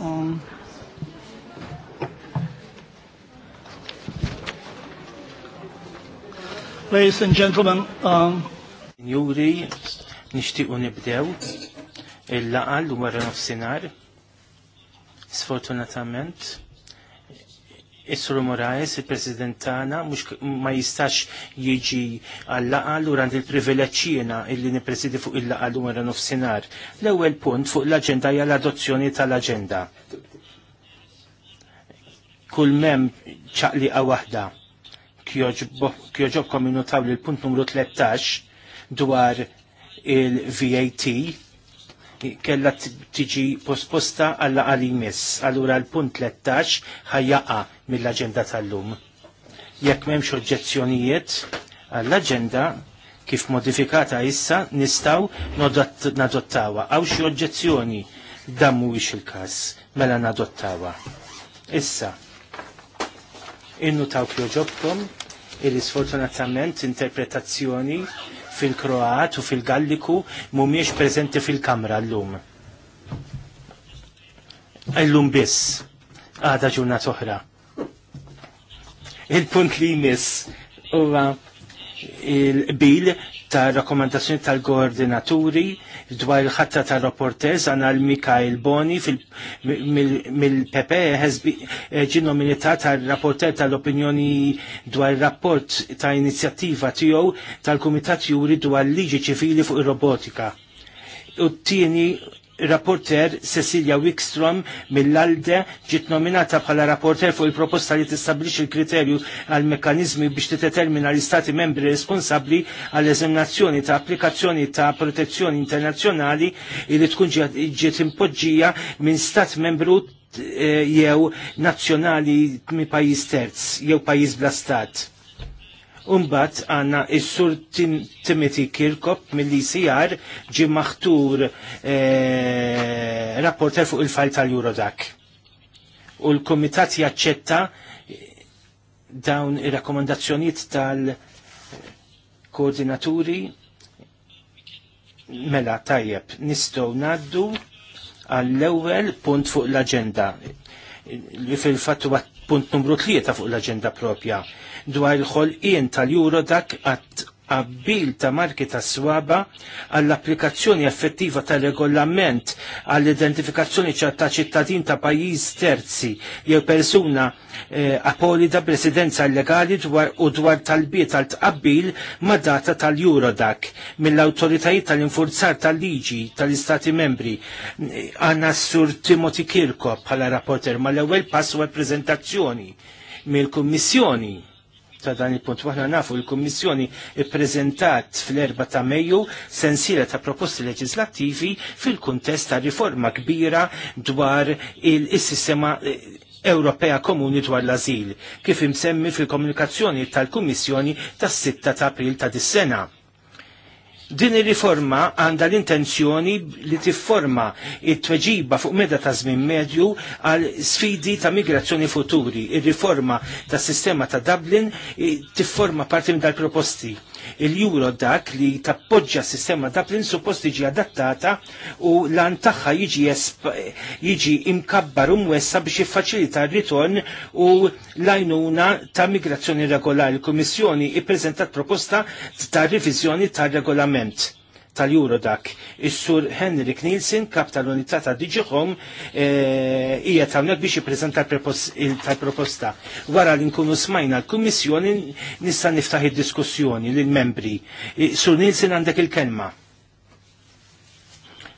Um, Ladies and gentlemen, um, Juri, nishtiqu nibdew il-laqal u għarra nofsinar, sfortunatament Is-Sur Moraes, il-President tagħna, mhux ma jistax jiġi għall-laqa lura għandi il privileċċjina illi nippresidi fuq il laqgħa l wara nofsinhar. L-ewwel punt fuq l-aġenda hija l-adozzjoni tal-aġenda. Kull mem ċaqliqa waħda. Kjoġobkom innutaw li l-punt numru 13 dwar il-VAT kella tiġi posposta għalla għalimis. imis Allura l-punt 13 ħajjaqa mill-agenda tal-lum. Jekk memx oġġezzjonijiet għall-agenda kif modifikata issa nistaw nadottawa. Għaw xi oġġezzjoni dammu mhuwiex il-każ mela nadottawa. Issa, innu taw kjoġobkom il-sfortunatament interpretazzjoni fil-Kroat u fil-Galliku mumiex prezenti fil-Kamra l-lum. L-lum biss, għada ġurna oħra. Il-punt li jmiss huwa il-bil ta' rakkomandazzjoni tal-koordinaturi dwar il-ħatta ta' rapportez għana l-Mikael Boni mill-PPE eh, ġi nominitat tal rapporter tal-opinjoni dwar rapport ta' inizjattiva tiegħu tal-Kumitat Juri dwar liġi ċivili fuq ir-robotika. U t-tieni rapporter Cecilia Wickstrom mill-Alde ġiet nominata bħala rapporter fuq il-proposta li tistabilix il-kriterju għal mekkanizmi biex titetermina l-Istati membri responsabli għall eżaminazzjoni ta' applikazzjoni ta' protezzjoni internazzjonali li tkun ġiet impoġġija minn Stat membru eh, jew nazzjonali mi pajjiż terz jew pajjiż bla stat Umbat għanna il-sur Timothy Kirkop mill CR ġi maħtur eh, rapporter fuq il-fajl tal-Eurodac. U l-komitat jaċċetta dawn il-rakkomandazzjoniet tal-koordinaturi mela tajjeb nistgħu naddu għall-ewwel punt fuq l-aġenda li fil-fatt huwa punt numru tlieta fuq l-aġenda propja dwar il-ħolqien tal-Eurodac għat qabbil ta' marki ta' swaba għall-applikazzjoni effettiva ta' regolament għall-identifikazzjoni ta' ċittadin ta' pajjiż terzi jew persuna eh, apolida presidenza legali dwar u dwar talbiet tal tqabbil ma' data tal-Eurodac mill-autoritajiet tal-infurzar tal-liġi tal-Istati membri għanna eh, sur Timothy Kirkop bħala rapporter ma' l-ewwel pass u prezentazzjoni mill-Kummissjoni ta' dan il-punt. Waħna nafu l-Kummissjoni ippreżentat fl-4 ta' Mejju sensiela ta' proposti leġislattivi fil-kuntest ta' riforma kbira dwar il-sistema eh, Ewropea Komuni dwar l-Azil, kif imsemmi fil-komunikazzjoni tal-Kummissjoni tas-6 ta' April ta' dis-sena Din ir-riforma għandha l-intenzjoni li tifforma it-tweġiba fuq meda ta' żmien medju għal sfidi ta' migrazzjoni futuri. Ir-riforma tas sistema ta' Dublin eh, tifforma parti minn dal-proposti il-juro dak li tappoġġa s-sistema ta' plin suppost jiġi adattata u lan tagħha jiġi jiġi imkabbar u mwessa biex jiffaċilita r-ritorn u lajnuna ta' migrazzjoni regolari. Il-Kummissjoni prezentat proposta ta' riviżjoni ta' regolament tal-Eurodac. Is-sur Henrik Nielsen, kap tal-unità ta' Digicom, eh, hija e, tawnek biex jippreżenta tal-proposta. Wara li nkunu smajna l-Kummissjoni nista' niftaħ id-diskussjoni lill-membri. Sur Nielsen għandek il-kelma.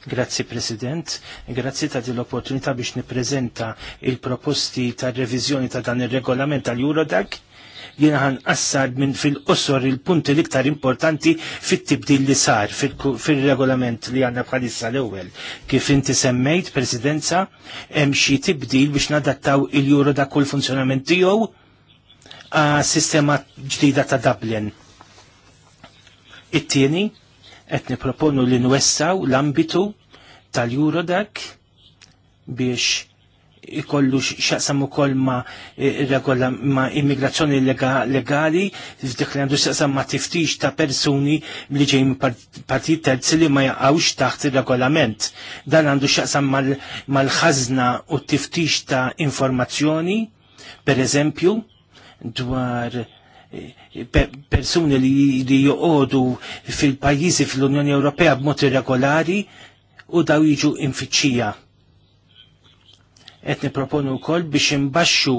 Grazzi President, grazzi ta' din l-opportunità biex nippreżenta il-proposti ta' revizjoni ta' dan ir regolament tal-Eurodac jien ħan minn fil-qosor il-punti l-iktar importanti fit-tibdil li sar fil-regolament li għanna bħalissa l-ewwel. Kif inti semmejt, Presidenza, hemm xi tibdil biex nadattaw il-juro da kull funzjonament tiegħu sistema ġdida ta' Dublin. It-tieni, qed proponu li nwessaw l-ambitu tal-Eurodac biex ikollu xaqsam u koll ma, e, regola, ma immigrazzjoni legali, f'dik li għandu xaqsam ma tiftix ta' persuni li ġejn partit terzi li ma jaqawx taħt il-regolament. Dan għandu xaqsam mal-ħazna u tiftix ta' informazzjoni, per eżempju, dwar e, e, persuni li, li joqodu fil-pajjiżi fl-Unjoni Ewropea b'mod irregolari u daw jiġu infittxija qed niproponu wkoll biex imbaxxu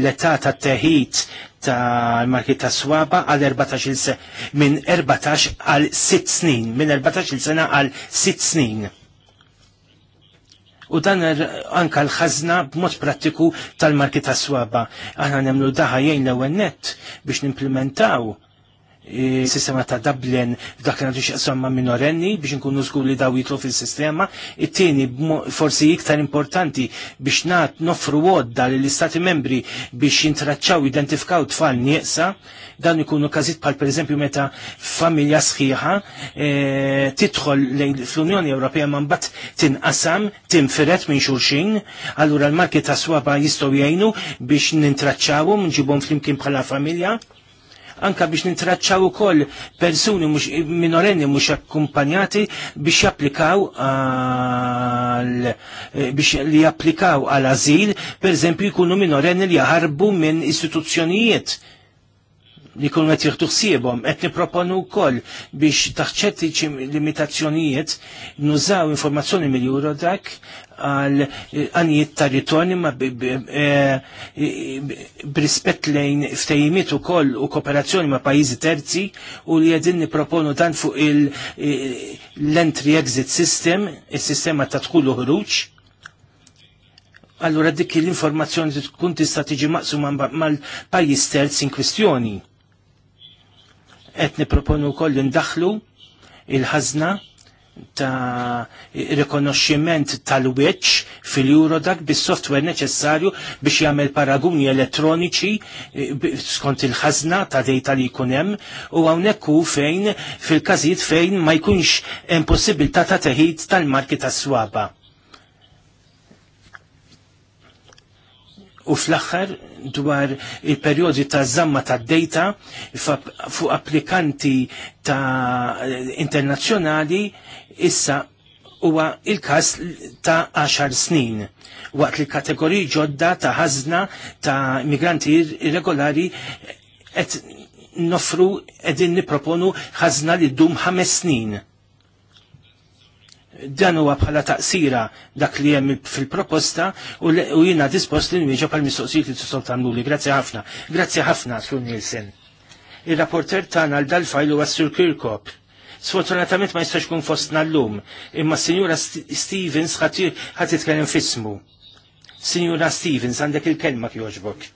l-età ta' teħid ta' marki ta' swaba għal 14 minn 14 għal 6 snin, minn 14 sena għal 6 snin u dan er, anka l-ħazna b'mod prattiku tal-marki ta' swaba. Aħna nemlu daħajjen l ewwel nett biex nimplementaw sistema ta' Dublin dak li għandux somma minorenni biex nkunu żgur li daw jitlu fil-sistema. It-tieni forsi iktar importanti biex nat nofru għodda li l-istati membri biex jintraċċaw identifikaw tfal nieqsa dan ikunu pal bħal pereżempju meta familja sħiħa e, lejn fl-Unjoni Ewropea ma mbagħad tinqasam, tinfiret minn xulxin, allura l-marki ta' swaba jistgħu jgħinu biex nġibom fl flimkien bħala familja anka biex nintraċċaw ukoll persuni mux, minorenni mhux akkumpanjati biex japplikaw għal eh, biex li japplikaw għal azil, pereżempju jkunu minorenni li jaħarbu minn istituzzjonijiet li kun għet jirtu ħsiebhom għet niproponu kol biex taħċetti limitazzjonijiet nużaw informazzjoni mill dak għal għanijiet ta' ritorni ma brispet e, lejn ftejimiet u koll u kooperazzjoni ma' pajizi terzi u li għedin niproponu dan fuq l-entry-exit system, il-sistema ta' tkullu ħruċ. Allura dik l-informazzjoni tkun tista' tiġi maqsuma mal-pajjiż terzi in kwistjoni. Qed niproponu wkoll indaħlu il-ħażna ta' rikonoxximent tal-wiċ fil-Eurodac bis-software neċessarju biex jagħmel paraguni elettroniċi eh, skont il-ħażna ta' dejta li jkun hemm u hawnhekk hu fejn fil-każijiet fejn ma jkunx hemm possibilità ta' teħid tal-marki tas-swaba. u fl-axħar dwar il-perjodi ta' zamma ta' data fuq applikanti ta' internazzjonali issa huwa il-kas ta' 10 snin waqt li kategoriji ġodda ta' ħazna ta' migranti irregolari qed nofru qegħdin nipproponu ħazna li ddum ħames snin dan huwa bħala taqsira dak li hemm fil-proposta u jiena dispost li nwieġa pal mistoqsijiet li tistgħu tagħmluli. Grazzi ħafna. Grazzi ħafna Sur Nielsen. Ir-rapporter tagħna għal dal-fajl huwa Sur Kirkop. Sfortunatament ma jistax kun fostna llum, imma Sinjura Stevens ħadd titkellem fismu. Sinjura Stevens għandek il-kelma kjoġbok.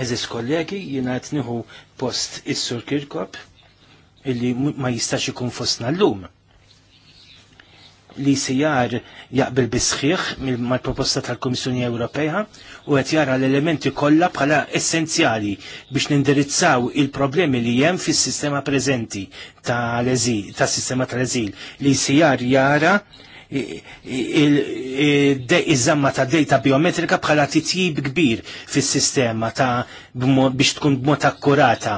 Eżis kollegi, jina għetniħu post is-Sur Kirkop illi ma jistax ikun fostna llum. Li sijar jaqbel bisħiħ mal-proposta tal-Komissjoni Ewropeja u qed jara l-elementi kollha bħala essenzjali biex nindirizzaw il-problemi li hemm fis-sistema preżenti tal-eżil, tas-sistema tal-eżil. Li sijar jara iż-żamma ta' data biometrika bħala titjib kbir fis-sistema ta' biex tkun b'mod akkurata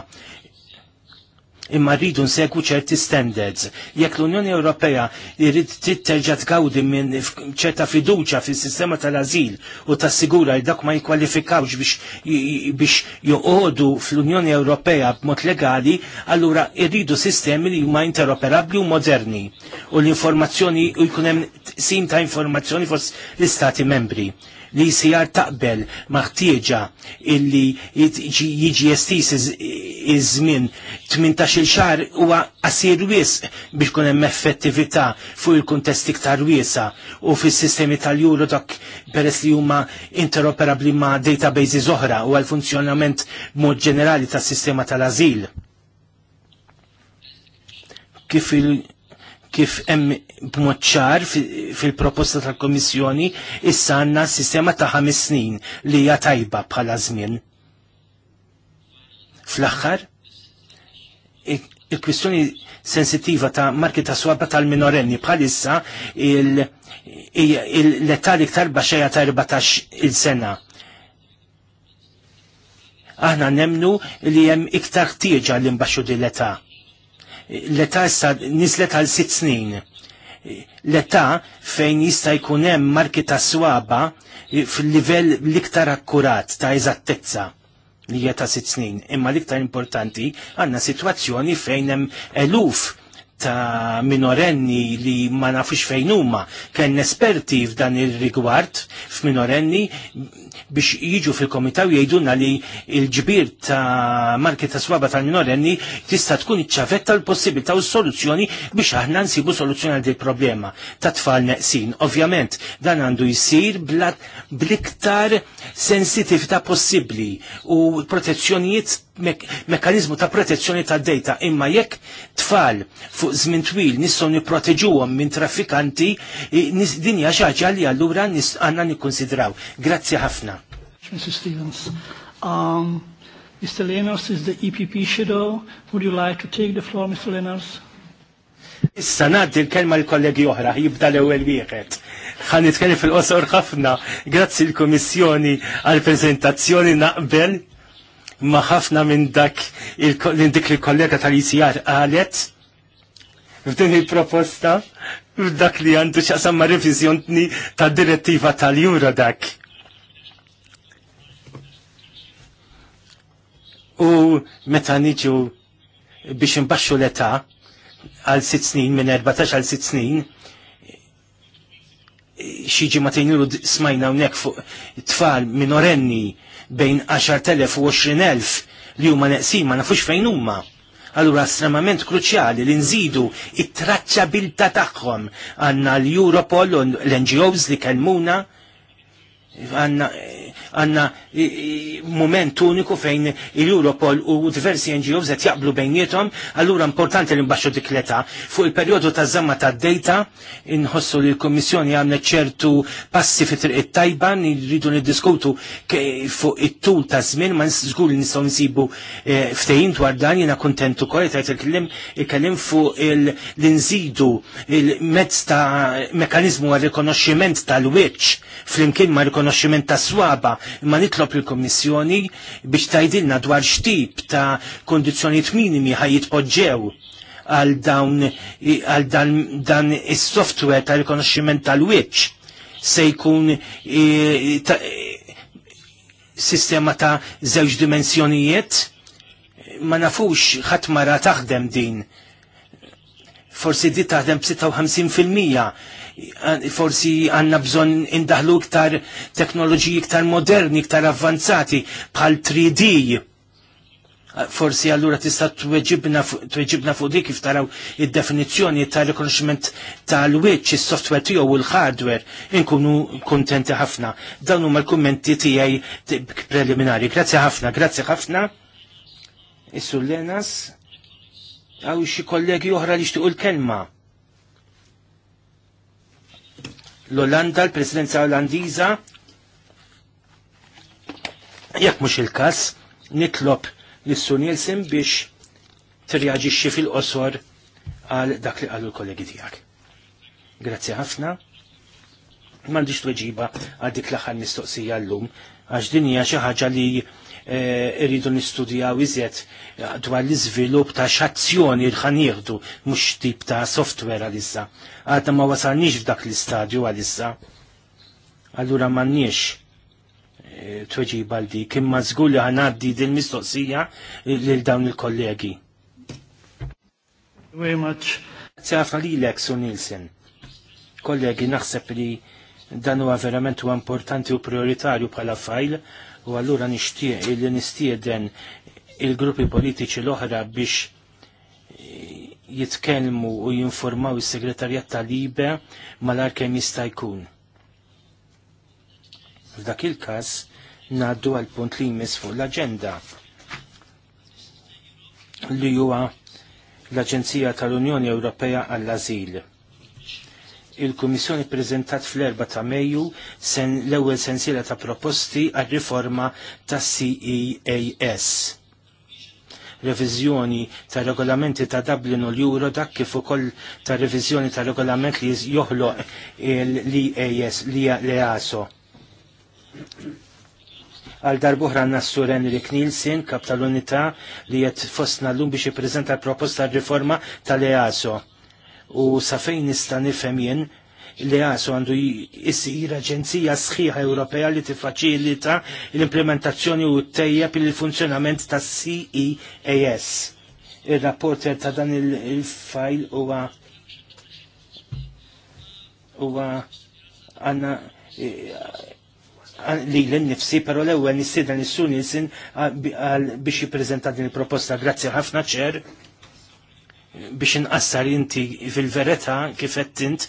imma rridu nsegwu ċerti standards. Jekk l-Unjoni Ewropea jrid titterġa' tgawdi minn ċerta fiduċja fis-sistema tal-ażil u tassigura li dak ma jikkwalifikawx biex joqogħdu fl-Unjoni Ewropea b'mod legali, allura irridu sistemi li huma interoperabbli u moderni u l-informazzjoni u jkun hemm sim ta' informazzjoni fost l-Istati membri li jisijar taqbel maħtieġa illi jiġi jestis iż-żmien 18 xar huwa qasir wisq biex kun hemm effettività fuq il-kuntest iktar wiesa u fis-sistemi tal juru dak peress li huma interoperabbli ma' databases oħra u għal funzjonament mod ġenerali tas-sistema tal-ażil. Kif il- kif hemm b'mod ċar fil-proposta tal-Komissjoni issa għandna sistema ta' ħames snin li hija tajba bħala żmien. Fl-aħħar, il-kwistjoni sensittiva ta' marki ta' swabba tal-minorenni bħalissa l-età iktar baxxejja ta' 14 il-sena aħna nemnu li jem iktar tieġa l din l-età l-età issa nisleta għal sitt snin. L-età fejn jista' jkun hemm marki ta' swaba fil-livell l-iktar akkurat ta' eżattezza li hija ta' sitt snin. Imma l-iktar importanti għandna sitwazzjoni fejn hemm eluf ta' minorenni li ma nafux fejn huma kien esperti f'dan ir-rigward f'minorenni biex jiġu fil-komitaw jgħidulna li l-ġbir ta' marki ta' swaba ta' minorenni tista' tkun iċċavetta l-possibilità u soluzzjoni biex aħna nsibu soluzzjoni għal problema ta' tfal neqsin. Ovvjament dan għandu jsir bl-iktar sensitività possibbli u protezzjonijiet mekanizmu ta' protezzjoni ta' data imma jekk tfal fuq żmien twil nistgħu nipproteġuhom minn traffikanti din hija xi ħaġa li allura għandna nikkonsidraw. Grazzi ħafna. Mr. Stevens, um, Mr. Lenars is the EPP shadow. Would you like to take the floor, Mr. Lenars? Issa naddi l-kelma l-kollegi oħra, jibda l-ewel wieħed. Ħa nitkellem fil-qosor ħafna, grazzi l-Komissjoni għal-prezentazzjoni naqbel ma ħafna minn dak dik il-kollega tal-ICR qalet f'din il-proposta f'dak li għandu xaqsam ma' revizjoni ta' direttiva tal-jura dak. U meta niġu biex imbaxxu l-età għal sitt snin minn 14 għal sitt snin, xi ġimgħatejn ilu smajna hawnhekk fuq tfal minorenni bejn 10.000 u 20.000 li huma neqsin ma nafux fejn huma. Allura estremament kruċjali li nżidu it-traċċabilta tagħhom għandna l-Europol u l-NGOs li kelmuna għanna moment uniku fejn il-Europol u diversi NGOs għet jaqblu bejnietom, allura importanti li imbaxu dik l-età. Fuq il-perjodu ta' żamma ta' data inħossu li l-Kummissjoni għamlet ċertu passi fit it tajba nirridu niddiskutu fuq it-tul ta' żmien ma żgur li nistgħu nsibu eh, ftehim dwar dan jiena kontentu ukoll ta' il-kellim il-kellim fuq l-inżidu il-mezz ta' mekanizmu għal rikonoxximent tal-wiċċ flimkien ma' rikonoxximent ta' swaba imma nitlob il-Kommissjoni biex tajdilna dwar xtip ta' kondizjoniet minimi ħaj jitpoġġew għal dawn għal dan, dan is-software ta' rikonoxximent tal-wiċċ se jkun sistema ta' żewġ dimensjonijiet ma nafux ħadd mara taħdem din forsi di taħdem fil 56 forsi għanna bżon indaħlu iktar teknoloġiji iktar moderni, iktar avvanzati bħal 3D. Forsi allura tista' tweġibna fuq dik kif taraw id-definizzjoni tal-rikonoxximent tal-wiċċ is-software tiegħu u l-hardware inkunu kuntenti ħafna. Dawn huma l-kummenti tiegħi preliminari. Grazzi ħafna, grazzi ħafna. Issu Lenas, għaw xi kollegi oħra li xtiqu l-kelma. l-Olanda, l-Presidenza Olandiża. Jekk mhux il-każ, nitlob lis-Sur Nielsen biex tirreaġixxi fil-qosor għal dak li qalu l-kollegi tiegħek. Grazzi ħafna. M'għandix tweġiba għal dik l-aħħar mistoqsija llum għax din hija xi ħaġa li Eh, irridu nistudjaw iżjed dwar l-iżvilupp ta' xazzjoni l nieħdu mhux tip ta' software għalissa. Għadna ma wasalniex f'dak l-istadju għalissa. Allura m'għandniex eh, tweġi għal dik, ma żgur li ħanaddi din mistoqsija lil dawn il-kollegi. Very much. Għafna li l su Nielsen. Kollegi, naħseb li dan huwa verament huwa importanti u prioritarju bħala fajl u allura nixtieq li nistieden il-gruppi politiċi l-oħra biex eh, jitkellmu u jinformaw is-segretarjat tal ibe mal-ar kemm jista' jkun. F'dak il-każ ngħaddu għal punt li jmiss fuq l-aġenda li huwa l-Aġenzija tal-Unjoni Ewropea għall-Azil il-Kummissjoni prezentat fl-4 ta' Mejju sen l-ewwel sensiela ta' proposti għal riforma tas e CEAS. Reviżjoni ta' regolamenti ta' Dublin u l-Euro dak kif ukoll ta' reviżjoni ta' regolament li joħloq l-EAS li e l-EASO għal darbuħra nassur Enrik Nielsen, kap tal-unità li jett fostna l-lum biex jiprezenta proposta riforma tal-EASO u safejn nista' nifhem jien li għasu għandu jissir aġenzija sħiħa Ewropea li tifaċilita l-implementazzjoni u t tejja il-funzjonament ta' CEAS. Il-rapporter ta' dan il-fajl huwa huwa għanna e, li l-nifsi, pero l-ewel nissidan il-sun jinsin biex jiprezenta din il-proposta. Grazie ħafna ċer biex inqassar inti fil-vereta kif qed int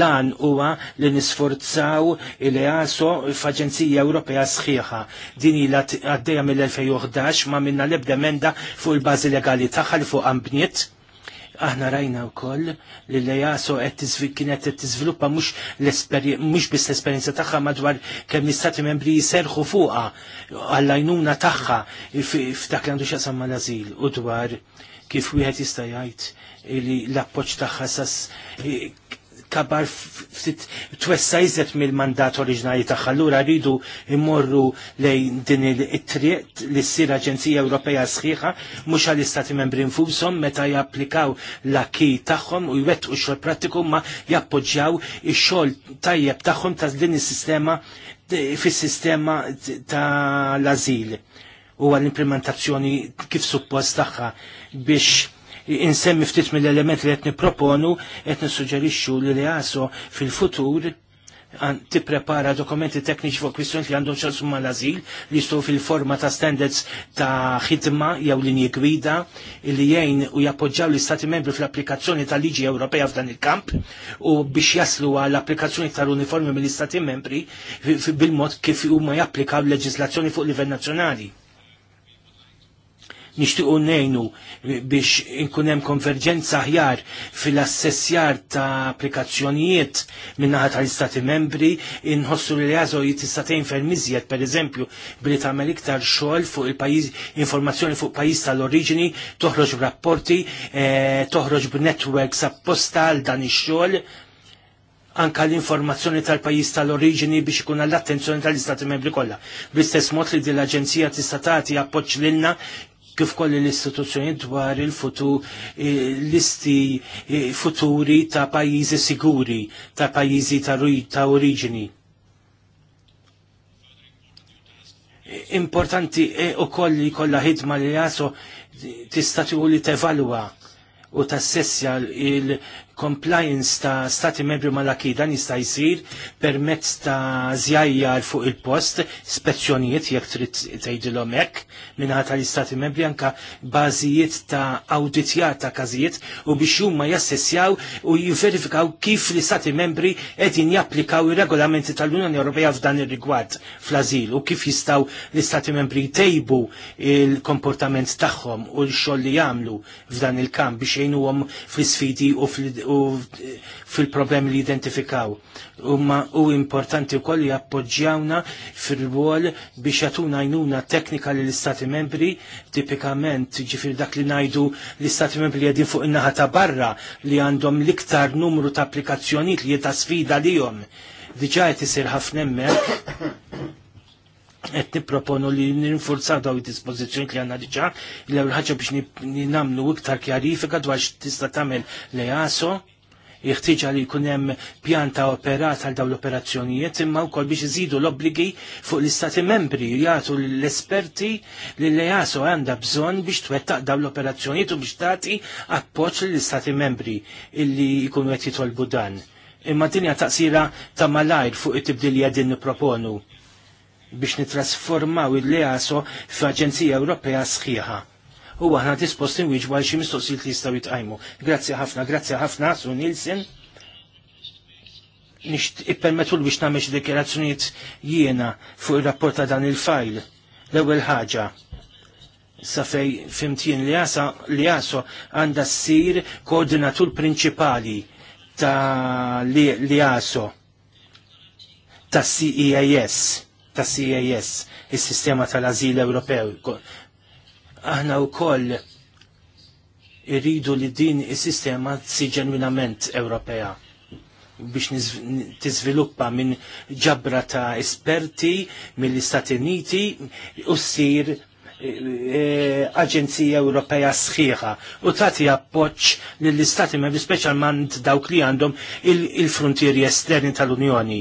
lan huwa li nisforzaw il-EASO f'Aġenzija Ewropea sħiħa. Din ilha għaddejja mill-2011 ma minna l-ebda emenda fuq il-bażi legali tagħha li fuq ambniet aħna rajna u koll li l-EASO kienet qed tiżviluppa mhux biss l-esperjenza tagħha madwar kemm l-istati membri jiserħu fuqha għall-għajnuna tagħha f'dak li għandu x'jaqsam mal-ażil u dwar kif wieħed jista' jgħid li l-appoġġ tagħha sas kabar ftit twessa jizet mill-mandat oriġinali tagħha. Allura rridu immorru lejn din it-triq li ssir Aġenzija Ewropea sħiħa mhux għall-Istati Membri infushom meta japplikaw l aki tagħhom u jwettqu xogħol prattiku ma jappoġġjaw ix-xogħol tajjeb tagħhom ta' din is-sistema fis-sistema tal ażil Ta u għall-implementazzjoni kif suppost tagħha biex insemmi ftit mill-elementi li qed nipproponu qed nissuġġerixxu li li fil-futur tipprepara dokumenti tekniċi fuq kwistjoni li għandhom summa l azil li jistgħu fil-forma ta' standards ta' ħidma jew linji gwida li jgħin u jappoġġaw l-Istati membri fl-applikazzjoni tal-liġi Ewropea f'dan il-kamp u biex jaslu għall applikazzjoni tal-uniformi mill-Istati membri bil-mod kif huma japplikaw l leġislazzjoni fuq livell nazzjonali nixtiequ nejnu biex inkun hemm konverġenza aħjar fil-assessjar ta' applikazzjonijiet minnaħa tal-Istati membri inħossu li jażo jitistatejn per pereżempju billi tagħmel iktar xogħol fuq il-pajjiż informazzjoni fuq pajjiż tal-oriġini toħroġ b'rapporti, eh, toħroġ b'networks apposta għal dan ix-xogħol anka l-informazzjoni tal-pajis tal-oriġini biex ikun l attenzjoni tal-Istati membri kollha. Bl-istess mod li din l-Aġenzija tista' tagħti appoġġ lilna kif kolli l-istituzzjoni dwar il-futur eh, l-isti eh, futuri ta' pajjiżi siguri, ta' pajjiżi ta' oriġini. Importanti e u kolli kolla ħidma li jaso tista' li tevalwa u tassessja compliance ta' stati membri mal-aki dan jista' jsir permezz ta' żjajjar fuq il-post, spezzjonijiet jekk trid tgħidilhom hekk mingħata tal-istati membri anka bażijiet ta' awditjar ta' każijiet u biex huma jassessjaw u jiverifikaw kif l-istati membri qegħdin japplikaw ir-regolamenti tal-Unjoni Ewropea f'dan ir-rigward fl-ażil u kif jistgħu l-istati membri jtejbu il-komportament tagħhom u l-xogħol li jagħmlu f'dan il-kamp biex jgħinuhom fl-isfidi u fl u fil-problemi li identifikaw. U importanti wkoll li appoġġjawna fil-wol biex jatuna jnuna teknika li l-Istati membri, tipikament ġifir dak li najdu l-Istati membri li għedin fuq in-naħa ta' barra li għandhom l-iktar numru ta' applikazzjoniet li jeta sfida li jom. Diġa jtisir ħafna qed tipproponu li ninfurzaw daw id dispozizjoni li għandna diġà il ewwel biex nagħmlu iktar kjarifika dwar x' tista' tagħmel l għaso, jeħtieġ li jkun hemm pjanta operat għal dawn l-operazzjonijiet imma wkoll biex iżidu l-obbligi fuq l-istati membri jagħtu l-esperti li l għaso għandha bżonn biex twettaq dawn l-operazzjonijiet u biex tagħti appoġġ lill-istati membri illi jkunu qed jitolbu dan. Imma dinja taqsira ta' malajr fuq it-tibdilja din nipproponu. proponu biex nitrasformaw il-leaso f'Aġenzija Ewropea sħiħa. U għahna disposti nwiġbu għal xi mistoqsijiet li jistgħu jitqajmu. Grazzi ħafna, grazzi ħafna, Su Nilsen. Nixt ippermetul biex nagħmel xi dikjerazzjonijiet jiena fuq ir-rapport ta' dan il-fajl. L-ewwel ħaġa safej fimtien li jasa li jaso għanda s-sir koordinatur principali ta' li, jaso ta' CEAS ta' CAS, il-sistema tal-azil Ewropew. Aħna u koll irridu li din il-sistema tsi ġenwinament Ewropea biex tiżviluppa minn ġabra ta' esperti mill-Istati Uniti u ssir Eh, aġenzija Ewropea sħiħa u tagħti appoġġ lill-istati membri speċjalment dawk li għandhom il-frontieri esterni tal-Unjoni.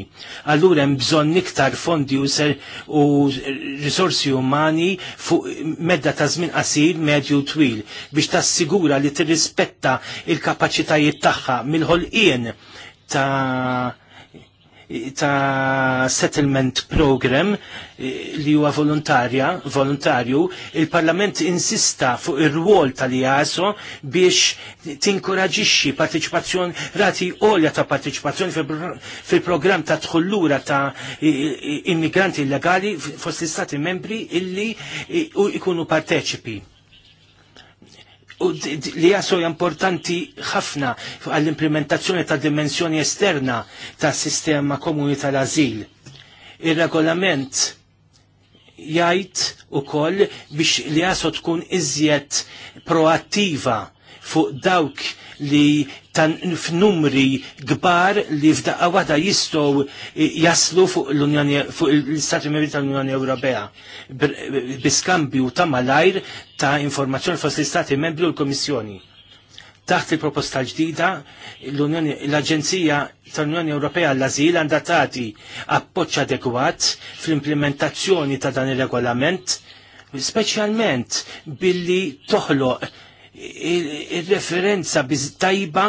Allura hemm bżonn iktar fondi user u risorsi umani fuq medda ta' żmien qasir medju twil biex tassigura li tirrispetta il-kapaċitajiet tagħha mill-ħolqien ta' ta' settlement program eh, li huwa volontarja, volontarju, il-Parlament insista fuq ir-rwol tal-IASO biex tinkoraġixxi partiċipazzjoni rati għolja ta' partecipazzjoni fil-programm ta' tħullura ta' immigranti illegali fost istati membri illi ikunu parteċipi u li jasso importanti ħafna għall-implementazzjoni ta' dimensjoni esterna ta' sistema komuni tal-azil. Il-regolament jgħid ukoll biex li jasso tkun iżjed proattiva fuq dawk li tan f'numri gbar li f'daqqa waħda jistgħu eh, jaslu fuq l-Unjoni fuq l-Istati Membri tal-Unjoni Ewropea biskambju ta' malajr ta' informazzjoni fost l-Istati Membri u l-Komissjoni. Taħt il-proposta ġdida, l-Aġenzija tal-Unjoni Ewropea l-Azil għandha tagħti appoġġ adekwat fl-implementazzjoni ta' dan ir-regolament, speċjalment billi toħloq il-referenza tajba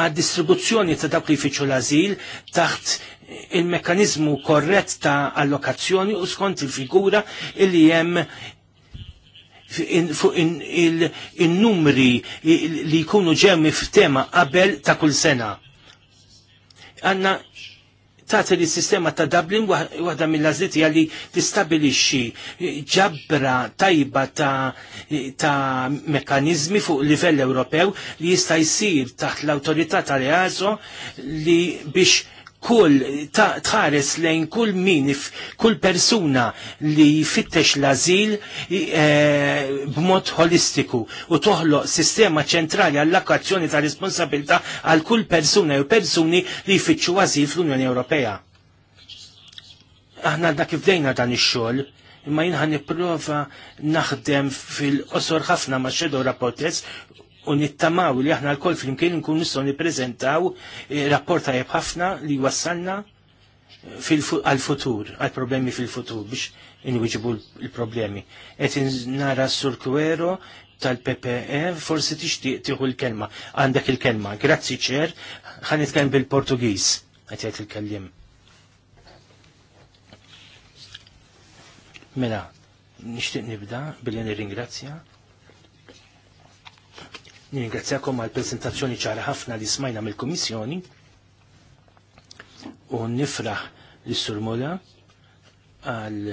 għad distribuzzjoni ta' dawk li fiċu l-azil taħt il-mekanizmu korrett ta' allokazzjoni u skont il-figura illi jem il-numri li jkunu ġemmi f'tema qabel ta' kull sena. Għanna tagħti li sistema ta' Dublin waħda mill-għażliet jalli li tistabilixxi ġabra tajba ta', ta mekkaniżmi fuq livell Ewropew li jista' jsir taħt l-awtorità tal-EASO li biex kull tħares lejn kull min, kull persuna li fittex l-azil e, b'mod holistiku u toħloq sistema ċentrali għall-akkazzjoni ta' responsabilità għal kull persuna u persuni li jfittxu azil fl-Unjoni Ewropea. Aħna dak kif dejna dan ix-xogħol, imma jien ħan nipprova naħdem fil-qosor ħafna ma' xedo rapportez u nittamaw li aħna l-kol flimkien nkun nistgħu nippreżentaw eh, rapport tajjeb ħafna li wassalna eh, għal-futur, għal-problemi fil-futur biex inwiġibu l-problemi. Et nara sur tal-PPE forsi tixtieq tieħu l-kelma. Għandek il-kelma. Grazzi ċer, ħan nitkellem bil-Portugiż qed jgħid il-kellim. Mela, nixtieq nibda billi nirringrazzja Ningrazzjakom għal prezentazzjoni ċara ħafna li smajna mill-Kummissjoni u nifraħ li surmola għal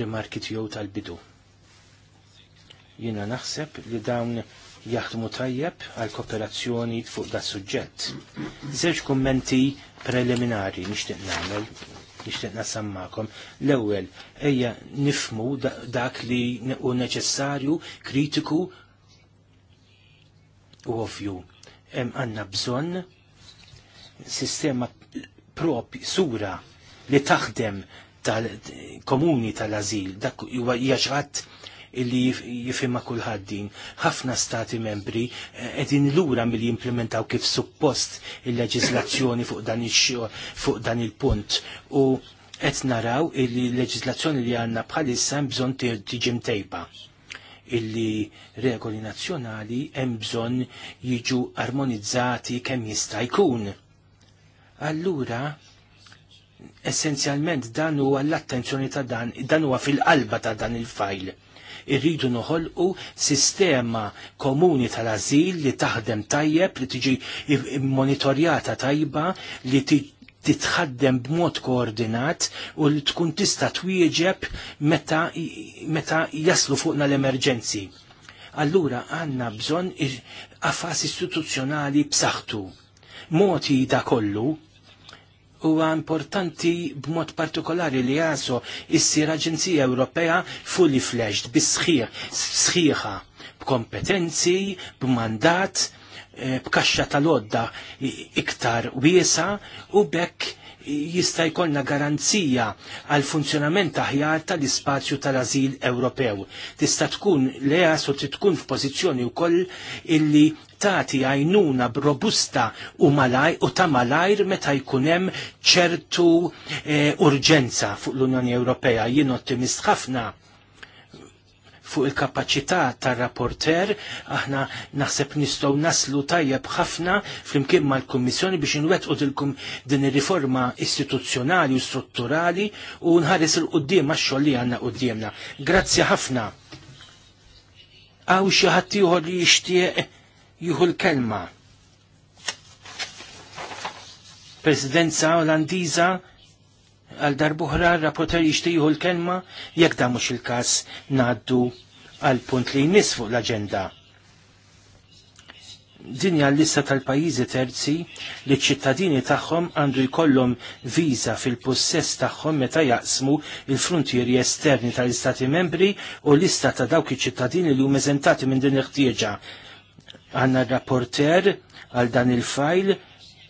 rimarki tiegħu tal-bidu. Jiena naħseb li dawn jaħdmu tajjeb għal kooperazzjoni fuq da' suġġett. Żewġ kummenti preliminari nixtieq nagħmel nixtieq nasammakom. L-ewwel ejja nifmu dak li hu neċessarju, kritiku u ovvju għanna bżon sistema propi sura li taħdem tal-komuni tal-azil, dak huwa jaġħat illi jifimma kulħadd din. Ħafna stati membri eh, qegħdin lura milli jimplementaw kif suppost il leġiżlazzjoni fuq dan fuq dan il-punt u qed naraw il-leġislazzjoni li għandna bħalissa bżonn tiġi mtejba illi regoli nazzjonali hemm bżonn jiġu armonizzati kemm jista' jkun. Allura, essenzjalment dan huwa l-attenzjoni ta' dan, dan huwa fil-qalba ta' dan il-fajl. Irridu noħolqu sistema komuni tal-azil li taħdem tajjeb, li tiġi monitorjata tajba, li tiġi titħaddem b'mod koordinat u li tkun tista' twieġeb meta, meta jaslu fuqna l-emerġenzi. Allura għanna bżon affas istituzzjonali b'saħħtu. Moti ta' kollu huwa importanti b'mod partikolari li jaso issir Aġenzija Ewropea fully fledged, sħiħ sħiħa, b'kompetenzi, b'mandat, Eh, b'kaxxa tal-odda iktar wiesa u bekk jista' jkollna garanzija għal funzjonament aħjar tal-ispazju tal-azil Ewropew. Tista' tkun lea so tkun f'pożizzjoni wkoll illi tagħti għajnuna robusta u malaj u ta' malajr meta jkun hemm ċertu e, urġenza fuq l-Unjoni Ewropea. Jien ottimist ħafna fuq il-kapacità tar-rapporter, aħna naħseb nistgħu naslu tajjeb ħafna flimkien mal-Kummissjoni biex inwettqu dilkum din ir-riforma istituzzjonali u strutturali u nħares il-qudiem għax-xogħol li għandna qudiemna. Grazzi ħafna. Għaw xi ħadd ieħor li jixtieq jieħu l-kelma. Presidenza Olandiża Għal darbuħra rapporter jixtiju l-kelma jekk da mux il-kas naddu għal punt li jmiss fuq l-agenda. Dinja l-lista tal-pajizi terzi li ċittadini tagħhom għandu jkollhom viża fil-possess tagħhom meta jaqsmu il-frontieri esterni tal-Istati membri u lista ta' dawk iċ-ċittadini li huma eżentati minn din il-ħtieġa. Għanna rapporter għal dan il-fajl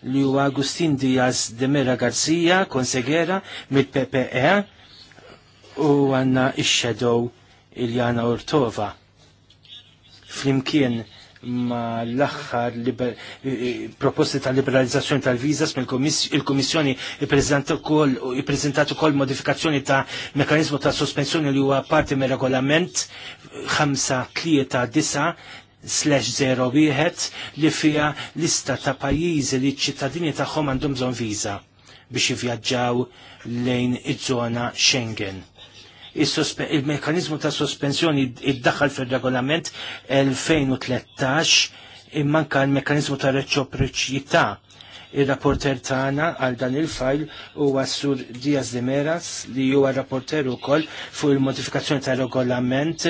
li huwa Agustin Diaz de Mera Garcia, konsegera mill-PPE u għanna ix-shadow Iljana Ortova. Flimkien ma l-axħar proposti ta' liberalizzazzjoni tal-vizas il-Komissjoni ippreżentat ukoll modifikazzjoni ta' mekanizmu ta' sospensjoni li huwa parti mir regolament 5-3-9 Slash wieħed li fija lista ta' pajjiżi li ċ-ċittadini tagħhom għandhom bżonn viża biex jivvjaġġaw lejn iż-żona Schengen. Il-mekanizmu ta' sospensjoni iddaħħal fir regolament 2013 immanka l-mekanizmu ta' reċoproċità il-rapporter tagħna għal dan il-fajl huwa Sur Diaz de Meras li huwa rapporter ukoll fuq il-modifikazzjoni tal regolament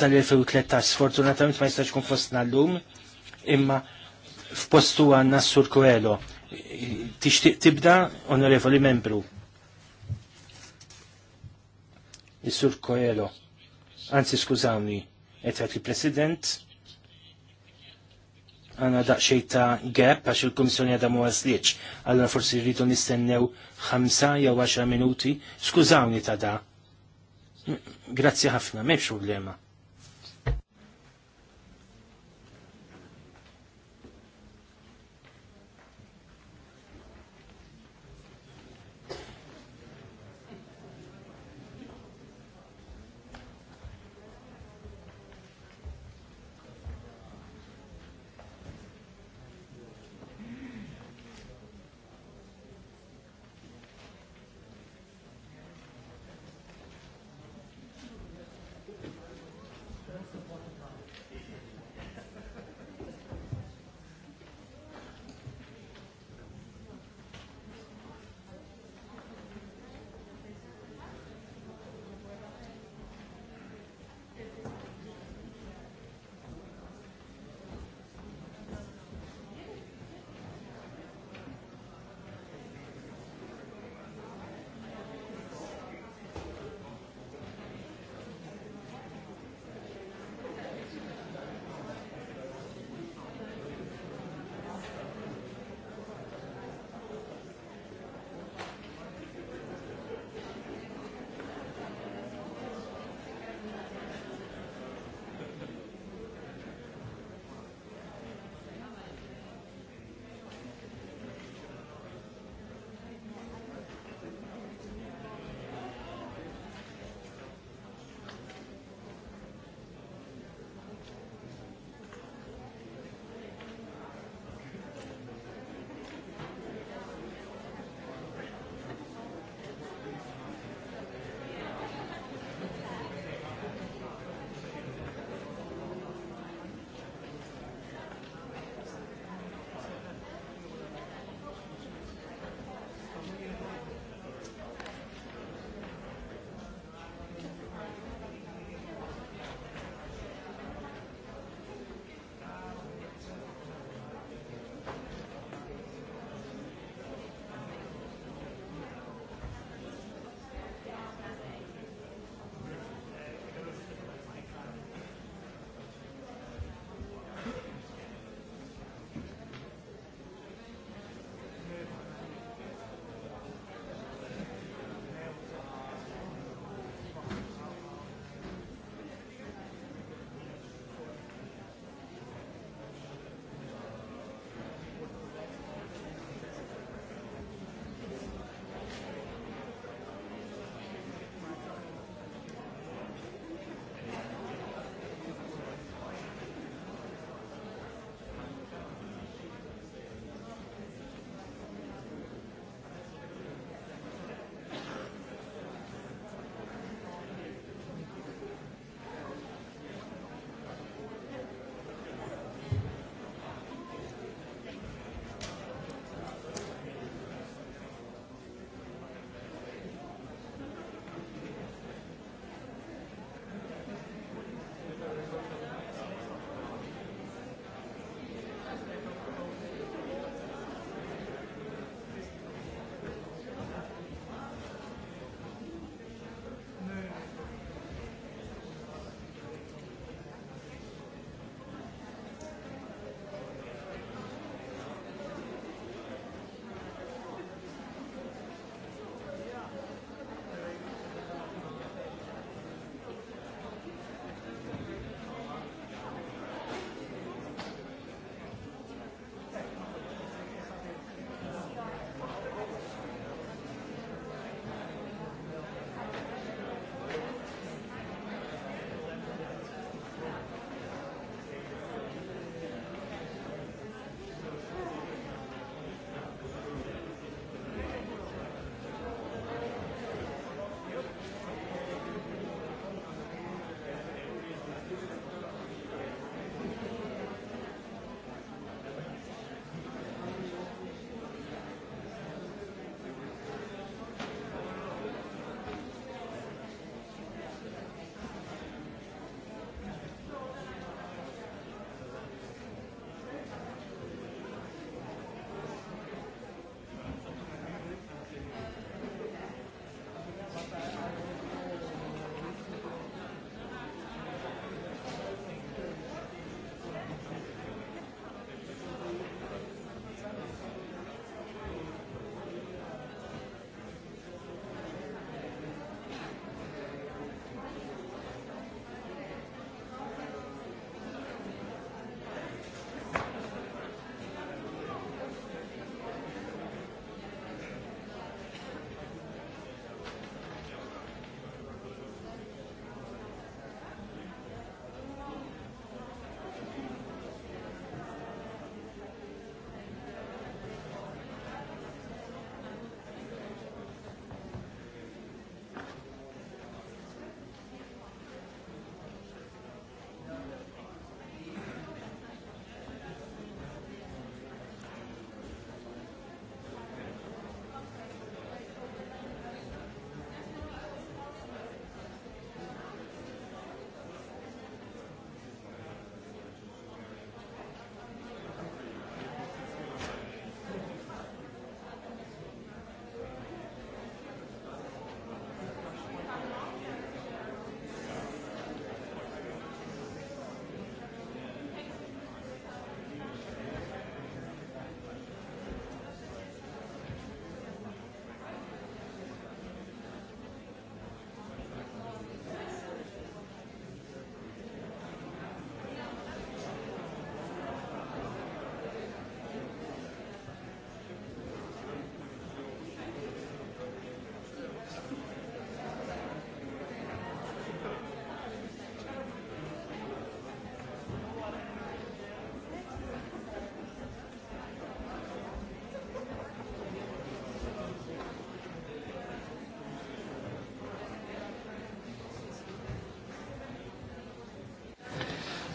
tal-2013. Sfortunatament ma jistax kun fostna l-lum, imma f'postu għanna s-sur Koelo. Tixtiq tibda, onorevoli membru. Is-sur Koelo. Anzi, skużawni, etħet il-President. Għana daqxej ta' gap għax il-Komissjoni għadha mu għaslieċ. Allora forsi rridu nistennew 5 jew 10 minuti. Skużawni ta' da'. Grazzi ħafna, m'hemmx problema.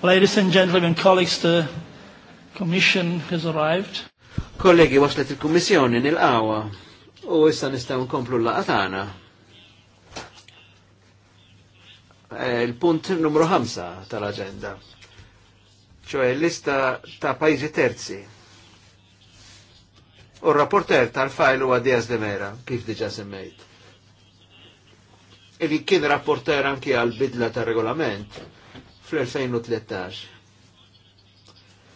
Ladies and gentlemen, colleagues, the Commission has arrived. Kollegi, waslet il kommissjoni nil-qawa u issa nistaw nkomplu l-laqatana. Eh, il-punt numru 5 tal-agenda, ċoħe lista ta' pajzi terzi. U rapporter tal-fajl u Diaz de Mera, kif diġa semmejt. Illi kien rapporter anki għal bidla tal regolament fl-2013.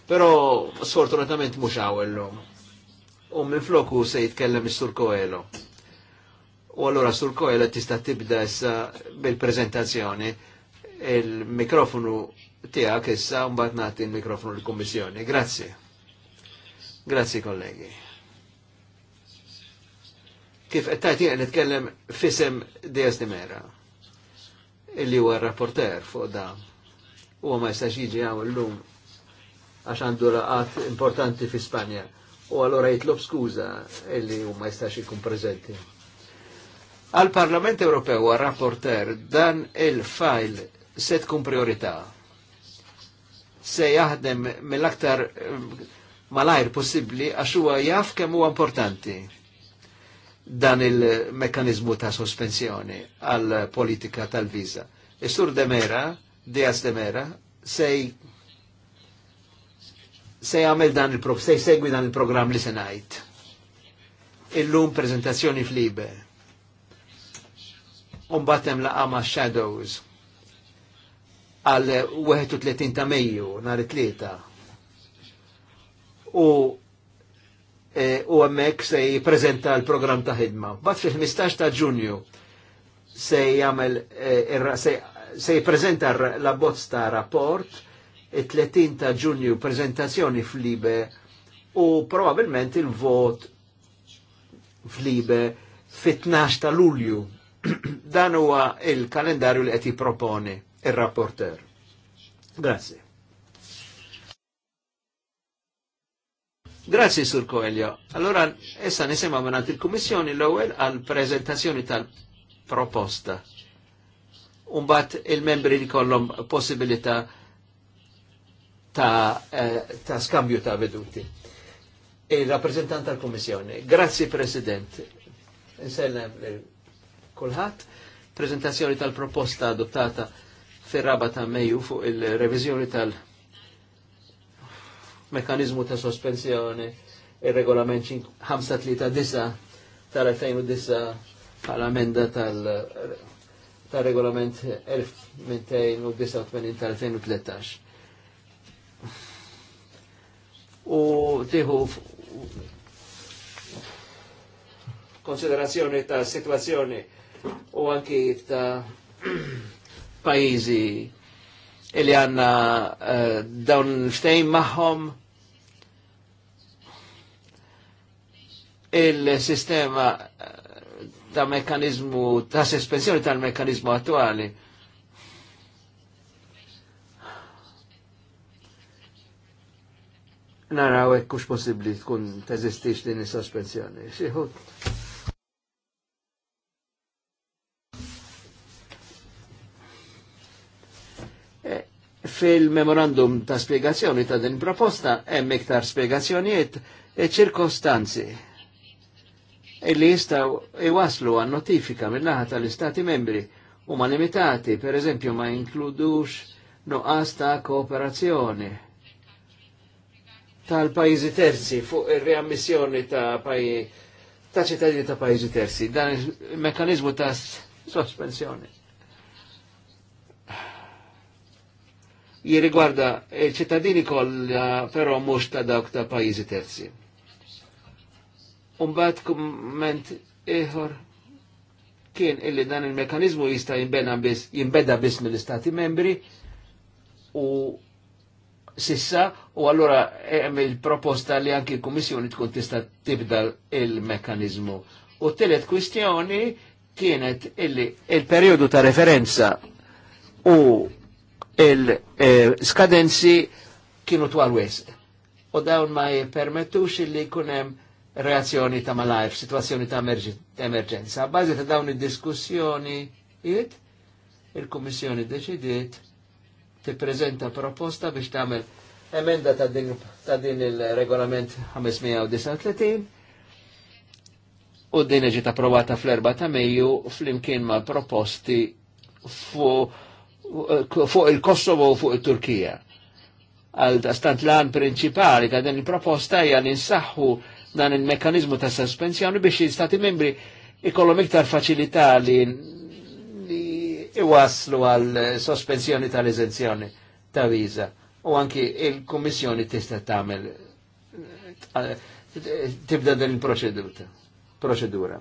Pero sfortunatament mhux għawellum. U minn floku se jitkellem is-Sur Koelo. U allora Sur Koelo tista' tibda issa bil prezentazzjoni il-mikrofonu tiegħek issa mbagħad nagħti il-mikrofonu l kommissjoni Grazzi. Grazzi kollegi. Kif qed tajt nitkellem fisem Dias Dimera illi huwa rapporter fuq da u ma jistax jiġi għamil l-lum għax għandu laqat importanti fi Spanja u għallora jitlob skuza illi u ma jistax jikun prezenti. Għal Parlament Ewropew għal rapporter dan il-fajl se tkun priorità. Se jaħdem mill-aktar eh, malajr possibli għax huwa jaf kemm huwa importanti dan il mekanizmu ta' sospensjoni għal politika tal-viza. Is-sur Demera di de Mera sej se jagħmel dan il-prog, se jsegwi dan il-programm li se ngħid. Illum prezentazzjoni flibe. Umbagħad hemm la ma' Shadows għal 31 ta' Mejju nhar it-tlieta. U e, u se jiprezenta l-programm ta' ħidma. Bat fil-15 ta' Ġunju se jagħmel e, se jippreżenta la bozz ta' rapport it-30 ta' ġunju prezentazzjoni f'Libe u probabilment il-vot f'Libe fit-12 ta' Lulju. Dan huwa il-kalendarju li qed jipproponi ir-rapporter. Grazie. Grazie, Sur Coelho. Allora, essa ne sembra manat il-Kommissjoni l-ewel għal prezentazzjoni tal-proposta. Umbat il-membri li kollom possibilità ta', eh, ta skambju ta' veduti. Il-rappresentant tal-Komissjoni. Grazzi, President. Nsellem eh, kulħat. Prezentazzjoni tal-proposta adottata fir-raba ta' Mejju fuq il revizjoni tal-mekanizmu ta' sospensjoni il-regolament 539 tal-2009 tal-amenda tal-regolament ta' regolament 1289 tal-2013. U tiħu konsiderazzjoni ta' situazzjoni u anki ta' pajizi illi għanna uh, dawn ftejn maħħom il-sistema ta' mekkanizmu ta' sespensjoni tal-mekkanizmu attuali. Naraw hekk kux possibbli tkun teżistix din is-sospensjoni. E, fil-memorandum ta' spiegazzjoni ta' din proposta hemm iktar spiegazzjonijiet e ċirkostanzi illi jistaw iwaslu għan notifika mill-naħa tal-istati membri u ma limitati, per eżempju ma inkludux nuqqas ta' kooperazzjoni tal-pajizi terzi fuq il-reammissjoni ta' pajizi ta' ċittadini ta' pajizi terzi, dan il-mekanizmu ta' sospensjoni. il eh, ċittadini kollha però mhux ta' dawk ta' pajizi terzi. Umbat komment eħor kien illi dan il-mekanizmu jista jimbeda bis, mill-istati membri u sissa u allora hemm il-proposta li anki l-Kummissjoni tkun tista' tibdal il-mekanizmu. U telet kwistjoni kienet illi il-periodu ta' referenza u il-skadenzi eh, kienu twal wesq. U dawn ma jippermettux illi kunem hemm reazzjoni ta' malajf, situazzjoni ta' emerġenza. Bazi ta' dawn id-diskussjoni il-Kummissjoni deċidiet tippreżenta proposta biex tagħmel emenda ta' din, din il-regolament 539 u din ġiet approvata fl-4 ta' Mejju flimkien ma' proposti fuq fu il-Kosovo u fuq it-Turkija. Għal stant lan prinċipali ta' din il-proposta hija li dan il-mekkanizmu ta' sospensjoni biex l-Stati membri ikollhom iktar faċilità li iwaslu għal sospensjoni tal-eżenzjoni ta' viza u anki il-Kommissjoni tista' tagħmel tibda din il-proċedura.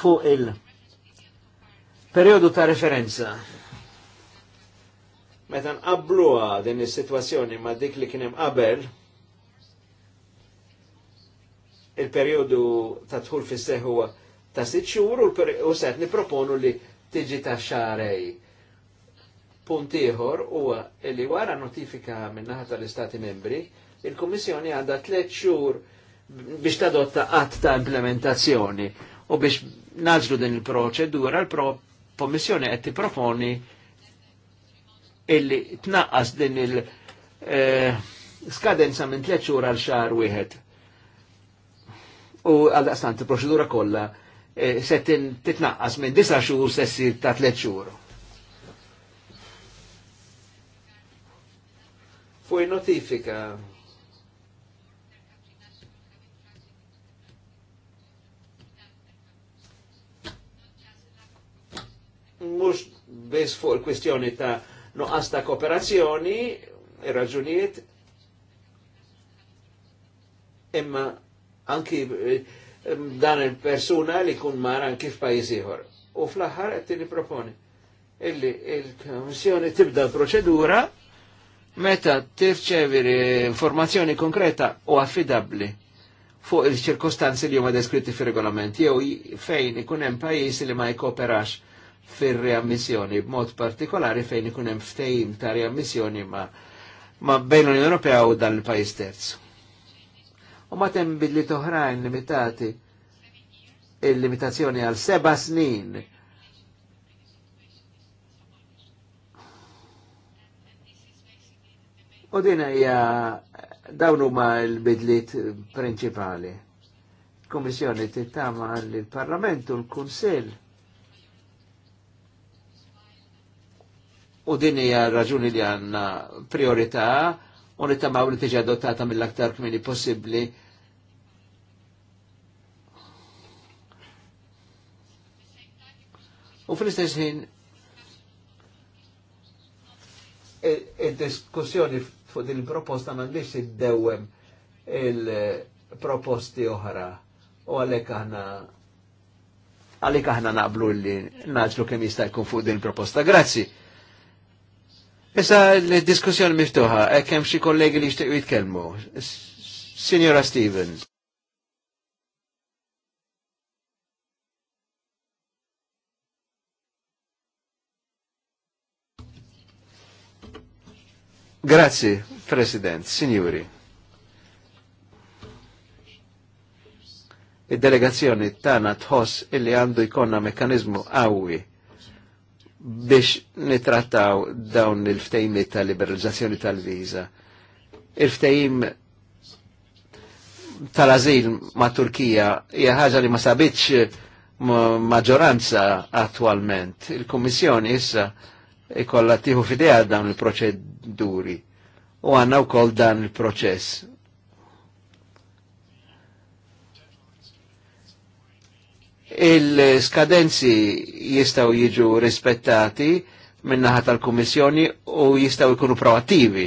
Fu il-periodu ta' referenza meta nqabluha din is-sitwazzjoni ma' dik li kien hemm qabel il-periodu ta' tħul fis huwa ta' sitt xhur u set niproponu li tiġi ta' xarej. Punt ieħor huwa li wara notifika minnaħa tal-Istati Membri, il-Kummissjoni għandha tliet xhur biex tadotta qatt ta' implementazzjoni u biex naġlu din il-proċedura l-Kommissjoni qed tipproponi illi tnaqqas din il- eh, skadenza minn tliet xhur għal xahar wieħed u għal-daqstant il-proċedura kolla e, settin titnaqqas minn disa' xhur sessi ta' tliet xhur. Fuj notifika mux bis fuq il-kwistjoni ta' noqqas ta' kooperazzjoni, ir-raġunijiet, imma anki eh, dan il-persuna li kun mar anki f'pajjiż ieħor. U fl ħar għetti li proponi illi il komissjoni tibda l-proċedura meta tirċeviri informazzjoni konkreta u affidabli fuq il-ċirkostanzi li huma deskritti fir-regolament jew fejn ikun hemm pajjiż li ma jkoperax fir-reammissjoni b'mod partikolari fejn ikun hemm ftehim ta' reammissjoni ma' ma' bejn l-Unjoni Ewropea u dan il-pajjiż terz u ma tem toħrajn limitati il-limitazzjoni għal seba snin. U dina hija dawn huma l bidlit prinċipali. Komissjoni tittama għall parlament u l-Kunsill. U din hija raġuni li għandna priorità' u nittamaw li tiġi adottata mill-aktar kmini possibli. U fl-istess ħin e, il-diskussjoni fuq din il-proposta id-dewem il-proposti oħra u għalek aħna għalek aħna naqblu li naġlu kemm jista' jkun fuq din il-proposta. Grazzi. Issa l-diskussjoni miftuħa, e kemm xi kollegi li jixtiequ jitkellmu. Signora Stevens. Grazie, President, signori. Id-delegazzjoni tana tħoss illi għandu jkonna mekanizmu qawwi biex nitrattaw dawn il-ftejmi tal-liberalizzazzjoni tal-viza. Il-ftejm tal-azil ma' Turkija hija ħaġa li ma sabitx maġġoranza attualment. Il-Kummissjoni issa ikolla tieħu fidea dawn il-proċeduri u għanna wkoll dan il-proċess Il-skadenzi jistaw jiġu rispettati minnaħat tal-Kummissjoni u jistaw ikunu proattivi.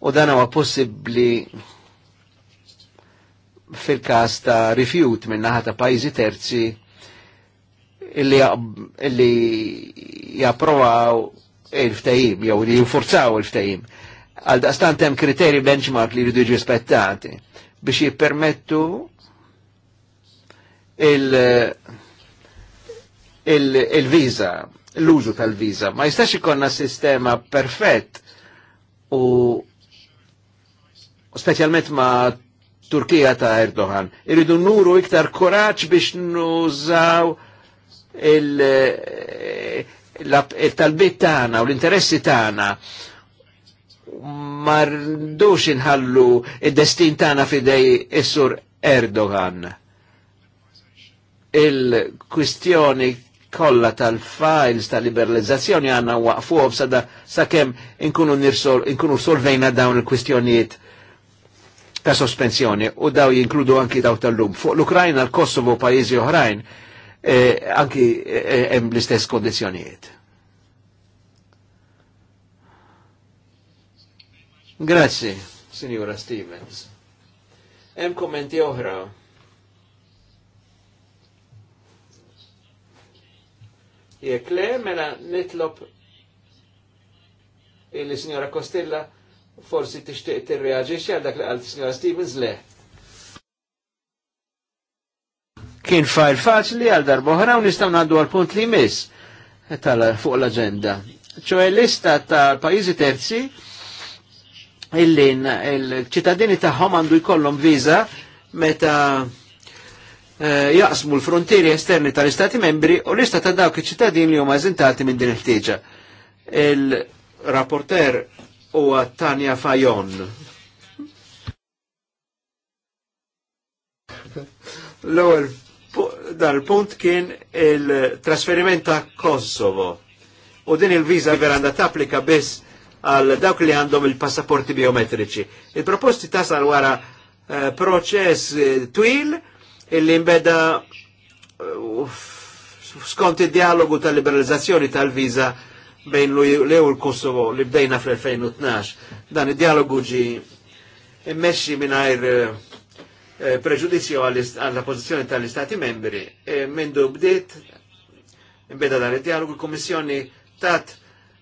U dan huwa possibbli fil-kas ta' rifjut minnaħat ta' pajjiżi terzi illi, japprovaw il-ftajim, jew li jinforzaw il-ftajim. Għal daqstant hemm kriteri benchmark li jridu rispettati biex jippermettu il-viza, il, il l-użu tal-viza. Ma jistax ikonna sistema perfett u specialment ma Turkija ta' Erdogan. Iridu nuru iktar koraċ biex nużaw il-talbit tana u l-interessi tana ma rridux inħallu id-destin tana fidej isur Erdogan il-kwistjoni kollha tal-files tal-liberalizzazzjoni għanna waqfuhom sada sakemm inkunu nirsol inkunu solvejna dawn il-kwistjonijiet ta' sospensjoni u daw jinkludu anki daw tal-lum. Fuq l-Ukrajna, l-Kosovo, pajjiżi oħrajn, eh, anki eh, eh, hemm eh, l-istess kondizjonijiet. Grazie Signora Stevens. Hemm kommenti oħra Jek le, mela nitlob il-Signora Costella forsi tixtieq tirreaġixxi għal dak li qalt signora Stevens le. Kien fajl faċli għal darba oħra u nistgħu ngħaddu għal punt li jmiss fuq l-aġenda. ċoe lista tal-pajjiżi terzi illin il-ċittadini tagħhom għandu jkollhom viża meta Eh, jaqsmu l-frontieri esterni tal-Istati membri u lista ta' dawk iċ-ċittadini li huma eżentati minn din il-ħtieġa. Il-rapporter huwa Tanja Fajon. L-ewwel dal-punt kien il-trasferiment ta' Kosovo. U din il-viża vera għandha tapplika biss għal dawk li għandhom il-passaporti biometriċi. Il-proposti tasal wara eh, proċess eh, twil illi mbeda uh, skont id-dialogu tal-liberalizzazzjoni tal-viza bejn l-EU l-Kosovo li bdejna fl-2012. Dan id-dialogu ġi immexxi mingħajr eh, preġudizzju għalla pozizjoni tal-Istati membri. E Mendu bdiet, imbeda dan id-dialogu, l-Kommissjoni tat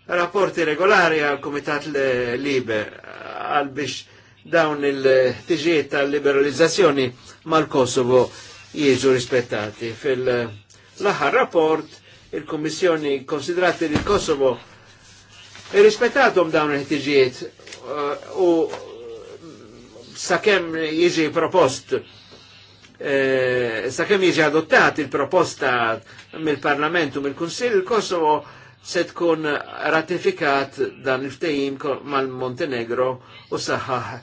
rapporti regolari għal Komitat Liber għal biex dawn il-tiġiet tal-liberalizzazzjoni mal-Kosovo jiġu rispettati. Fil-laħar rapport il-Kommissjoni konsidrati li l-Kosovo irrispettatum dawn il-ħtiġijiet uh, u sakemm jiġi propost E, eh, sa' kemm jiġi adottat il-proposta mill-Parlament u mill-Kunsill, il-Kosovo se tkun ratifikat dan il-ftehim mal-Montenegro u saħħaħ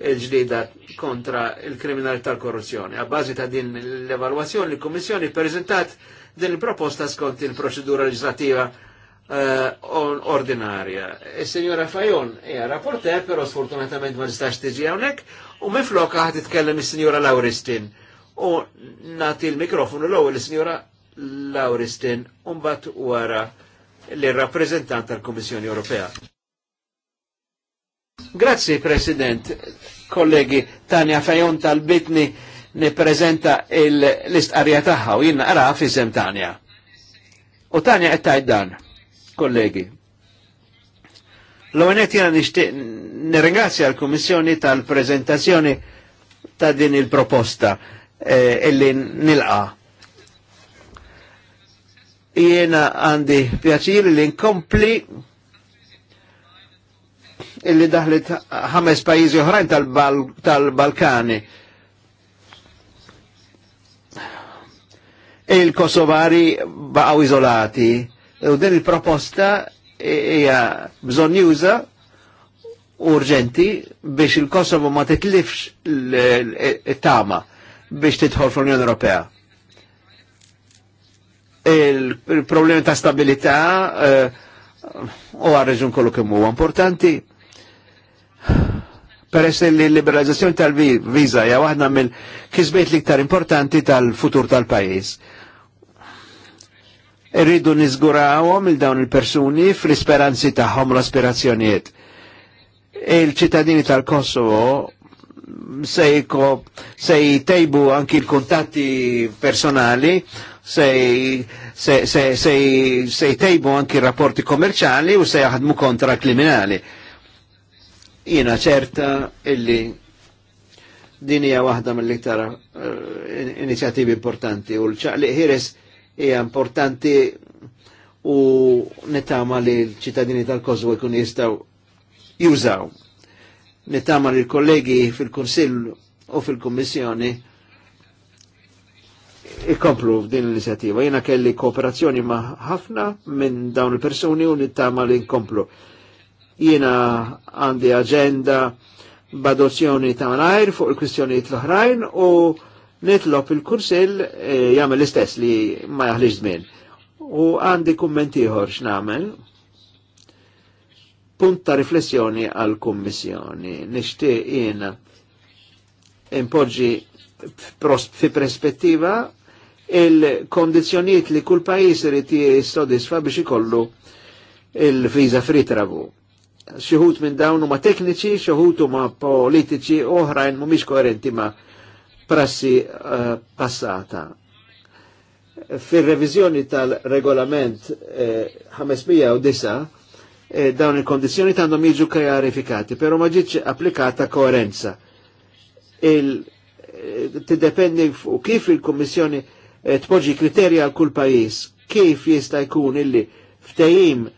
il ġdida kontra il-kriminalità tal-korruzzjoni. A bazi ta' din l evaluazzjoni l kommissjoni prezentat din il-proposta skont il-proċedura legislativa uh, ordinarja. Il-Signora e Fajon hija rapporter, però sfortunatament ma nistax tiġi hawnhekk u mifloka ħat itkellem il signora Lauristin. U nati l-mikrofonu l il is-Signora Lauristin u bat wara l-rappreżentant tal kommissjoni Ewropea. Grazie President, kollegi, Tania Fajon tal-Bitni niprezenta l-istqarja taħħa u jinn għara fizzem Tania. U Tania għettajt dan, kollegi. L-għonet jena nishtiq nirringrazzja l-Komissjoni tal-prezentazzjoni ta' din il-proposta eh, illi nilqa. Jena għandi pjaċir li nkompli illi daħlet ħames pajjiżi oħrajn tal-Balkani. Tal Il-Kosovari baqgħu izolati. U din il-proposta hija bżonjuża urġenti biex il-Kosovo ma titlifx l-tama biex titħol fl-Unjoni Ewropea. Il-problemi ta' stabilità eh, u reġun kollu kemmu importanti Peress li l-liberalizzazzjoni tal-viza hija waħda mill-kisbiet l-iktar importanti tal-futur tal-pajjiż. Irridu niżgurawhom il dawn il-persuni fl-isperanzi tagħhom l-aspirazzjonijiet. Il-ċittadini tal-Kosovo se jtejbu anki l-kontatti personali se, se, se, se, se jtejbu anki rapporti kommerċali u se jaħdmu kontra kriminali. Jiena ċerta illi din hija waħda mill-iktar eh, inizjattivi importanti u l ċaqli ħires hija importanti u nittama li l-ċittadini tal-Kosovo jkun jistaw jużaw. Nittama li l-kollegi fil-Kunsill u fil-Kummissjoni ikomplu f'din l-inizjattiva. Jena kelli kooperazzjoni ma' ħafna minn dawn il-persuni u nittama li nkomplu. Jiena għandi agenda b'adozzjoni ta' najr fuq il kwistjoni l-oħrajn u nitlob il-kursil eh, jagħmel l-istess li ma jaħliġ żmien. U għandi kumment ieħor x'namel. Punt ta' riflessjoni għal kummissjoni nixtieq jiena impoġġi fi prespettiva il-kondizjoniet li kull pajis irid jissodisfa biex ikollu il-viza free xieħut minn dawn huma tekniċi, xieħut huma politiċi, oħrajn mhumiex koerenti ma' prassi uh, passata. Fir-reviżjoni tal-regolament eh, 509 eh, dawn il-kondizjoni għandhom jiġu klarifikati, però ma ġietx applikata koerenza. Il eh, u kif il-Kommissjoni eh, tpoġġi kriterja għal kull pajjiż, kif jista' jkun illi ftehim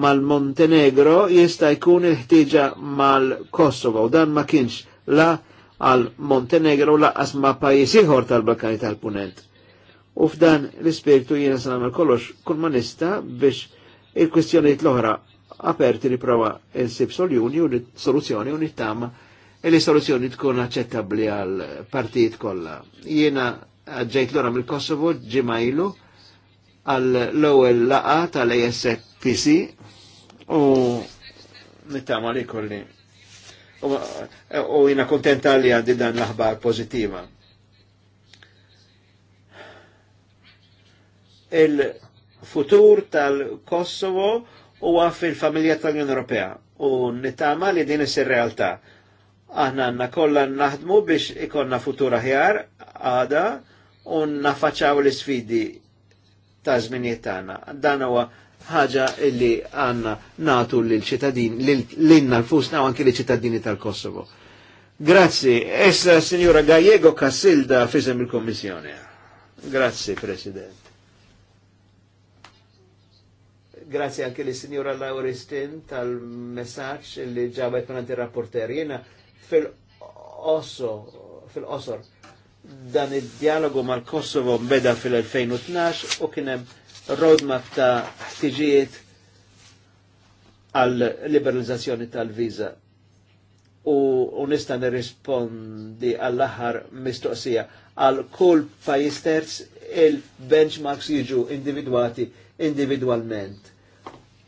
mal-Montenegro jista' jkun il-ħtieġa mal-Kosovo u dan ma kienx la għal Montenegro laqqas ma pajjiż ieħor tal-Balkani tal-Punent. U f'dan l-ispirtu jiena se nagħmel kollox kull ma nista biex il-kwistjonijiet l-oħra aperti li prova insib soljuni u soluzzjoni u nittama li soluzzjoni tkun aċċettabbli għal partijiet kollha. Jiena ġejt l-ora mill-Kosovo ġimajlu għall l-ewwel laqa tal-ASFPC U nittama li kolli. U jina kontenta li għaddi dan l-aħbar pozitiva. Il-futur tal-Kosovo huwa fil-familja tal-Unjoni Ewropea u nittama li din is realtà Aħna għanna kollha naħdmu biex ikonna futur aħjar għada u nafaċaw l-sfidi ta' zminiet tagħna. Dan huwa ħaġa illi għanna natu l-ċittadin, l-inna l-fusna u anki l-ċittadini tal-Kosovo. Grazzi, essa signora Gallego Cassilda fizem il-Kommissjoni. Grazzi, President. Grazzi anche li signora Lauristin tal-messaċ li ġabajt manant il-rapporter. Jena fil-osso, fil-osor, dan il-dialogu mal-Kosovo beda fil-2012 u kienem roadmap ta' ħtiġijiet għal liberalizzazzjoni tal-viza u nista nirrispondi għall-aħħar mistoqsija għal kull pajjiż terz il-benchmarks jiġu individwati individualment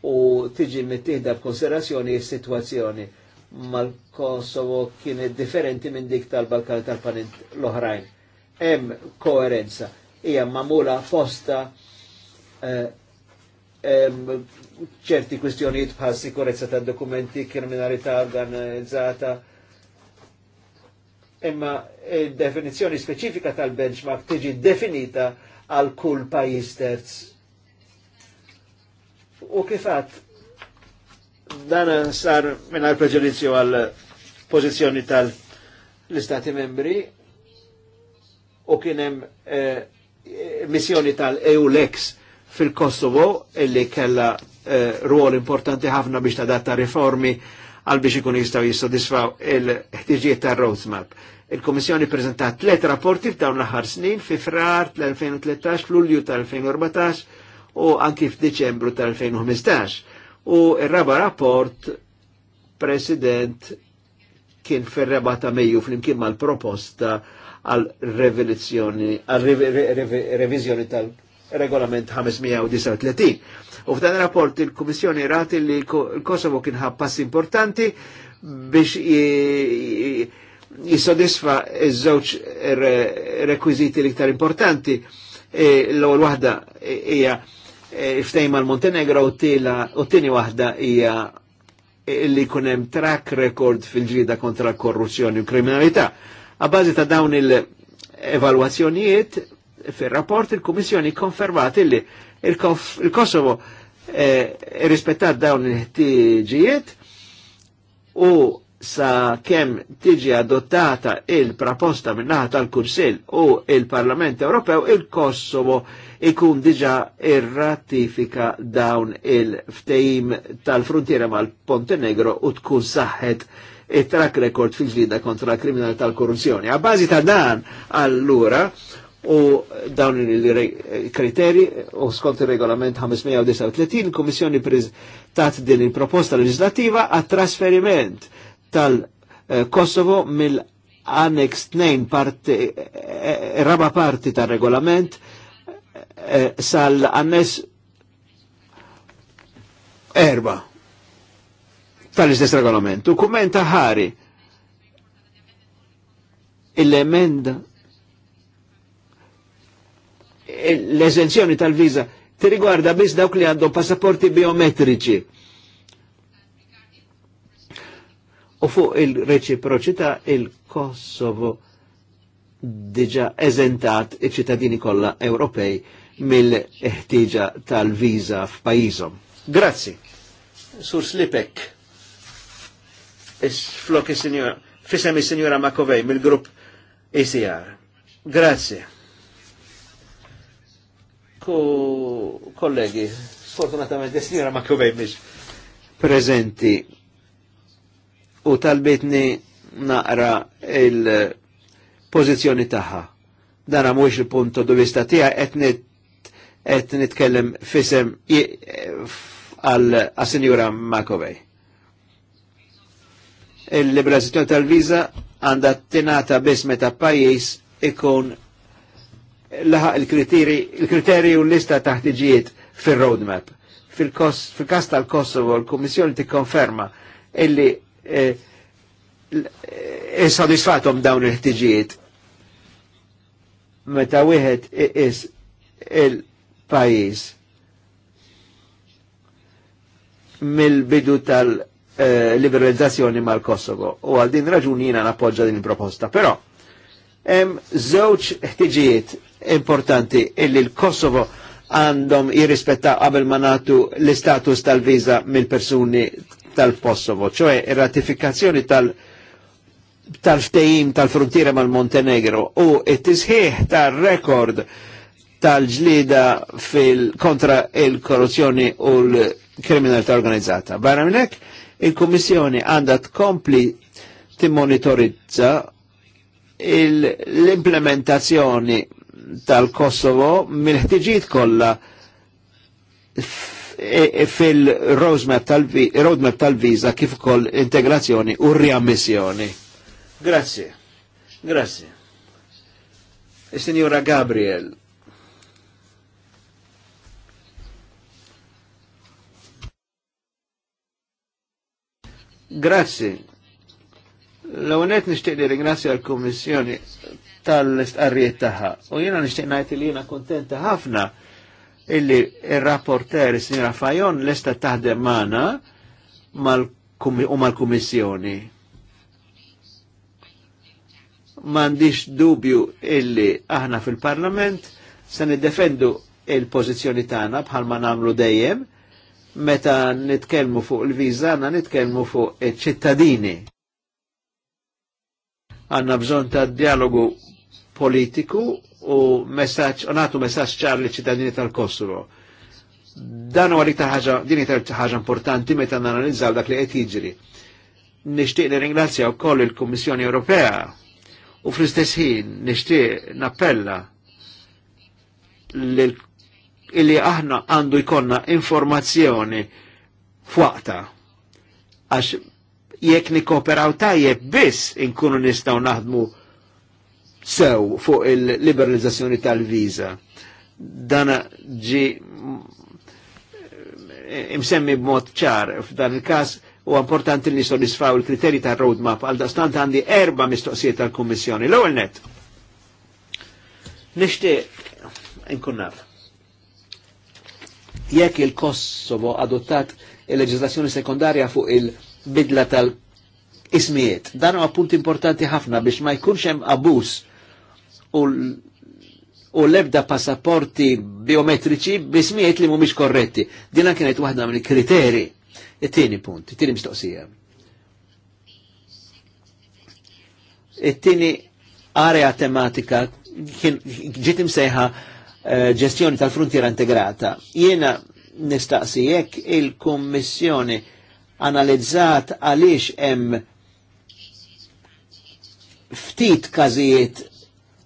u tiġi mittieħda b'konsiderazzjoni s-sitwazzjoni mal-Kosovo kienet differenti minn dik tal-Balkan tal-Panint l-oħrajn. Hemm koerenza hija mamula fosta Eh, ċerti kwestjonijiet bħal sikurezza ta' dokumenti, kriminalità organizzata. Imma il eh, definizzjoni speċifika tal-benchmark tiġi definita għal kull pajis terz. U kifat, dan sar minna preġudizzju għal pozizjoni tal-istati membri u kienem eh, missjoni tal-EULEX fil-Kosovo illi kella uh, ruol importanti ħafna biex tadatta riformi għal biex ikun jistaw jissodisfaw il-ħtiġijiet ta' roadmap. Il-Komissjoni prezentat tlet rapporti f'dawn l-aħħar snin fi frar tal-2013, fl-Ulju tal-2014 u anki f'Diċembru tal-2015. U il-raba rapport, President, kien fil-reba ta' Mejju fl-imkien mal-proposta għal-revizjoni tal regolament 539. U f'dan rapport il-Kummissjoni rati li l-Kosovo kien pass importanti biex jissodisfa iż-żewġ rekwiziti l-iktar importanti. E, l-ewwel waħda hija e, ftejma l-Montenegro u u tieni waħda hija li hemm track record fil-ġrida kontra korruzzjoni u kriminalità. A bażi ta' dawn il-evalwazzjonijiet fil-rapport il kommissjoni konfermat illi il-Kosovo eh, irrispettat dawn il-ħtiġijiet u sa kem tiġi adottata il-proposta minnaħat tal kursil u il-Parlament Ewropew, il-Kosovo ikun diġa ir-ratifika dawn il-ftejim tal-frontiera mal-Pontenegro u tkun saħħet it-track record fil-ġlida kontra la kriminalità tal-korruzzjoni. A bazi ta' dan, allura, u dawn il-kriteri u skont il-regolament 539 il-Komissjoni prezentat din il-proposta legislativa għat trasferiment tal-Kosovo mill-Annex 2 parti, eh, eh, raba parti tal-regolament eh, sal annex 4 tal-istess regolament. U kummenta ħari il-emenda l-eżenzjoni tal-viza ti rigwarda biss dawk li għandhom passaporti biometriċi. U fuq il-reċiproċità il-Kosovo diġa eżentat iċ-ċittadini kollha Ewropej mill ħtieġa tal-viża f'pajjiżhom. Grazzi. Sur Slipek. Is-flok is-sinjora, fisem is-sinjora Makovej mill-grupp ECR. Grazie ku kollegi, sfortunatament desnira ma kubej biex prezenti u talbitni naqra il-pozizjoni taħħa. Dana mux il-punto du vista tija etnit qed nitkellem fisem għal Sinjura Makovej. Il-liberazzjoni tal viza għandha tingħata biss meta pajjiż ikun laħaq il-kriteri u l-lista taħtiġijiet fil-roadmap. Fil-kas tal-Kosovo, l ti tikkonferma illi eh, eh, sodisfatom dawn il-ħtiġijiet. Meta wieħed is il-pajis mill-bidu tal-liberalizzazzjoni eh, mal-Kosovo. U għal din raġuni jina nappoġġa din il-proposta. Però, hemm żewġ ħtiġijiet importanti illi l-Kosovo għandhom jirrispetta qabel ma l-istatus tal-viża mill-persuni tal-Kosovo, ċoe ir-ratifikazzjoni tal- viza mill persuni tal kosovo ċoħe ratifikazzjoni tal tal mal-Montenegro u it-tisħiħ tal-rekord tal-ġlida fil-kontra il-korruzzjoni u l-kriminalità organizzata. Barra minnek, il-Kommissjoni għandha tkompli timmonitorizza l-implementazzjoni tal-Kosovo mill-ħtiġijiet kollha e- fil-roadmap tal-viza kif ukoll integrazzjoni u riammissjoni. Grazie. Grazie. signora Gabriel. Grazie. L-għonet nishtiq li ringrazzja l-Kommissjoni tal istqarriet tagħha. U jiena nixtieq ngħid li jiena kontenta ħafna illi il rapporter il Sinjora Fajon lesta taħdem maħna u mal-Kummissjoni. M'għandix dubju illi aħna fil-Parlament se niddefendu il-pożizzjoni tagħna bħalma nagħmlu dejjem meta nitkellmu fuq il-viża għandna nitkellmu fuq iċ-ċittadini għanna bżon ta' dialogu politiku u messaċ, natu messaċ ċar li ċittadini tal-Kosovo. Dan huwa għalik taħħaġa, din ħaġa importanti meta nanalizzaw dak li qed jiġri. Nixtieq li ringrazzja wkoll il-Kummissjoni Ewropea u fl-istess ħin nixtieq nappella li aħna għandu jkonna informazzjoni fuqta għax jekk nikoperaw tajjeb biss inkunu nistgħu naħdmu sew fuq il-liberalizzazzjoni tal-viza. Dana ġi imsemmi b'mod ċar f'dan il-kas u importanti li sodisfaw il-kriteri ta' roadmap għal dastant għandi erba mistoqsijiet tal-Kummissjoni. L-ewwel net. Nixtieq inkunnaf. naf. Jekk il-Kosovo adottat il-leġislazzjoni sekundarja fuq il-bidla tal-ismijiet, dan huwa punt importanti ħafna biex ma jkunx hemm abus u l-ebda passaporti biometriċi bismijiet li mumiċ korretti. Dina kienet waħda minn kriteri It-tieni punt, it-tieni mistoqsija. it area tematika kien ġiet imsejħa eh, ġestjoni tal-frontiera integrata. Jiena nistaqsi jekk il-Kummissjoni analizzat għaliex hemm ftit każijiet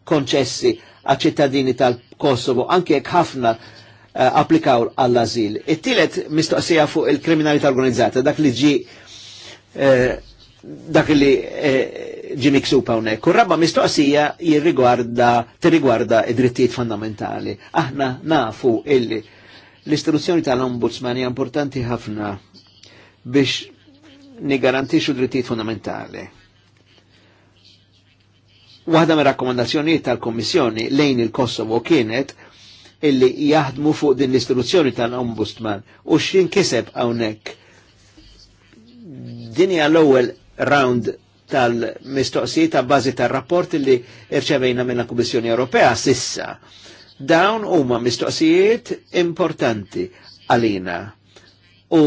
konċessi għal ċittadini tal-Kosovo, anke jekk ħafna eh, applikaw għall-azil. It-tielet mistoqsija fuq il-kriminalità organizzata, dak li ġi eh, dak li eh, ġi miksupa unek. U rabba mistoqsija jirrigwarda, tirrigwarda id-drittijiet fondamentali. Aħna nafu illi l istituzzjoni tal-ombudsman hija importanti ħafna biex nigarantixu drittijiet fondamentali Waħda me rakkomandazzjonijiet tal-Kommissjoni lejn il-Kosovo kienet illi jaħdmu fuq din l-istituzzjoni tal-Ombudsman u xin kiseb hawnhekk. Din hija l-ewwel round tal-mistoqsijiet ta' bażi tar-rapport li irċevejna mill Kummissjoni Ewropea sissa. Dawn huma mistoqsijiet importanti għalina u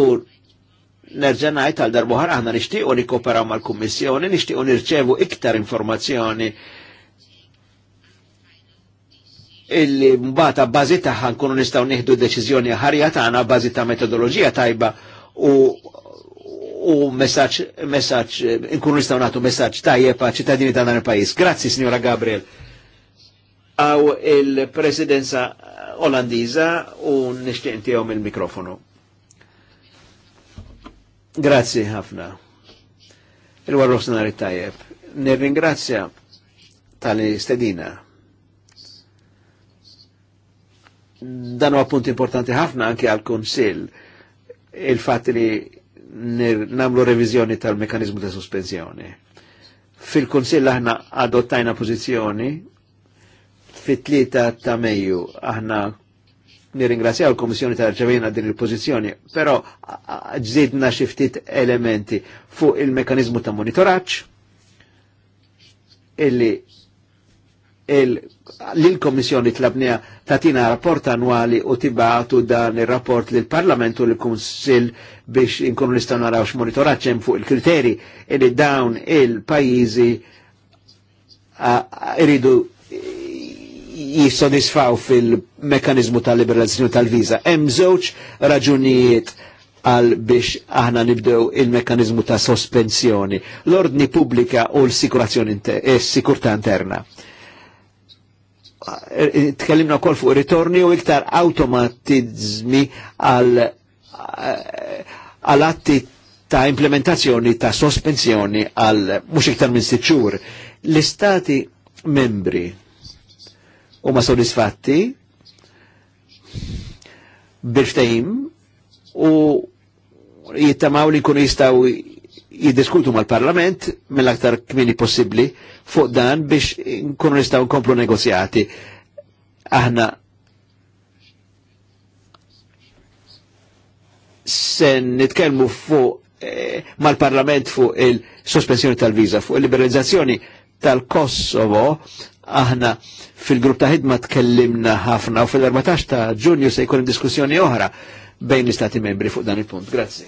nerġenajt għal darbohar aħna u nikoperaw mal-Kummissjoni, u nirċevu iktar informazzjoni illi mbata bazi taħħa nkunu nistaw nieħdu deċiżjoni ħarja tagħna bażi ta' metodoloġija tajba u u messaċ, messaċ, nkunu nistgħu nagħtu messaġġ tajjeb għal ċittadini ta' dan il-pajjiż. Grazzi Signora Gabriel. Għaw il-Presidenza Olandiża u nixtieq intijom il-mikrofonu. Grazzi ħafna. Il-warros nari tajjeb. Nirringrazzja tal-istedina. Dan huwa importanti ħafna anke għal konsil il fat li namlu revizjoni tal-mekanizmu ta' sospensjoni. Fil-konsil aħna adottajna pożizzjoni fit-tlieta ta' Mejju aħna nirringrazzjaw l-Komissjoni tal-ċevina din il-pozizjoni, pero ġzidna xiftit elementi fuq il-mekanizmu ta' monitoraċ, illi l-Komissjoni tlabnija tatina rapport annuali u tibatu dan il-rapport l parlament u l-Kunsil biex inkunu nistaw naraw x monitoraċem fuq il-kriteri illi dawn il-pajizi iridu jissodisfaw fil-mekanizmu tal liberalizzazzjoni tal-viza. Hemm żewġ raġunijiet għal biex aħna nibdew il-mekanizmu ta' sospensjoni. L-ordni pubblika u l s sikurta interna. Tkellimna wkoll fuq ritorni u iktar automatizmi eh, għal atti ta' implementazzjoni ta' sospensjoni għal mhux iktar minn sitt L-istati membri u ma soddisfatti bil-ftejim u jittamaw li kunu jistaw jiddiskutu mal-parlament mill-aktar kmini possibli fuq dan biex kunu jistaw nkomplu negozjati. Aħna sen nitkelmu fuq eh, mal-parlament fuq il-sospensjoni tal-viza, fuq il-liberalizzazzjoni tal-Kosovo aħna fil-grupp ta' ħidma tkellimna ħafna u fil-14 ta' ġunju se jkun diskussjoni oħra bejn l-istati membri fuq dan il-punt. Grazzi.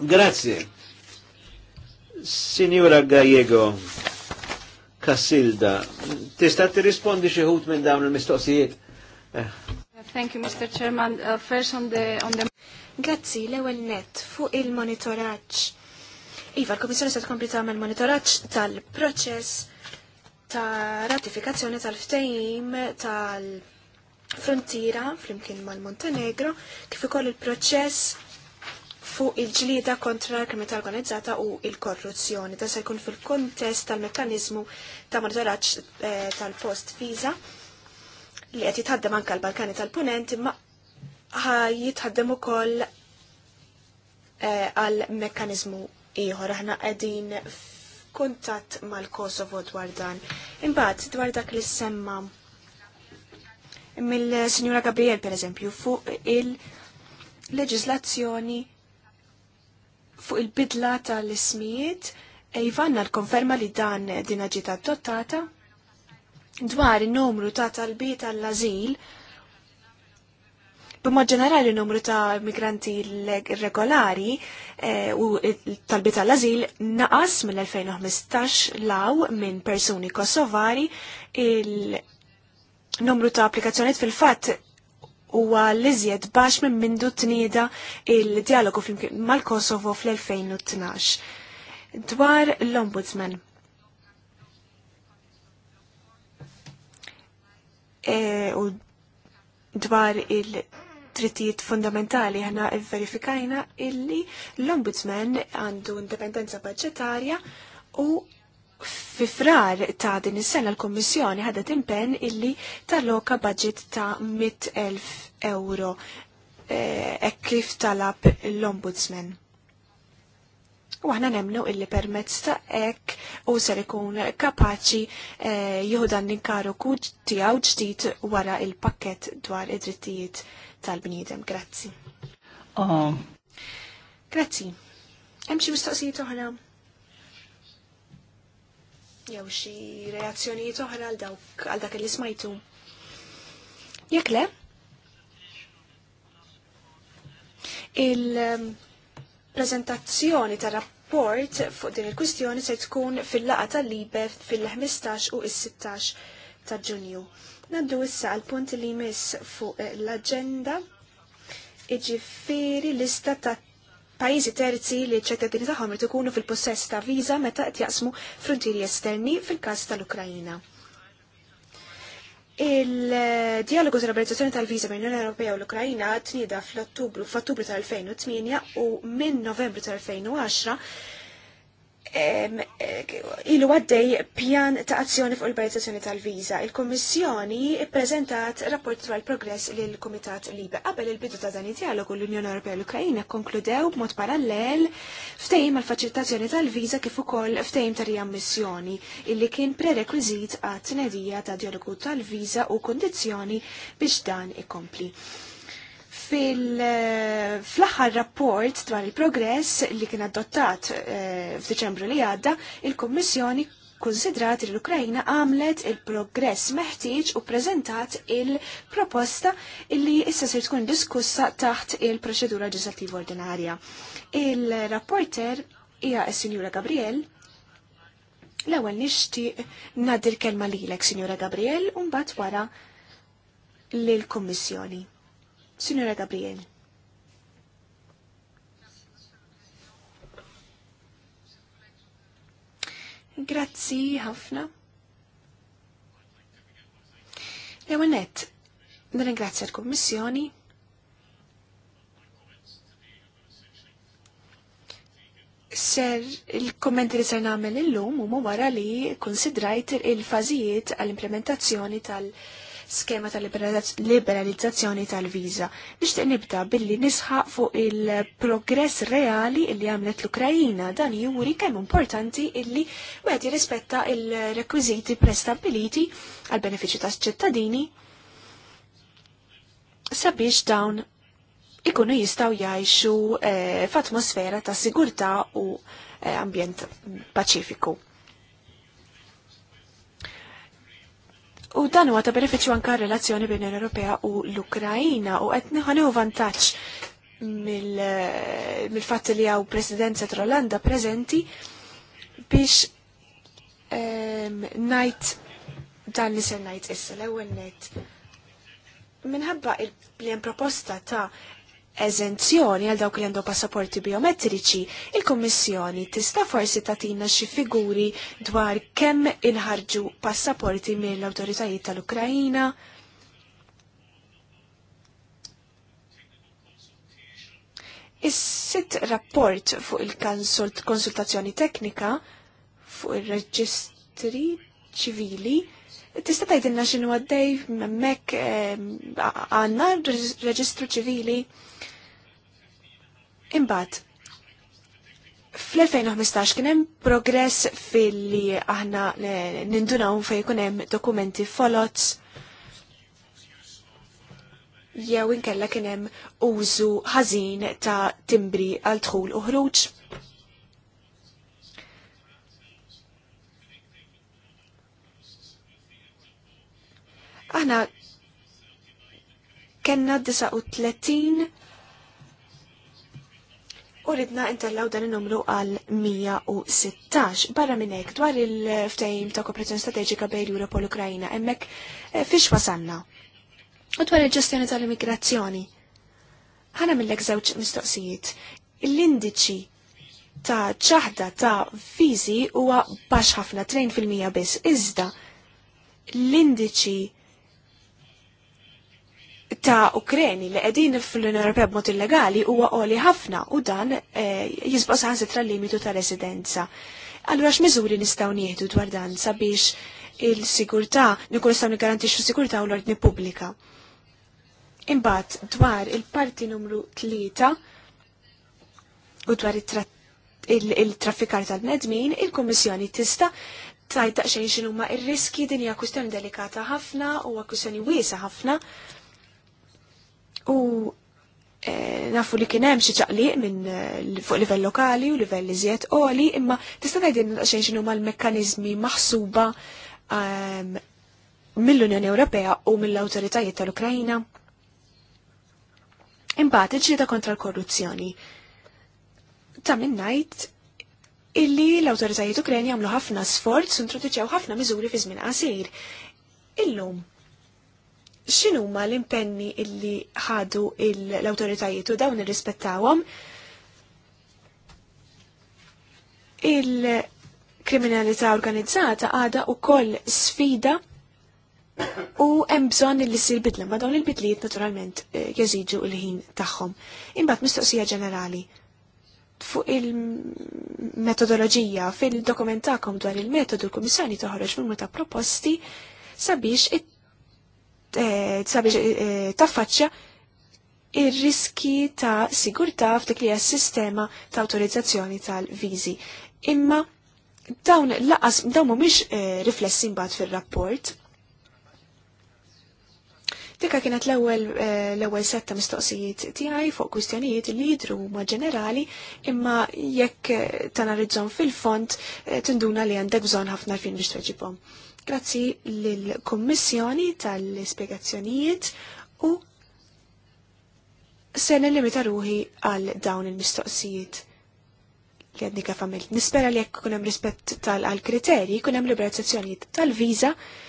Grazzi. Signora Gallego Cassilda, tista' tirrispondi xi ħut minn dawn il-mistoqsijiet? Thank you, Mr. Chairman. Uh, first on the on the Grazzi l-ewwel net fuq il-monitoraġġ. Iva, l-Komissjoni se tkompli tagħmel monitoraġġ tal-proċess ta' ratifikazzjoni tal-ftehim tal-frontiera flimkien mal-Montenegro kif ukoll il-proċess fuq il-ġlida kontra l-kriminalità organizzata u il-korruzzjoni. Ta se jkun fil-kontest tal-mekkanizmu ta' monitoraġġ eh, tal-post visa li qed jitħaddem anke l-Balkani tal-Punent imma jitħaddem ukoll eh, għal mekanizmu mekkanizmu ieħor aħna qegħdin kuntatt mal-Kosovo dwar dan. Imbagħad dwar dak li semma mill-Sinjura Gabriel pereżempju fuq il-leġiżlazzjoni fuq il-bidla tal-ismijiet eh, Ivanna l-konferma li dan din ġiet adottata dwar in-numru ta' talbiet għall-azil B'mod ġenerali numru ta' migranti regolari eh, u talbi tal-azil naqas mill-2015 law minn persuni kosovari il-numru ta' applikazzjoniet fil-fatt huwa l-iżjed bax minn mindu tnieda il-dialogu mal-Kosovo fl-2012. Dwar l-Ombudsman. E, u dwar il- drittijiet fundamentali ħana verifikajna illi l-Ombudsman għandu indipendenza budġetarja u fi frar ta' din is-sena l-Kommissjoni ħadet impenn illi tal-loka budget ta' 100.000 euro hekk e kif talab l-Ombudsman. U aħna nemnu illi permezz ta' ek u ser ikun kapaċi e, jieħu dan l-inkaru tiegħu ġdid wara il-pakket dwar id-drittijiet tal-bniedem. Grazzi. Oh. Grazzi. Hemm xi mistoqsijiet oħra? Jew xi reazzjonijiet oħra għal dawk għal dak li smajtu. Jekk le? Il-prezentazzjoni ehm, tar-rapport fuq din il-kwistjoni se tkun fil-laqa tal-libe fil-15 u il-16 ta' ġunju. Naddu issa għal punt li jmiss fuq eh, l-agenda iġifiri lista ta' pajizi terzi li ċ ta' tagħhom ikunu fil-possess ta' viża meta qed jaqsmu frontieri esterni fil-każ tal-Ukrajina. Il-dialogu tal-liberalizzazzjoni tal-viża bejn l-Unjoni Ewropea u l-Ukrajina tnida fl-Ottubru f'Ottubru tal-2008 u minn Novembru tal-2010 Eh, ilu għaddej pjan ta' azzjoni fuq il-bajtazzjoni tal-viza. Il-Kommissjoni prezentat rapport dwar progress lil komitat Libe. Qabel il-bidu ta' dan id-dialogu l-Unjoni Ewropea l ukraina konkludew b'mod parallel ftejim għal faċilitazzjoni tal-viza kif ukoll ftejim ta' riammissjoni illi kien prerekwiżit għat tnedija ta' dialogu tal-viza u kondizzjoni biex dan ikompli. Fil-aħħar eh, rapport dwar il-progress li kien adottat eh, f'Diċembru li għadda, il-Kummissjoni konsidrat li l-Ukrajna għamlet il-progress meħtieġ u prezentat il-proposta illi issa se tkun diskussa taħt il-proċedura leġislattiva ordinarja. Il-rapporter hija s-Sinjura Gabriel l-ewwel nixtieq ngħaddi l-kelma lilek, Sinjura Gabriel, u mbagħad wara lill-Kummissjoni. Signora Gabriele. Grazzi ħafna. Ewenet, nirringrazzja l-Kommissjoni. Ser il-kommenti li ser nagħmel illum huma wara li konsidrajt il fazijiet għall-implementazzjoni tal- -implementazzjoni tal skema ta' liberalizzazzjoni tal-viża. Nixtieq nibda billi nisħaq fuq il-progress reali illi għamlet l-Ukrajina dan juri kemm importanti illi wieħed jirrispetta il-rekwiżiti prestabiliti għal benefiċċju tas-ċittadini sabiex dawn ikunu jistaw jgħixu eh, f'atmosfera ta' sigurtà u eh, ambjent paċifiku. U dan huwa ta' benefiċċju anke r-relazzjoni bejn l-Ewropea u l-Ukrajina u qed nieħu vantaġġ eh, mill-fatt li hawn presidenza tal-Olanda preżenti biex ehm, najt dan li se najt issa l-ewwel net. Minħabba il-plien proposta ta' eżenzjoni għal dawk li għandu passaporti biometriċi, il-Kommissjoni tista' forsi tatina xi figuri dwar kemm inħarġu passaporti mill-awtoritajiet tal-Ukrajina. Is-sitt rapport fuq il-konsultazzjoni teknika fuq ir-reġistri ċivili Tista tajdilna xinu għaddej, memmek ehm, għanna reġistru ċivili. Imbat, fl-2015 kien hemm progress fil-li aħna nindunaw fejn jkun hemm dokumenti folots jew inkella kien hemm użu ħażin ta' timbri għal dħul u ħruġ. Aħna kenna 39 u ridna intellaw dan il-numru għal 116. Barra minnek, dwar il-ftajim ta' kooperazzjoni strategika bejn Europa l Ukrajina, emmek eh, fiex wasanna. U dwar il-ġestjoni tal-immigrazzjoni. Ħana minnek zewċ mistoqsijiet. L-indiċi ta' ċaħda ta' viżi huwa baxx ħafna 2% biss, iżda l-indiċi ta' Ukreni li qegħdin fl-Unjoni Ewropea b'mod illegali huwa qoli ħafna u dan eh, jisbos ħansitra limitu ta' residenza. Allura x'miżuri nistgħu nieħdu dwar dan sabiex il-sigurtà nikun nistgħu nigarantixxu sigurtà u l-ordni pubblika. Imbagħad dwar il-parti numru tlieta u dwar il-traffikar tal-nedmin, il kummissjoni tista' tajt xejn x'inhuma ir-riski din hija kwistjoni delikata ħafna u kwistjoni wiesa ħafna U eh, nafu li kien hemm xi ċaqliq minn eh, fuq livell lokali u livell iżjed qoli, imma tista' ngħidilna xejn x'inhu l-mekkaniżmi maħsuba ehm, mill-Unjoni Ewropea u mill-awtoritajiet tal ukrajina Imbagħad iġġieda kontra l-korruzzjoni. Ta' minn ngħid illi l-awtoritajiet Ukreni għamlu ħafna sforz u introduċew ħafna miżuri fi żmien qasir. Illum xinu ma l-impenni illi ħadu l-autoritajiet u dawn irrispettawhom il-kriminalità organizzata għada u koll sfida u hemm bżonn li ssir bidla ma dawn il bidlijiet naturalment eh, jeżiġu l-ħin tagħhom. Imbagħad mistoqsija ġenerali fuq il-metodoloġija fil-dokumentakom dwar il-metodu l-Kummissjoni toħroġ minn ta' proposti sabiex it Eh, sabiex eh, taffaċċja ir-riski ta' sigurtà f'dik li sistema ta' autorizzazzjoni tal-viżi. Imma dawn laqas dawn mhumiex eh, riflessi mbagħad fir-rapport. Dikka kienet l-ewwel l-ewwel setta mistoqsijiet tiegħi fuq kwistjonijiet li jidru ma' ġenerali imma jekk tanarizzhom fil-font tinduna li għandek bżonn ħafna fin biex tweġibhom. Grazzi lill-Kummissjoni tal-ispjegazzjonijiet u se limita ruħi għal dawn il-mistoqsijiet li għadni kafamil. Nispera li jekk kunem rispett tal-kriterji, kunem liberalizzazzjoni tal-viza, tal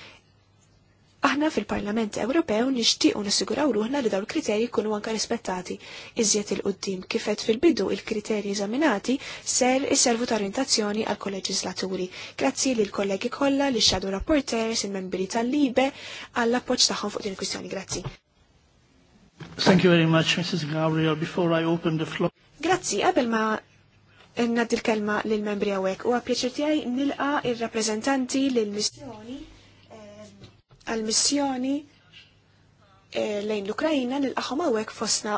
Aħna fil-Parlament Ewropew nixtiequ nissiguraw ruħna li dawn il-kriterji jkunu anke rispettati. Iżjed il-qoddim kifet fil-bidu il-kriterji eżaminati ser iservu ta' orientazzjoni għal kolleġislaturi. Grazzi l kollegi kollha li shadow rapporters, il-membri tal-libe għall appoġġ tagħhom fuq din il-kwistjoni. Grazzi. Thank you very much, Mrs. Gabriel. Before I open the floor. Grazzi, qabel ma naddi l-kelma lill membri għawek u għapjaċir tiegħi nilqa' ir rappreżentanti lill missjoni għal-missjoni eh, lejn l-Ukrajina nil-qaħom għawek fosna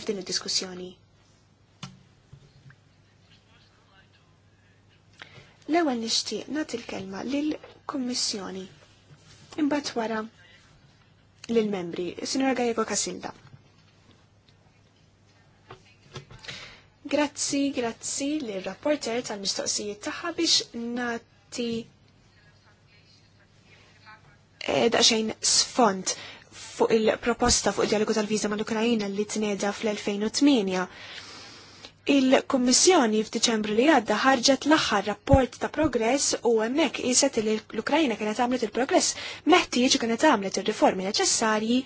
f'din id-diskussjoni. L-ewwel nixtieq nagħti l-kelma lill-Kummissjoni. Imbagħad wara lill-membri, Sinjora Gajego Casilda. Grazzi, grazzi l rapporter tal-mistoqsijiet tagħha biex nagħti E, daqsxejn sfont fuq il-proposta fuq dialogu tal-viza mal-Ukrajina li t-neda fl-2008. Il-Kommissjoni f'Diċembru li għadda ħarġet l-aħħar rapport ta' progress u hemmhekk qiset li l-Ukrajina kienet għamlet il-progress meħtieġ kienet għamlet ir-riformi neċessarji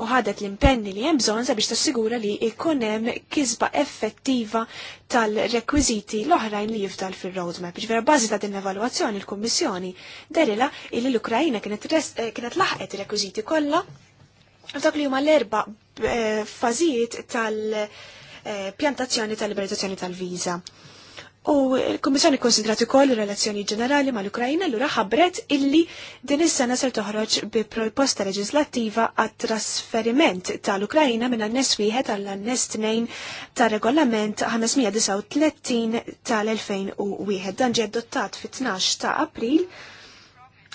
u ħadet l-impenni li hemm bżonn sabiex tassigura li jkun hemm kisba effettiva tal-rekwiżiti l-oħrajn li jifdal fir-roadmap. Ġvera bażi ta' din evaluazzjoni l-Kummissjoni derila li l ukrajina eh, kienet laħqet ir-rekwiżiti kollha f'dak li huma l-erba eh, fażijiet tal- eh, pjantazzjoni tal-liberalizzazzjoni tal-viża. U l-Kommissjoni konsidrat ukoll relazzjoni ġenerali mal ukrajina l ħabbret illi din is-sena ser toħroġ bi proposta leġislattiva għat trasferiment tal ukrajina minn annes wieħed għall annes tnejn ta' regolament 539 tal-2001. Dan ġie adottat fit-12 ta' April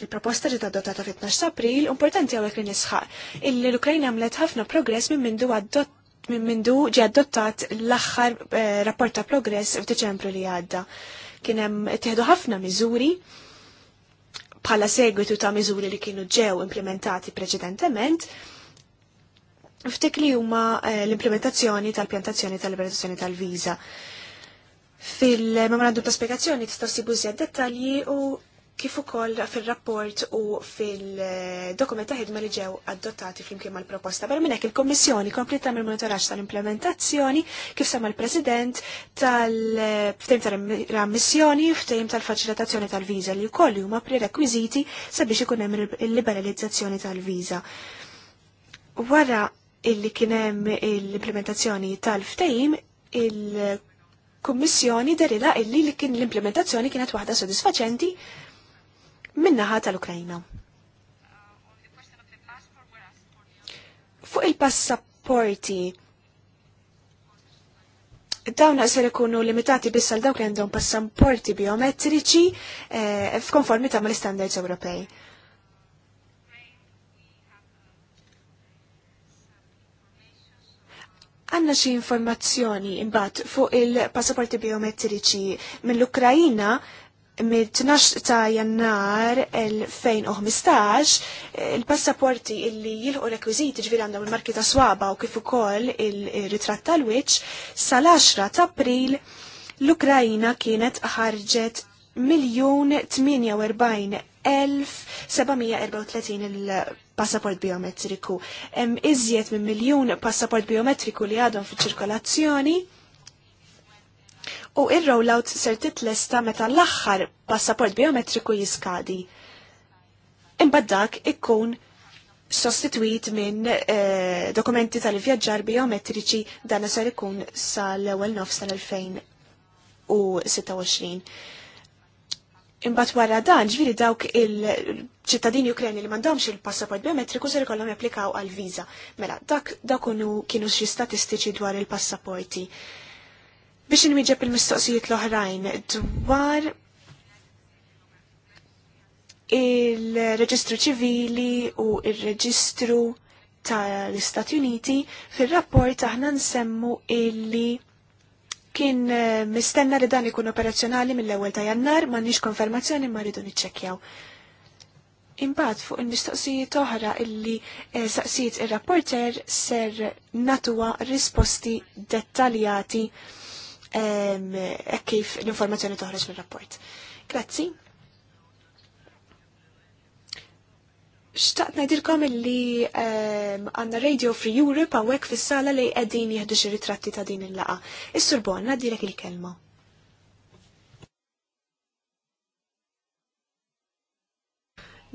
Il-proposta ġiet adottata fit-12 ta' April, importanti għawek li nisħaq illi l ukrajina għamlet ħafna progress minn mindu adott mindu ġi adottat l-axħar eh, rapport ta' progress f'Deċembru li għadda. Kien hemm tieħdu ħafna miżuri bħala segwitu ta' miżuri li kienu ġew implementati preċedentement. Ftik li huma eh, l-implementazzjoni tal-pjantazzjoni tal-liberazzjoni tal-viża. Fil-memorandum ta' spiegazzjoni tista' sibu dettalji u kif ukoll fil-rapport u fil-dokument ta' ħidma li ġew adottati flimkien mal-proposta. Per minnek il-Kommissjoni komplet mill monitoraġġ tal-implementazzjoni kif sema l-President tal-ftehim tal-ammissjoni u ftehim tal-faċilitazzjoni tal-viża li wkoll huma prerekwiżiti sabiex ikun hemm il-liberalizzazzjoni tal-viża. Wara illi kien hemm l-implementazzjoni tal-ftehim il-Kummissjoni derila illi li kien l-implementazzjoni kienet waħda sodisfaċenti minnaħa tal-Ukrajna. Fuq il-passaporti, dawn għasir ikunu limitati biss għal dawk li għandhom passaporti biometriċi f'konformi eh, f'konformità mal istandards Ewropej. Għanna xi informazzjoni imbagħad fuq il-passaporti biometriċi mill-Ukrajina mit 12 ta' jannar 2015 il-passaporti illi jilħu rekwiziti ġviri għandhom il-marki ta' swaba u kif ukoll il-ritratt tal-wiċ sal-10 ta' april l-Ukrajina kienet ħarġet miljon 48,734 il-passaport biometriku. Hemm iżjed minn miljun passaport biometriku li għadhom fiċ-ċirkolazzjoni u ir-rollout ser titlesta meta l-aħħar passaport biometriku jiskadi. Imbagħad ikkun sostitwit minn eh, dokumenti tal-vjaġġar biometriċi dan ser ikun sal-ewwel nofs tal-2026. Imbagħad wara dan, ġviri dawk il-ċittadini Ukreni li m'għandhomx il-passaport biometriku ser ikollhom japplikaw għal viża. Mela, dak dakunu kienu xi statistiċi dwar il-passaporti. Biex inwieġeb il-mistoqsijiet l-oħrajn dwar il-reġistru ċivili u il-reġistru tal-Istati Uniti fil-rapport aħna nsemmu illi kien eh, mistenna li dan ikun operazzjonali mill-ewwel ta' jannar ma nix konfermazzjoni ma rridu niċċekkjaw. Imbagħad fuq il-mistoqsijiet oħra illi eh, saqsijiet ir-rapporter ser natuwa risposti dettaljati E kif l-informazzjoni toħroġ mir-rapport. Grazzi. Xtaqt najdirkom li għanna Radio Free Europe għawek fis-sala li għedin jihdu xi ritratti ta' din il-laqa. Is-sur Bonna il-kelma.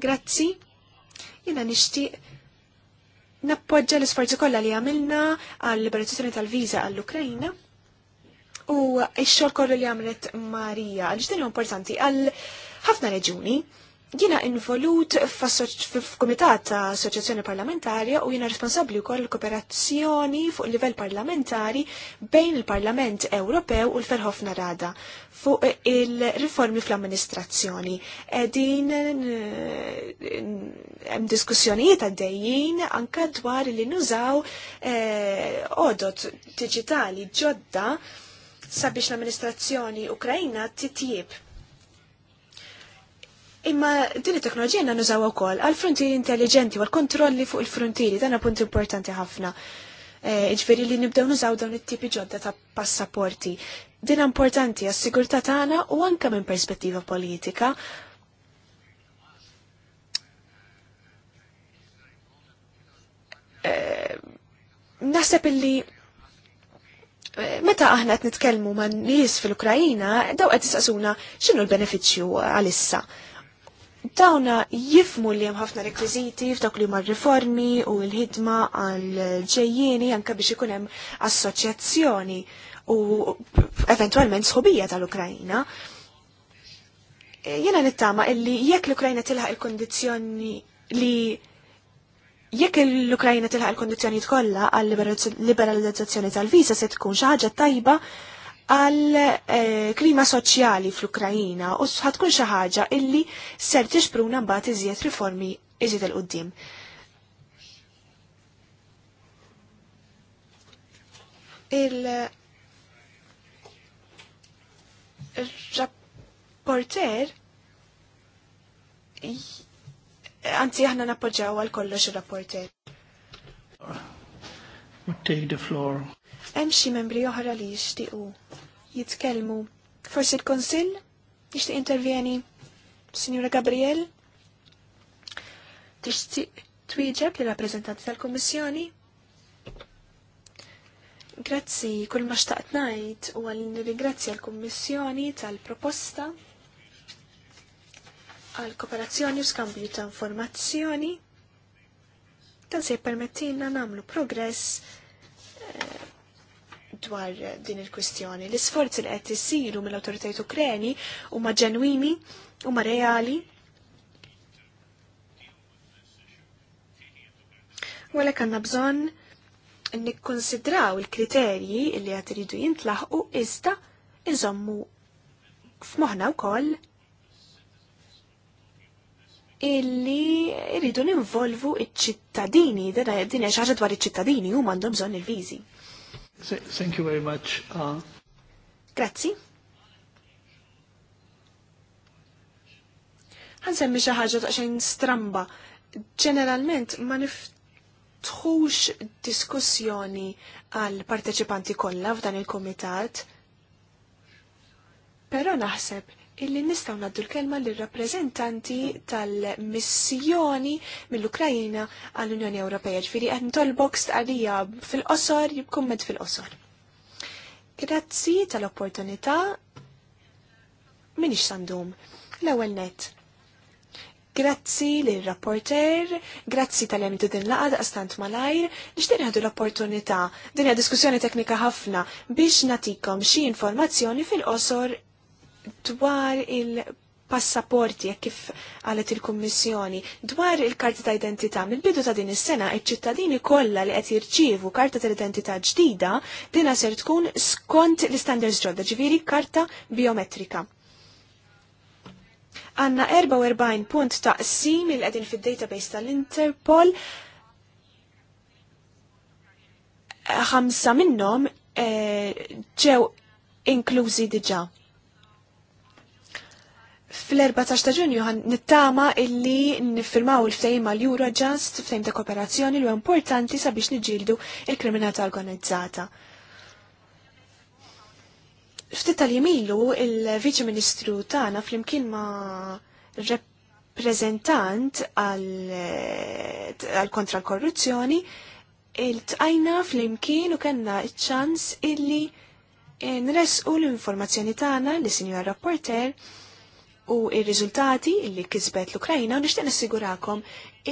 Grazzi. Jena nixtieq nappoġġa l-isforzi kollha li għamilna għall liberazzjoni tal-viża għall-Ukrajna u x-xogħol kollu li għamlet Marija, għaliex din importanti għal ħafna reġuni. Jiena involut f-komitat ta' Assoċjazzjoni Parlamentarja u jiena responsabbli wkoll koll kooperazzjoni fuq livell parlamentari bejn il-Parlament Ewropew u l-Ferħofna Rada fuq il-riformi fl-amministrazzjoni. Din hemm diskussjonijiet għaddejjin anke dwar li nużaw eh, odot digitali ġodda sabiex l-amministrazzjoni Ukrajina titjib. Imma din it-teknoloġija għanna nużaw ukoll għal frontieri intelligenti u għal kontrolli fuq il-frontieri, dan punt importanti ħafna. E, Iġveri li nibdew nużaw dawn it-tipi ġodda ta' passaporti. Din importanti għas-sigurtà tagħna u anke minn perspettiva politika. E, naħseb illi Meta aħna qed nitkellmu ma' nies fil-Ukrajina, daw qed jistaqsuna x'inhu l-benefiċċju għalissa. Dawna jifmu li hemm ħafna rekwiżiti f'dawk li huma riformi u l-ħidma għal ġejjieni anke biex ikun hemm assoċjazzjoni u eventualment sħobija tal-Ukrajina. Jena nittama illi jekk l-Ukrajna tilħaq il kundizzjoni li Jekk l-Ukrajna tilħaq il kondizjoni kollha għal liberalizzazzjoni tal-viża se tkun xi ħaġa tajba għal eh, klima soċjali fl-Ukrajina u ħatkun xi ħaġa illi ser tixpruna mbagħad iżjed riformi iżjed il qudiem Il-rapporter Anzi, aħna nappoġġaw għal kollox il-rapporter. Take the floor. Hemm xi membri oħra li jixtiequ jitkellmu. Forsi l-Konsill jixtieq intervjeni Signora Gabriel? Tixtieq twieġeb li rappreżentanti tal-Kummissjoni? Grazzi, kull ma xtaqt ngħid u għal nirringrazzja l-Kummissjoni tal-proposta għal kooperazzjoni u skambju ta' informazzjoni dan se jippermettilna namlu progress eh, dwar din il-kwistjoni. L-isforzi li qed isiru mill-awtoritajiet Ukreni huma ġenwini, huma reali. Walek għandna bżonn nikkonsidraw il-kriterji li qed iridu jintlaħqu iżda iżommu f'moħħna wkoll illi rridu ninvolvu iċ-ċittadini, din hija xi dwar iċ-ċittadini huma għandhom bżonn il-viżi. Thank you very much. Uh... Grazzi. Ħansemmi xi ħaġa taqxejn stramba. Ġeneralment ma niftħux diskussjoni għal parteċipanti kollha f'dan il-kumitat. Però naħseb illi nistaw naddu l-kelma l-rappresentanti tal-missjoni mill-Ukrajina għall-Unjoni Ewropea, ġifiri għed nitolbok għalija fil-qosor, jibkumment fil-qosor. Grazzi tal-opportunità minix sandum. L-ewel net. Grazzi l-rapporter, grazzi tal-emitu din laqad għastant malajr, nishtiq għadu l-opportunità, din diskussjoni teknika ħafna biex natikom xi informazzjoni fil-qosor dwar il-passaporti kif għalet il-Kommissjoni, dwar il-karti ta' identità, mill-bidu ta' din is-sena iċ-ċittadini kollha li qed jirċievu karta ta' identità ġdida dina ser tkun skont l-standards ġodda, ġiviri karta biometrika għanna 44 punt ta' sim il qegħdin fid-database tal-Interpol. Ħamsa minnhom eh, ġew inklużi diġà fl-14 ta' ġunju għan nittama illi nifirmaw il-ftejim mal eurojust ġast ta' kooperazzjoni li importanti sabiex nġildu il-kriminata organizzata. Ftit tal-jemilu il-Viċi Ministru tagħna flimkien ma' reprezentant għal kontra l-korruzzjoni il fl flimkien u kellna ċ-ċans illi eh, nresqu l-informazzjoni tagħna li sinjor rapporter u il riżultati illi kisbet l u nixtieq nassigurakom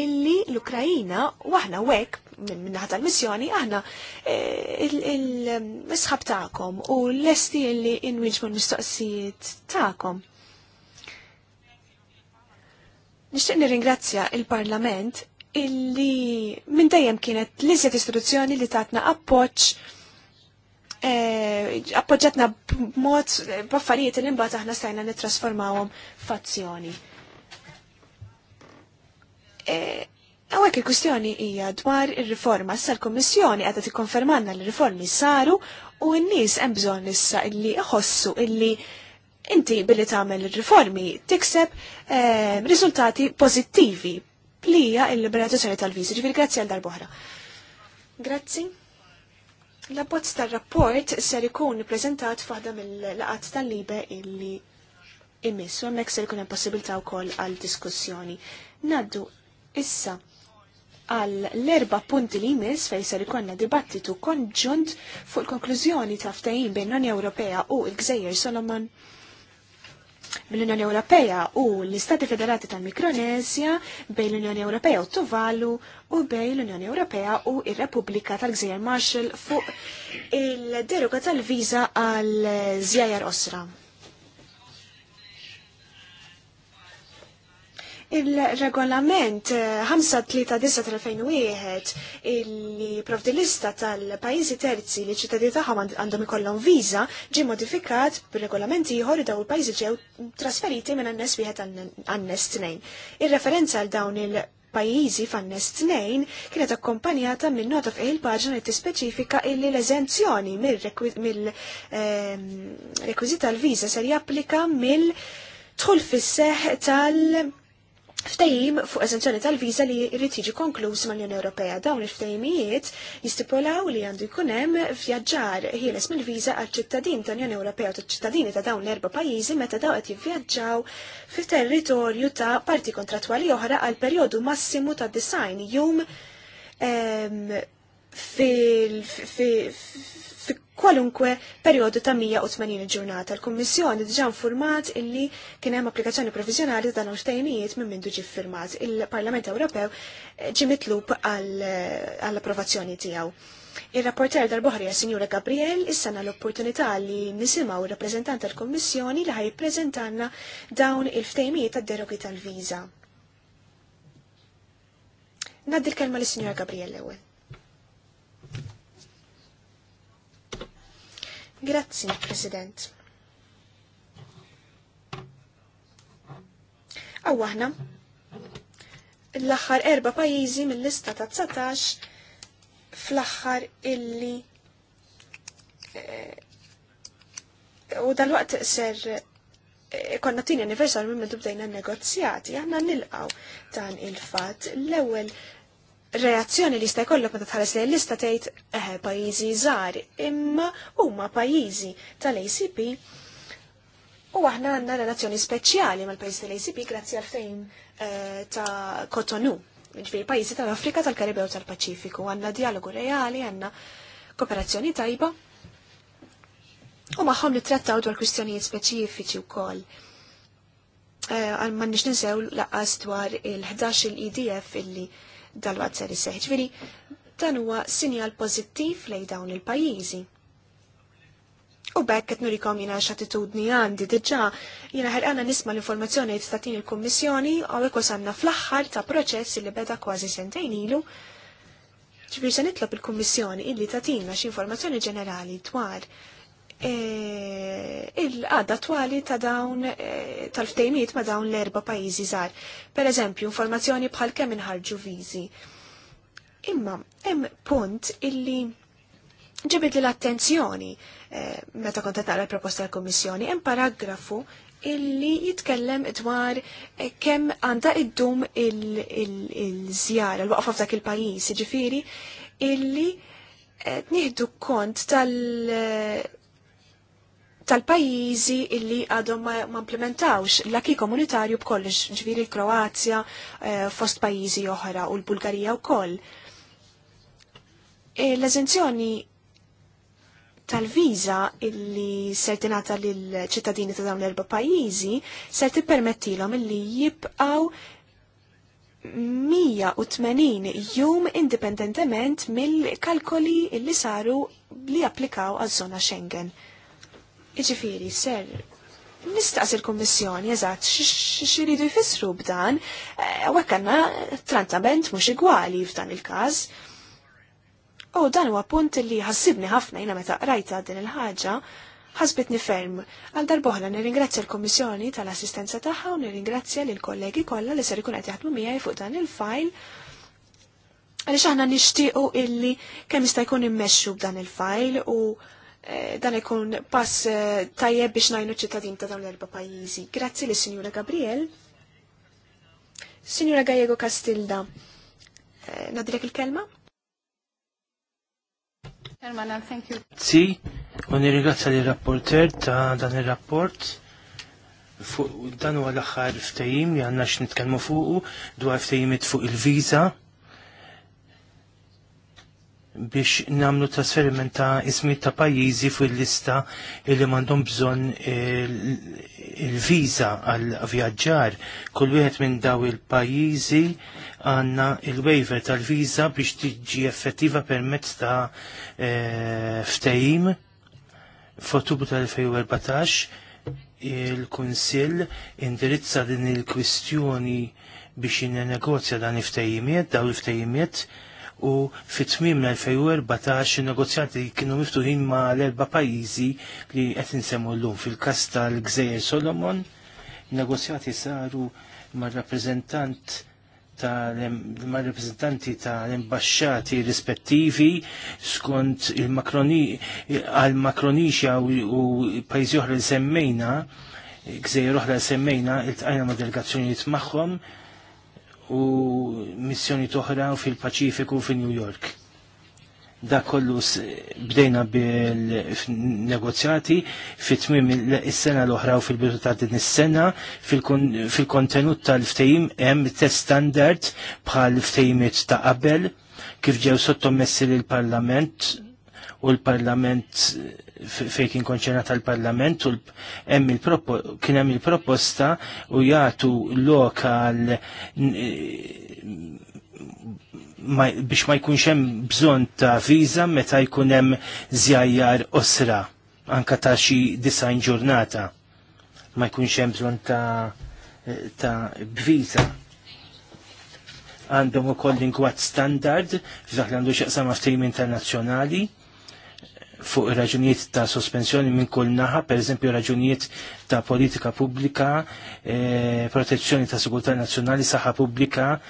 illi l-Ukrajina u aħna wek minnaħat tal-missjoni aħna eh, il-misħab tagħkom u l-lesti illi inwilġbu l-mistoqsijiet tagħkom. Nixtieq nirringrazzja il-Parlament illi minn dejjem kienet l-iżjed istituzzjoni li tatna appoġġ Eh, appoġġatna b'mod eh, b'affarijiet li mbagħad aħna stajna nittrasformawhom f'azzjoni. Għawek eh, il-kustjoni hija dwar ir-riforma. Issa l-Kommissjoni għadha tikkonfermanna li riformi saru u n-nies hemm bżonn issa illi iħossu illi inti billi tagħmel ir-riformi tikseb riżultati pożittivi plija il-liberazzjoni tal-viżi. Ġifieri grazzi għal darbohra. Grazzi. L-abbozz tal-rapport ser ikun prezentat f'waħda mill-laqat tal-libe illi immissu, hemmhekk ser ikun hemm possibilità wkoll għal diskussjoni. Naddu issa għal l-erba' punti li jmiss fejn ser ikonna dibattitu konġunt fuq il-konklużjoni ta' ftehim bejn l-Unja Ewropea u l-Gżejjer Solomon mill-Unjoni Ewropea u l-Istati Federati tal-Mikronesja bejn l-Unjoni Ewropea u Tuvalu u bejn l-Unjoni Ewropea u ir-Repubblika tal-Gżejjer Marshall fuq il-deroga tal-viża għal żjajjar osra. Il-regolament 539-2001 eh, illi il lista tal-pajizi terzi li ċittadini tagħhom għandhom ikollhom viża ġie modifikat bir-regolament ieħor daw il-pajjiżi ġew trasferiti minn annes wieħed għannes tnejn. Ir-referenza għal dawn il- pajjiżi f'annes tnejn kienet akkompanjata minn nota f'eħ il-paġna li tispeċifika illi l-eżenzjoni mill-rekwiżita ehm, tal-viża ser japplika mill-tħul fis-seħ tal- Ftehim fuq eżenzjoni tal viza li jrid jiġi konkluż mal-Unjoni Ewropea dawn il ftejimijiet jistipulaw li għandu jkun hemm vjaġġar ħieles mill-viża għal ċittadin tal-Unjoni Ewropea u ċittadini ta' dawn l-erba' pajjiżi meta daw qed jivvjaġġaw fit-territorju ta' parti kontrattwali oħra għal perjodu massimu ta' design jum fil fi kwalunkwe periodu ta' 180 ġurnata. L-Kommissjoni diġa informat illi kien hemm applikazzjoni provizjonali ta' dawn xtejnijiet minn mindu ġi firmat. Il-Parlament Ewropew eh, ġi mitlub għall-approvazzjoni tiegħu. Il-rapporter dal-Boħrija, signora Gabriel, issana l-opportunità li nisimaw il-rappresentant tal-Kommissjoni li ħaj prezentanna dawn il-ftejmijiet tad-derogi tal-viza. Naddi l-kelma l signora Gabriel l-ewel. Grazzi, President. Għawaħna, l aħħar erba pajizi mill-lista ta' 19 fl aħħar illi eh, u dal-waqt ser eh, konna tini anniversar minn minn bdejna negozjati, għanna nilqaw dan il-fat. L-ewel reazzjoni li sta jkollok meta tħares li l-lista tgħid eħe pajjiżi żgħar, imma huma pajjiżi tal-ACP u aħna għandna relazzjoni speċjali mal-pajjiżi tal-ACP grazzi għal fejn eh, ta' Kotonu, ġifieri pajjiżi tal-Afrika, tal-Karibew tal-Paċifiku, għandna dialogu reali, għandna kooperazzjoni tajba u li nittrattaw dwar kwistjonijiet speċifiċi wkoll. Eh, għal uh, nix ninsew laqqas dwar il-11 il-EDF illi dal-wad ser isseħ ġviri, dan huwa sinjal pozittiv lej dawn il-pajjiżi. U bekk qed nurikom jiena x'attitudni għandi diġà jiena ħerqana nisma' l-informazzjoni li tista' il-Kummissjoni għawek għandna fl-aħħar ta' proċess li beda kważi sentejn ilu. Ġifieri se nitlob il-Kummissjoni illi tatina xi informazzjoni ġenerali dwar E, il-għadda twali ta' dawn e, tal-ftejmiet ma' dawn l-erba pajizi żgħar. Per eżempju, informazzjoni bħal kemm inħarġu viżi. Imma hemm punt illi ġibid li l-attenzjoni e, meta kont nara l-proposta tal-Kummissjoni, hemm paragrafu illi jitkellem dwar kemm għandha iddum il-żjara, l-waqfa f'dak il-pajjiż, ġifieri illi tnieħdu kont tal- tal-pajizi illi għadhom ma implementawx l-aki komunitarju b'kollox ġviri l-Kroazja eh, fost pajizi oħra u l-Bulgarija u koll. Eh, l-eżenzjoni tal-viza illi sertinata l-ċittadini ta' dawn l-erba pajizi ser tippermettilhom illi jibqaw 180 jum indipendentement mill-kalkoli illi saru li applikaw għaż-żona Schengen Iġifiri, ser, nistaqs il-Kommissjoni eżatt xiridu jfissru b'dan, eh, u għanna trattament mux igwali f'dan il-każ. U dan huwa punt li ħassibni ħafna jina meta rajta din il-ħaġa, ħasbitni ferm. Għal darboħla, nirringrazzja l-Kommissjoni tal-assistenza tagħha u nirringrazzja lil kollegi kollha li ser ikun qed jaħdmu miegħi fuq dan il-fajl għaliex aħna nixtiequ illi kemm jista' jkun immexxu b'dan il-fajl u Eh, dan ikun pass eh, tajjeb biex najnu ċittadin ta' dawn l-erba pajjiżi. Grazzi li Sinjura Gabriel. Sinjura Gallego Castilda, eh, nadrek il-kelma? Hermana, thank you. Si, un irrigazza li rapporter ta' dan il-rapport dan huwa l-aħħar ftehim li għandna x'nitkellmu fuqu dwar ftehimiet fuq il visa biex namlu trasferiment ta' ismi ta' pajjiżi fuq il-lista li mandom bżon il-viza għal vjaġġar kull wieħed minn daw il-pajjiżi għandna il-waiver tal-viza biex tiġi effettiva permezz ta' eh, ftehim f'Ottubru tal-2014 il-Kunsill indirizza din il-kwistjoni biex jinnegozja dan il-ftehimiet, daw il-ftehimiet il ftehimiet daw il ftehimiet il u fit-tmim l-2014 negozjati kienu miftuħin ma l-erba pajizi li qed insemmu llum fil kasta tal-Gżejjer Solomon, negozjati saru mar rappreżentant ma' rappresentanti tal-imbasċati rispettivi skont il-Makronixja u pajzi oħra li semmejna, gżejjer oħra li semmejna, il-tqajna ma' delegazzjonijiet magħhom u missjoni toħra fil-Paċifiku fil-New York. Da kollu bdejna bil-negozjati fit-tmim is-sena l-oħra u fil-bidu ta' din is-sena fil-kontenut tal-ftehim hemm test standard bħal ftejimiet ta' qabel kif ġew sottomessi lill parlament u l-Parlament fejn kien konċernata l-Parlament u kien hemm il-proposta u jagħtu lokal biex ma jkunx hemm bżonn ta' viża meta jkun hemm żjajjar osra anka ta' xi disajn ġurnata ma jkunx hemm bżonn ta' ta' bviża għandhom ukoll lingwaġġ standard f'dak li għandu x'aqsam ftehim internazzjonali fuq raġunijiet ta' sospensjoni minn kull naħa, per eżempju raġunijiet ta' politika pubblika, eh, protezzjoni ta' sigurtà nazzjonali, saħħa pubblika,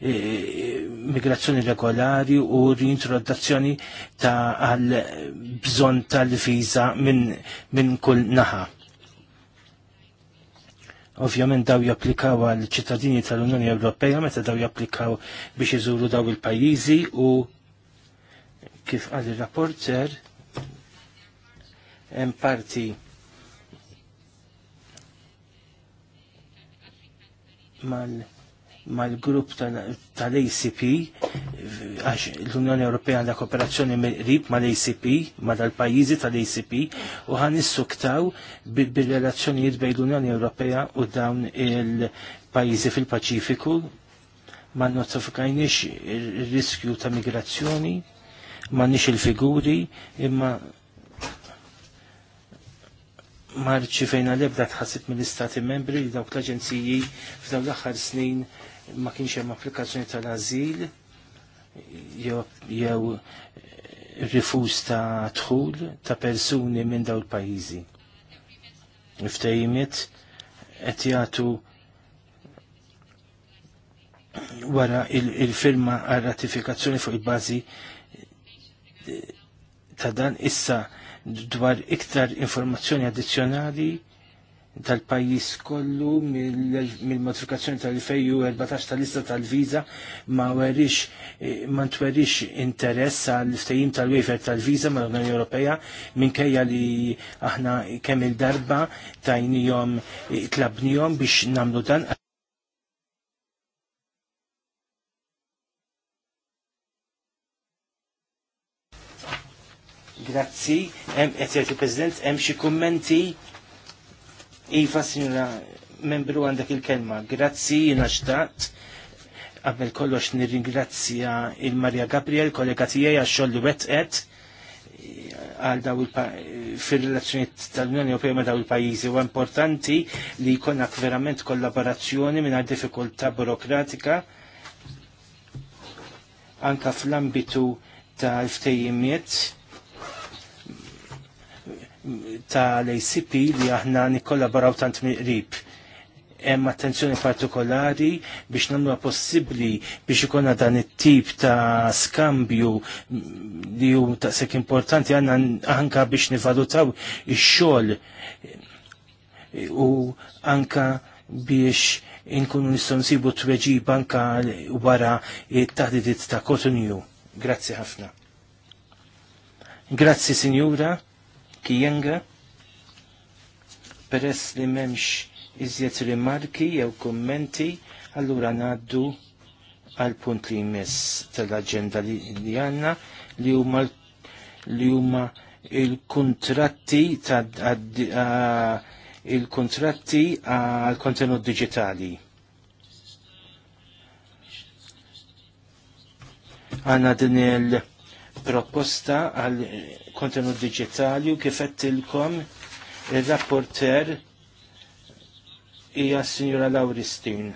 eh, migrazzjoni regolari u rintrodazzjoni ta' għal bżon tal-viza minn kull naħa. Ovvjament daw japplikaw għal ċittadini tal-Unjoni Ewropea meta daw japplikaw biex iżuru daw il-pajjiżi u kif għal ir rapporter hemm parti mal-grupp mal grupp tal acp għax l-Unjoni Ewropea għandha kooperazzjoni rib mal-ACP, ma dal-pajjiżi tal-ACP, u ħan issuktaw bil-relazzjonijiet bejn l-Unjoni Ewropea u dawn il-pajjiżi fil-Paċifiku, ma notifikajniex il-riskju ta' migrazzjoni, ma nix il-figuri, imma marċifejna lebda tħassib mill-istati membri li dawk l-aġenziji f'dawn l-aħħar snin ma kienx hemm applikazzjoni tal-azil jew rifuż ta' dħul ta' persuni minn dawn il-pajjiżi. Ftejimiet qed jagħtu wara il-firma għal ratifikazzjoni fuq il-bażi ta' dan issa dwar iktar informazzjoni addizzjonali tal-pajis kollu mill-modifikazzjoni mil tal-2014 tal-lista tal-viza ma werix ma twerix interess għal-ftejim tal-waiver tal-viza ma l-Unjoni Ewropea minkejja li aħna kemm il-darba tajnijom tlabnijom biex namlu dan Grazzi, hemm qed il-President, hemm xi kummenti Iva, signora membru għandak il-kelma. Grazzi, jina xtaqt. Għabel kollox nirringrazzja il-Maria Gabriel, kollega tijaj, għaxxollu wetqet għal daw fil-relazzjoni tal-Unjoni Ewropea ma' daw il-pajjiżi u importanti li jkollna verament kollaborazzjoni minn għal diffikultà burokratika anka fl-ambitu tal-ftejjimiet tal-ACP li aħna nikkollaboraw tant miqrib. Hemm attenzjoni partikolari biex nagħmluha possibbli biex ikonna dan it-tip ta' skambju li hu taqsek importanti għandna anka biex nivalutaw ix-xogħol u anka biex inkunu nistonsibu t tweġib banka wara it-taħdidiet ta' Cotonou. Grazzi ħafna. Grazzi Signora. Kienga peress li memx iżjed rimarki jew kummenti allura ngħaddu għal punt li jmiss tal-agenda li għanna li huma li huma il-kontratti il-kontratti għal kontenut digitali. Għanna din il- proposta għal kontenut digitali u kifett tilkom il-rapporter hija s-Sinjura Lauristin.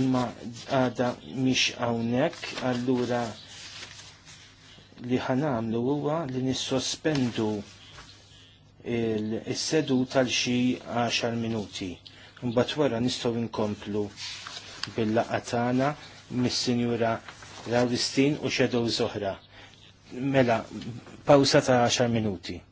Imma għada miex hawnhekk, allura li ħanamlu huwa li nissospendu il-sedu tal-xi 10 minuti. Mbagħad wara nistgħu nkomplu bil-laqatana mis-Sinjura Lauristin u Shadow Zohra. Mela, pausa ta' 10 minuti.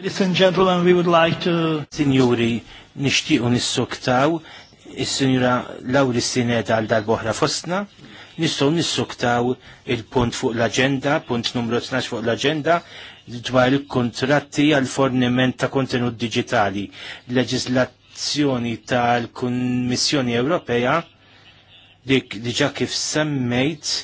Ladies and gentlemen, we would like to... Signori, nishtiqu nissuktaw, il-signora Lauri Sineda għal dal-boħra fostna, nistaw nissuktaw il-punt fuq l-agenda, punt numru 12 fuq l-agenda, dwar il-kontratti għal forniment ta' kontenut digitali. Leġislazzjoni tal-Kummissjoni Ewropea, dik diġa kif semmejt,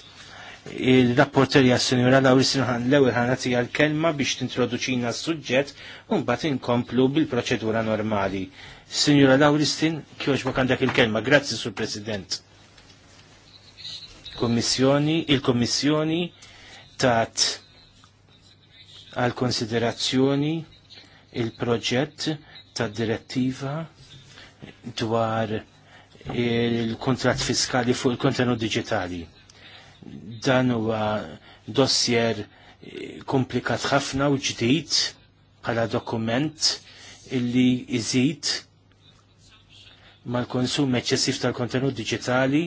il-rapporterja s-senjura Lawrisin ħan l-ewel ħana tija l-kelma biex tintroduċina s-sujġet un bat inkomplu bil-proċedura normali. Signora Lawristin, kjoġ ma kandak il-kelma, grazzi sur President. Kommissjoni, il-Kommissjoni tat għal konsiderazzjoni il-proġett ta' direttiva dwar il-kontrat fiskali fuq il-kontenut digitali Dan huwa dossier komplikat ħafna u ġdid bħala dokument illi iżid mal-konsum eċċessiv tal-kontenut digitali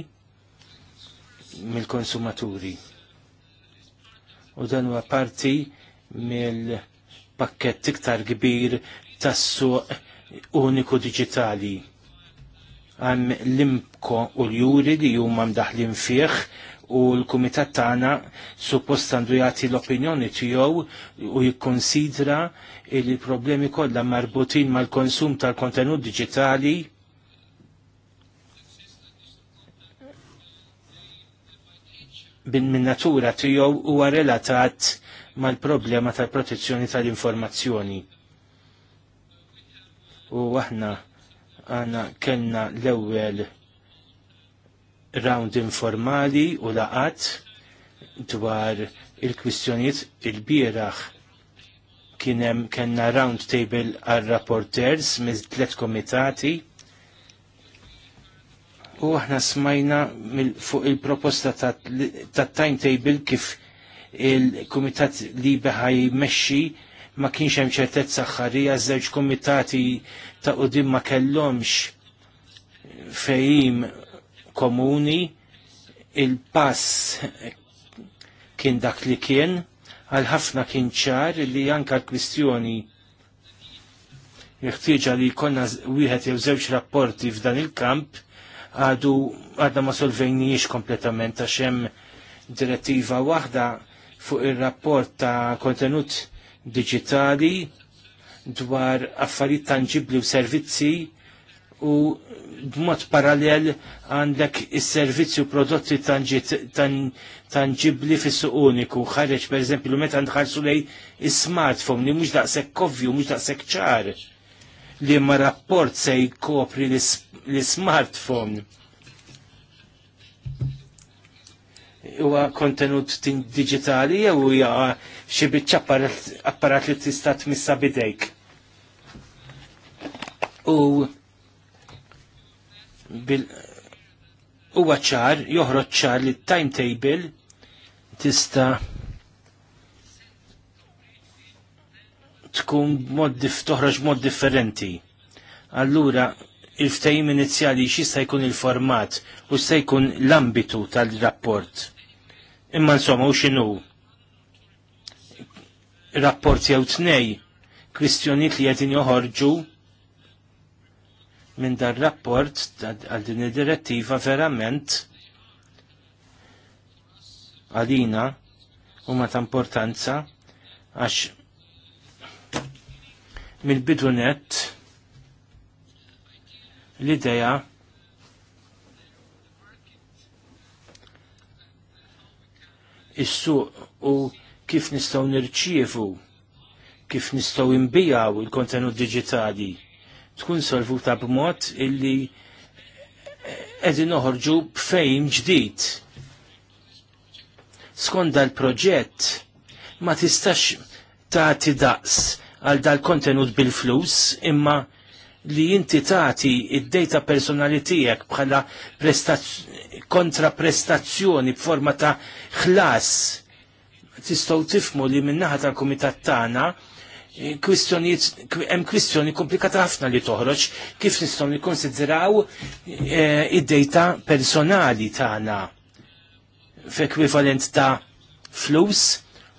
mill-konsumaturi. U dan huwa parti mill-pakket iktar kbir tas-suq uniku digitali għam l u l-juri li jumma mdaħlin fieħ u l-kumitat tagħna suppost għandu jagħti l-opinjoni tiegħu u jikkonsidra il problemi kollha marbutin mal-konsum tal-kontenut digitali bin min natura tiegħu huwa relatat mal-problema tal-protezzjoni tal-informazzjoni. U aħna għana kellna l-ewwel round informali u laqat dwar il-kwistjoniet il-bieraħ kienem kellna round table għal rapporters miż tlet komitati u aħna smajna fuq il-proposta ta' timetable kif il-komitat li beħaj meċi ma kienx hemm ċertezza ħarrija żewġ kumitati ta' qudiem ma kellhomx fejim komuni il-pass kien dak li kien għal ħafna kien ċar li anka l-kwistjoni jeħtieġa li jkollna wieħed jew żewġ rapporti f'dan il-kamp għadu għadna ma solvejnijiex kompletament għax hemm direttiva waħda fuq ir-rapport ta' kontenut digitali dwar affarijiet tangibli u servizzi u b'mod parallel għandek is-servizzi u prodotti tangibli fis-suq uniku. Ħareġ pereżempju meta nħarsu lej is-smartphone li mhux daqshekk kovju, mhux daqshekk ċar li ma rapport se jkopri l-smartphone. huwa kontenut digitali jew hija xi biċċa apparat li tista' tmissa bidejk. U bil huwa ċar, joħroġ ċar li timetable tista' tkun mod toħroġ mod differenti. Allura, il-ftejim inizjali xista jkun il-format u xista jkun l-ambitu tal-rapport. Imma insomma u xinu rapport jew tnej kristjoniet li qegħdin joħorġu minn dar rapport għal din id-direttiva verament għalina huma ta' importanza għax mill-bidunet l-ideja is-suq u kif nistgħu nirċievu, kif nistgħu imbijaw il-kontenut diġitali tkun solvuta b'mod illi qegħdin noħorġu b'fejm ġdid. Skonda l-proġett ma tistax tagħti daqs għal dal-kontenut bil-flus imma li jinti tagħti id-data personali tiegħek bħala prestazzjoni kontraprestazzjoni b'forma ta' ħlas. Tistgħu tifmu li min-naħa tal-kumitat tagħna eh, kwistjonijiet hemm kwistjoni komplikata ħafna li toħroġ kif nistgħu nikkonsidraw eh, id-dejta personali tagħna f'ekwivalent ta' flus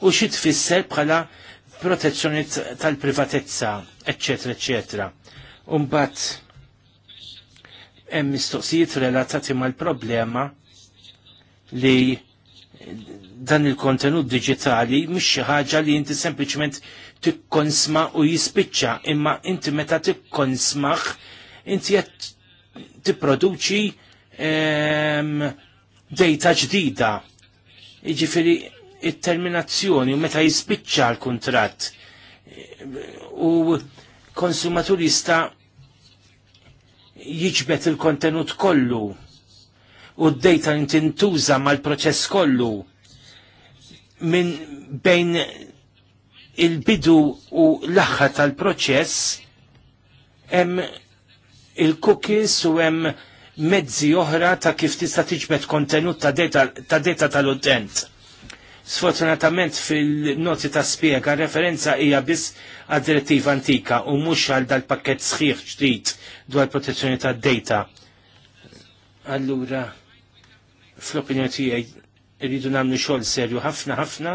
u xi tfisser bħala protezzjoni tal-privatezza, eccetera, eċċetera. Umbat, hemm mistoqsijiet relatati mal-problema li dan il-kontenut digitali mhix xi ħaġa li inti sempliċement tikkonsma u jispiċċa, imma inti meta tikkonsmaħ inti qed tipproduċi ehm, data ġdida. Jiġifieri it-terminazzjoni u meta jispiċċa l-kuntratt u konsumatur jista' jiġbet il-kontenut kollu u d data intintuża mal-proċess kollu minn bejn il-bidu u l-aħħa tal-proċess hemm il-cookies u hemm mezzi oħra ta' kif tista' tiġbed kontenut ta' data tal-utent. Sfortunatament fil-noti ta' spiega referenza hija biss għad-direttiva antika u mhux għal dal-pakket sħiħ ġdid dwar protezzjoni ta' data. Allura, fl-opinjoni tiegħi rridu nagħmlu xogħol serju ħafna ħafna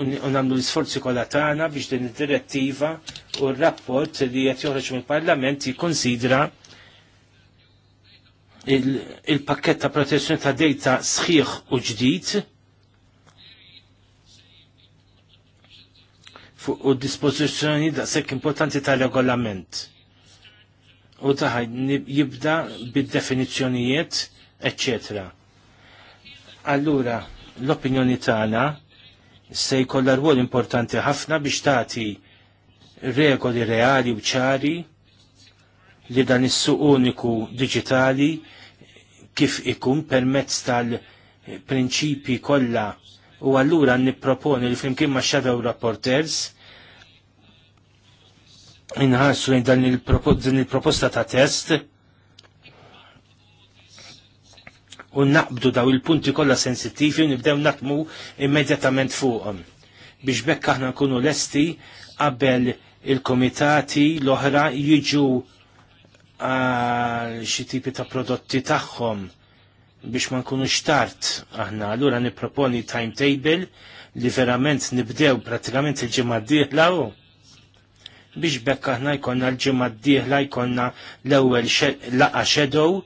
u nagħmlu l-isforzi kollha tagħna biex din id-direttiva u r-rapport li qed joħroġ mill-Parlament jikkonsidra il-pakket ta' protezzjoni ta' data sħiħ u ġdid fuq u dispożizzjoni daqshekk importanti tal-regolament. U taħaj jibda bid definizjonijiet ecc. Allura, l-opinjoni tagħna se jkollha rwol importanti ħafna biex tagħti regoli reali u ċari li dan is-suq uniku diġitali kif ikun permezz tal-prinċipi kollha u allura nipproponi li flimkien ma' shadow rapporters inħarsu li dan il-proposta ta' test u naqbdu daw il-punti kollha sensittivi u nibdew naqmu immedjatament fuqhom. Biex bekk aħna nkunu lesti qabel il-komitati l-oħra jiġu xi tipi ta' prodotti tagħhom biex ma nkunux tard aħna allura nipproponi timetable li verament nibdew pratikament il-ġimgħa d-dieħla biex bekk aħna jkollna l-ġimgħa d-dieħla jkollna l-ewwel laqa shadow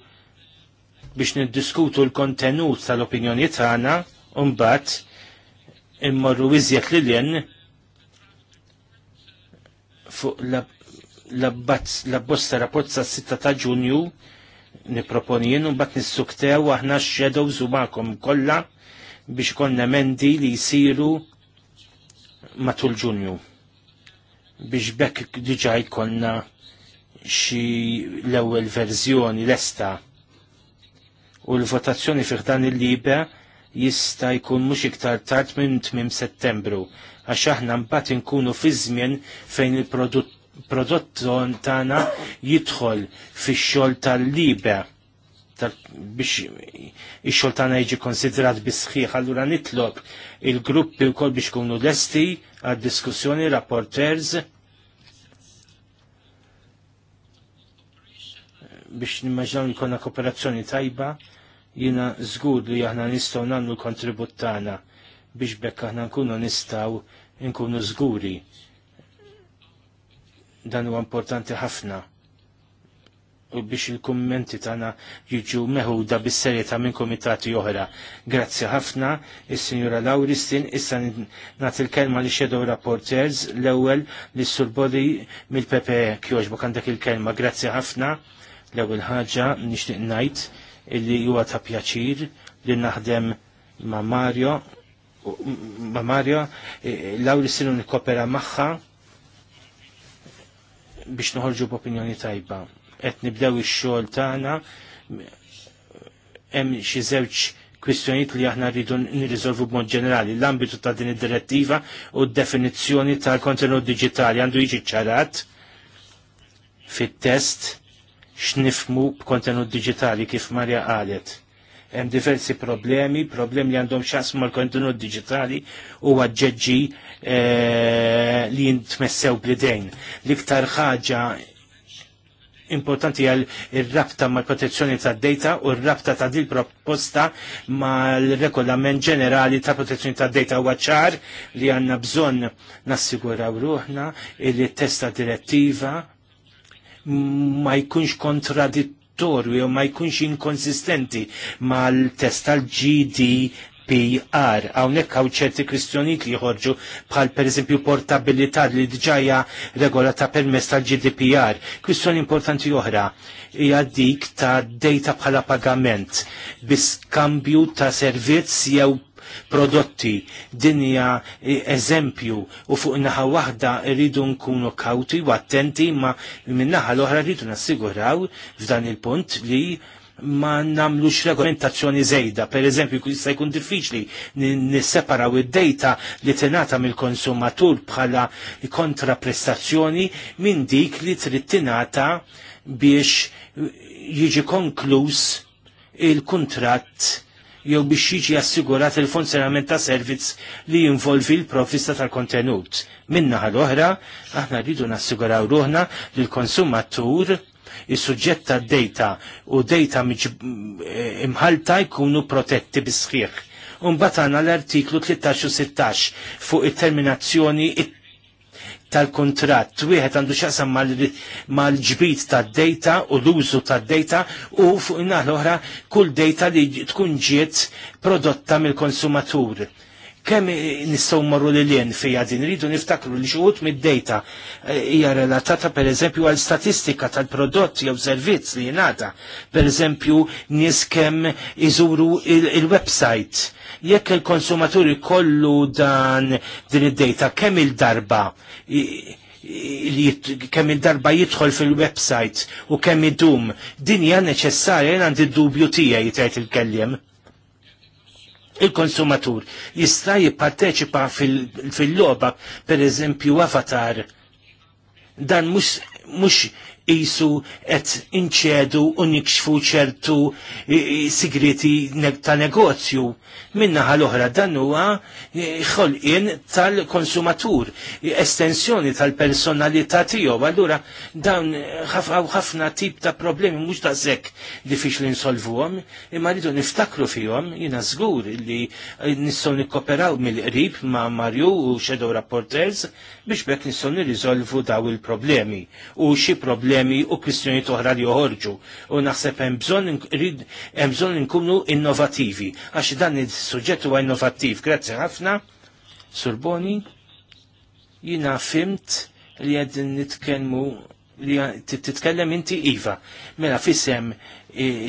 biex niddiskutu l-kontenut tal-opinjoni tagħna u mbagħad immorru iżjed lilien fuq l bosta la rapport sa' 6 ta' Ġunju niproponi jenu bat nissuktew aħna x-shadows u kolla biex konna mendi li jisiru matul ġunju biex bekk diġaj konna xi l-ewwel verżjoni lesta u l-votazzjoni fih dan il-libe jista' jkun mhux iktar tard minn tmiem Settembru għax aħna mbagħad inkunu fi żmien fejn il produtt prodott tagħna jidħol fix-xogħol tal-libe biex xol xogħol tagħna jiġi konsidrat bi sħiħ, allura nitlob il-gruppi wkoll biex kunu lesti għad-diskussjoni rapporters biex nimmaġnaw jkollna kooperazzjoni tajba, jina żgur li aħna nistgħu nagħmlu l-kontribut tagħna biex bekk aħna nkunu nistgħu nkunu żguri dan huwa importanti ħafna u biex il-kummenti tagħna jiġu meħuda bis-serjetà minn komitati oħra. Grazzi ħafna is-Sinjura Lauristin, issa nagħti il-kelma li Shadow Rapporters l-ewwel li surbodi mill-PPE kjoġbok għandek il-kelma. Grazzi ħafna l-ewwel ħaġa nixtieq ngħid illi huwa ta' pjaċir li naħdem ma' Mario ma' Mario e- e- Lauristin nikopera magħha biex nħolġu b'opinjoni tajba. Qed nibdew ix-xogħol tagħna hemm xi żewġ kwistjonijiet li aħna rridu nirriżolvu b'mod ġenerali. L-ambitu ta' din id-direttiva u d-definizzjoni tal-kontenut diġitali għandu jiġi ċarat fit-test x'nifmu b'kontenut diġitali kif Marja qalet hemm diversi problemi, problemi li għandhom xaqsmu mal-kontenut digitali u għadġeġi eh, li jintmessew blidejn. L-iktar ħaġa importanti għal il-rabta ma' protezzjoni ta' data u il-rabta ta' dil proposta ma' l-regolament ġenerali ta' protezzjoni ta' data u għacċar li għanna bżon nassiguraw ruħna il-testa direttiva ma' jkunx kontradittorju kontradittorju jew ma jkunx inkonsistenti mal-test tal-GDPR. Hawnhekk hawn ċerti kwistjonijiet li jħorġu bħal pereżempju portabilità li diġajja regola ta' permess tal-GDPR. Kwistjoni importanti oħra hija dik ta' data bħala pagament biskambju ta' servizz jew prodotti. Dinja eh, eżempju u fuq naħa waħda rridu nkunu kawti u attenti ma min-naħa l-oħra rridu nassiguraw f'dan il-punt li ma namlux regolamentazzjoni zejda. Per eżempju, jista' jkun diffiċli nisseparaw id-dejta li tingħata mill-konsumatur bħala kontraprestazzjoni minn dik li trid tingħata biex jiġi konkluż il-kuntratt jew biex jiġi assigurat il-funzjonament ta' servizz li jinvolvi l-provvista tal-kontenut. Minnaħa l-oħra, aħna rridu nassiguraw ruħna li l-konsumatur is-suġġett ta' data u data eh, imħalta jkunu protetti bisħiħ. Unbatana l-artiklu 13 u 16 fuq il-terminazzjoni, it-jun tal kontrat Wieħed għandu xaqsam mal-ġbit mal ġbit tad data u l-użu tad-data u fuq inna l-oħra kull data li tkun ġiet prodotta mill-konsumatur. Kemm nistgħu marru li lien fija din rridu niftakru li xuħut mid-data eh, hija relatata pereżempju għal statistika tal-prodott jew servizz li jingħata. Pereżempju nies kemm iżuru il-website. Il jekk il-konsumaturi kollu dan din id-data kemm il-darba kemm il-darba jidħol fil-website u kemm idum din hija neċessarja jien għandi d-dubju tiegħi jitgħid il-kellem. Il-konsumatur jista' jipparteċipa fil-logħba pereżempju avatar dan mhux mux jisu qed inċedu u nikxfu ċertu sigriti ta' negozju. Minnaħa l-oħra dan huwa ħolqien tal-konsumatur, estensjoni tal-personalità tiegħu. Allura dawn ħafna tip ta' problemi mhux ta' sekk diffiċli nsolvuhom, imma rridu niftakru fihom, jiena żgur li nistgħu nikkoperaw mill-qrib ma' Marju u Shadow Rapporters biex bekk nistgħu nirriżolvu daw il-problemi u xi problemi problemi u kwistjoni oħra li joħorġu. U naħseb hemm bżonn inkunu innovativi għax dan is-suġġett huwa innovattiv. Grazzi ħafna. Surboni, jina fimt li għed nitkellmu li titkellem inti Iva. Mela fissem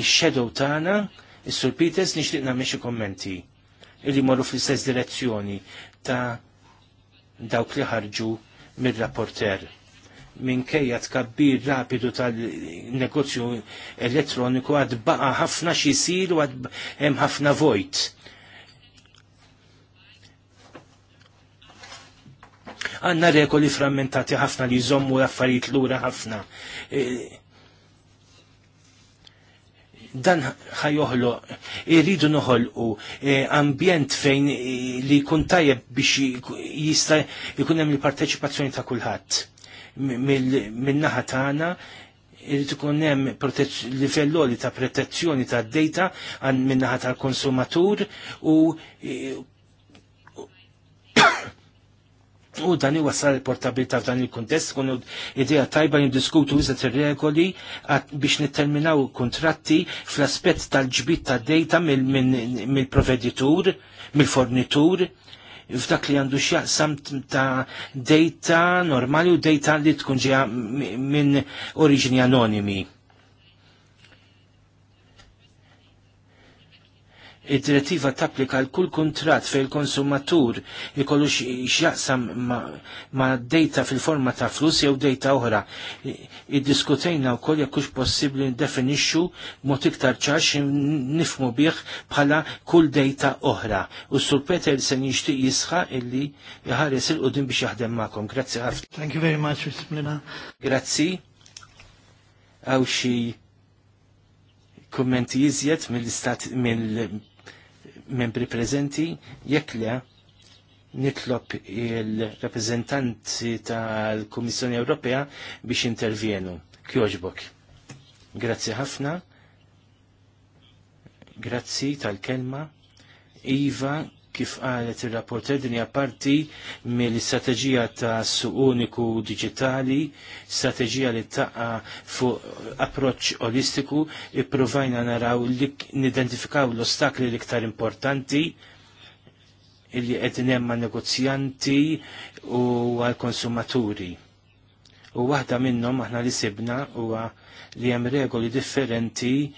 shadow tana, Sur Peters nixtieq nagħmel xi kommenti li morru fl-istess direzzjoni ta' dawk li ħarġu mir-rapporter minkejja tkabbir rapidu tal-negozju elettroniku għad baqa ħafna xisir u għad hemm ħafna vojt. Għanna regoli frammentati ħafna li jżommu l-affarijiet lura ħafna. E, dan ħajoħlo, irridu noħolqu e, ambjent fejn li jkun tajjeb biex jista' jkun hemm il-parteċipazzjoni ta' kulħadd min-naħa tagħna irrid ikun hemm livelloli ta' protezzjoni tad-dejta għan min-naħa tal-konsumatur u U dan iwassal il-portabilità f'dan il-kuntest kun idea tajba niddiskutu iżet ir-regoli biex nitterminaw kontratti fl-aspett tal-ġbit ta' data mill-proveditur, mill-fornitur, f'dak li għandu xjaqsam ta' data normali u data li tkun ġeja minn oriġini anonimi. Id-direttiva tapplika l kull kontrat fej l konsumatur jikollu x'jaqsam ma' data fil-forma ta' flus jew data oħra. Iddiskutejna wkoll jekk hux possibbli ndefinixxu mod iktar ċarx nifmu bih bħala kull data oħra. U Sur il sen jixtieq jisħa illi jħares il-qudiem biex jaħdem magħkom. Grazzi ħafna. Thank you very much, Mr. Mlina. Grazzi. Għaw xi kummenti jizjed mill-istat mill membri prezenti, jekk le nitlob il reprezentanti tal komissjoni Ewropea biex intervjenu. Kjoġbok. Grazzi ħafna. Grazzi tal-kelma. Iva, kif qalet ir-rapporter din parti mill-istrateġija ta' suq uniku diġitali, strateġija li taqa fuq approċċ olistiku, ipprovajna naraw li nidentifikaw l-ostakli l-iktar importanti illi qegħdin hemm ma' negozjanti u għal konsumaturi. U waħda minnhom aħna li sibna huwa li hemm regoli differenti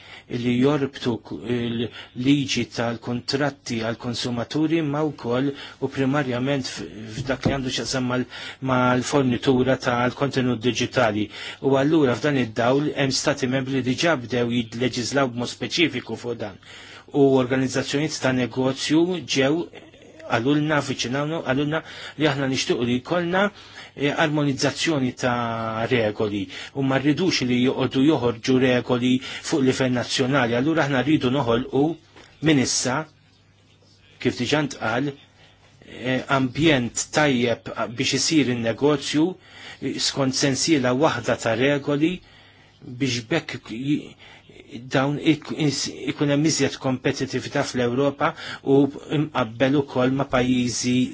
li jorbtu l-liġi tal-kontratti għal konsumaturi ma wkoll u primarjament f'dak li għandu xaqsam mal-fornitura tal-kontenut digitali. U allura f'dan id-dawl hemm stati membri diġà bdew jidleġislaw b'mod speċifiku fuq dan. U organizzazzjonijiet ta' negozju ġew għalulna, viċinawna, għalulna li aħna nishtuq li jkollna E, armonizzazzjoni ta' regoli u ma rridux li joqogħdu joħorġu regoli fuq livell nazzjonali. Allura aħna rridu noħolqu minn issa kif diġà ntqal e, ambjent tajjeb biex isir in-negozju skont la waħda ta' regoli biex bekk dawn ikun hemm iżjed kompetitività fl-Ewropa u imqabbel ukoll ma' pajjiżi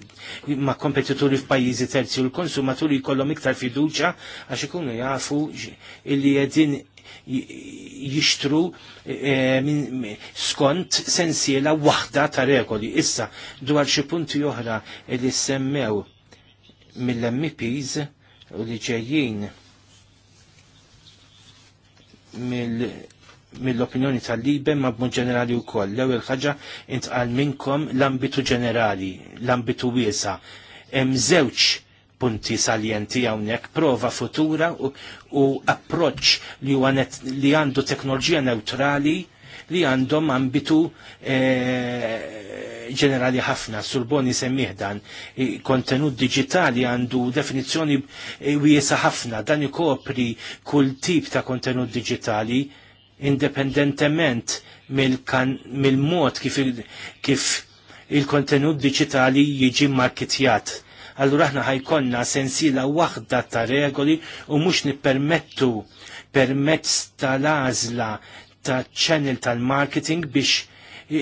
ma' kompetituri f'pajjiżi terzi u l-konsumaturi jkollhom iktar fiduċja għax ikunu jafu li qegħdin jixtru e, skont sensiela waħda ta' regoli. Issa dwar xi punti oħra li semmew mill-MPs u li ġejjin mill mill-opinjoni tal liben ma bmu ġenerali u koll. l il ħaġa intqal minnkom l-ambitu ġenerali, l-ambitu wiesa. Hemm żewġ punti salienti hawnhekk prova futura u, u approċċ li għanet li għandu teknoloġija neutrali li għandhom ambitu eh, ġenerali ħafna Surboni semmih dan kontenut digitali għandu definizzjoni eh, wiesa ħafna dan ikopri kull tip ta' kontenut digitali indipendentement mill-mod kif il-kontenut digitali jiġi marketjat. Allura aħna ħajkonna sensila waħda ta' regoli u mhux nippermettu permezz tal-għażla ta' channel tal-marketing biex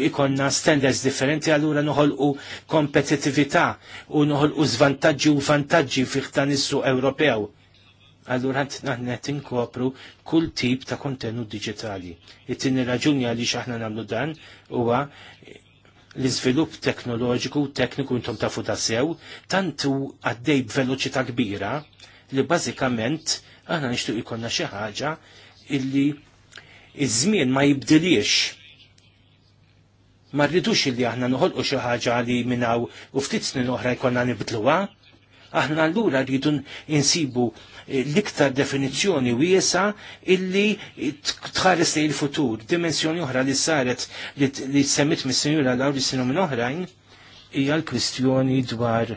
ikonna standards differenti allura noħolqu kompetitività u noħolqu zvantaġġi u vantaġġi fiħtan issu Ewropew allura naħnet inkopru kull tip ta' kontenut digitali. It-tini raġuni għaliex aħna nagħmlu dan huwa l-iżvilupp teknoloġiku u tekniku intom tafu ta' sew, tantu għaddej b'veloċità kbira li bażikament aħna nixtuq ikonna xi ħaġa illi iż-żmien ma jibdiliex. Ma rridux illi aħna noħolqu xi ħaġa li minnaw u ftit snin oħra jkollna nibdluha, aħna allura rridu insibu l-iktar definizzjoni wiesa illi tħares li il futur Dimensjoni oħra li saret li semmit mis-sinjura l-għawri sinu minn oħrajn hija l-kwistjoni dwar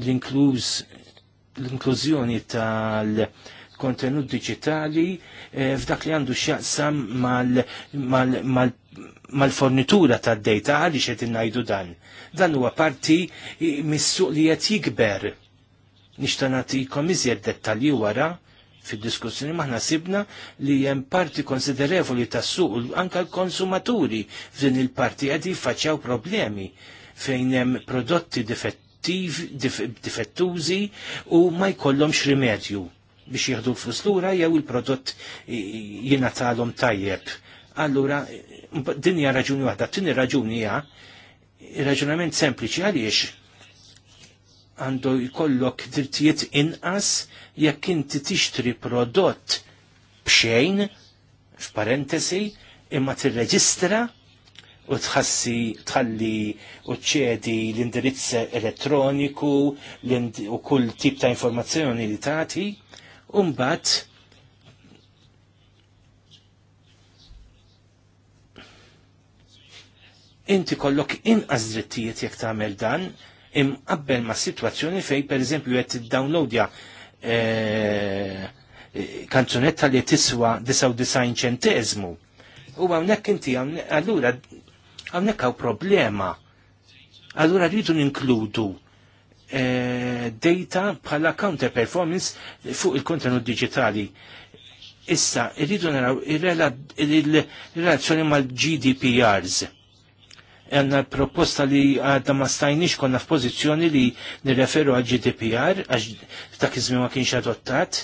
l-inklużjoni tal- kontenut digitali eh, f'dak li għandu x'jaqsam mal-fornitura tad data għaliex qed ngħidu dan. Dan huwa parti mis-suq li qed jikber nixta nagħtikom iżjed dettalji wara fid-diskussjoni maħna sibna li hemm parti konsiderevoli tas-suq anka l-konsumaturi f'din il-parti qed jiffaċċjaw problemi fejn hemm prodotti difettużi u ma jkollhomx rimedju biex jieħdu l fuslura jew il-prodott jingħatalhom tajjeb. Allura din hija raġuni waħda, tini raġuni hija raġunament sempliċi għaliex għandu jkollok drittijiet inqas jekk inti tixtri prodott bxejn, f'parentesi, imma tirreġistra u tħassi tħalli u ċedi l-indirizz elettroniku u kull tip ta' informazzjoni li tagħti, u mbagħad inti kollok inqas drittijiet jekk tagħmel dan, imqabbel ma' situazzjoni fej per eżempju qed downloadja eh, eh, kanzunetta li tiswa 99 ċentezmu. U hawnhekk inti allura hawnhekk hawn problema. Allura rridu ninkludu eh, data bħala counter performance fuq il-kontenut digitali. Issa, rridu naraw il-relazzjoni mal-GDPRs għanna proposta li għadda ma stajnix konna f-pozizjoni li nirreferu għal GDPR, għax ta' kizmi ma kienx adottat,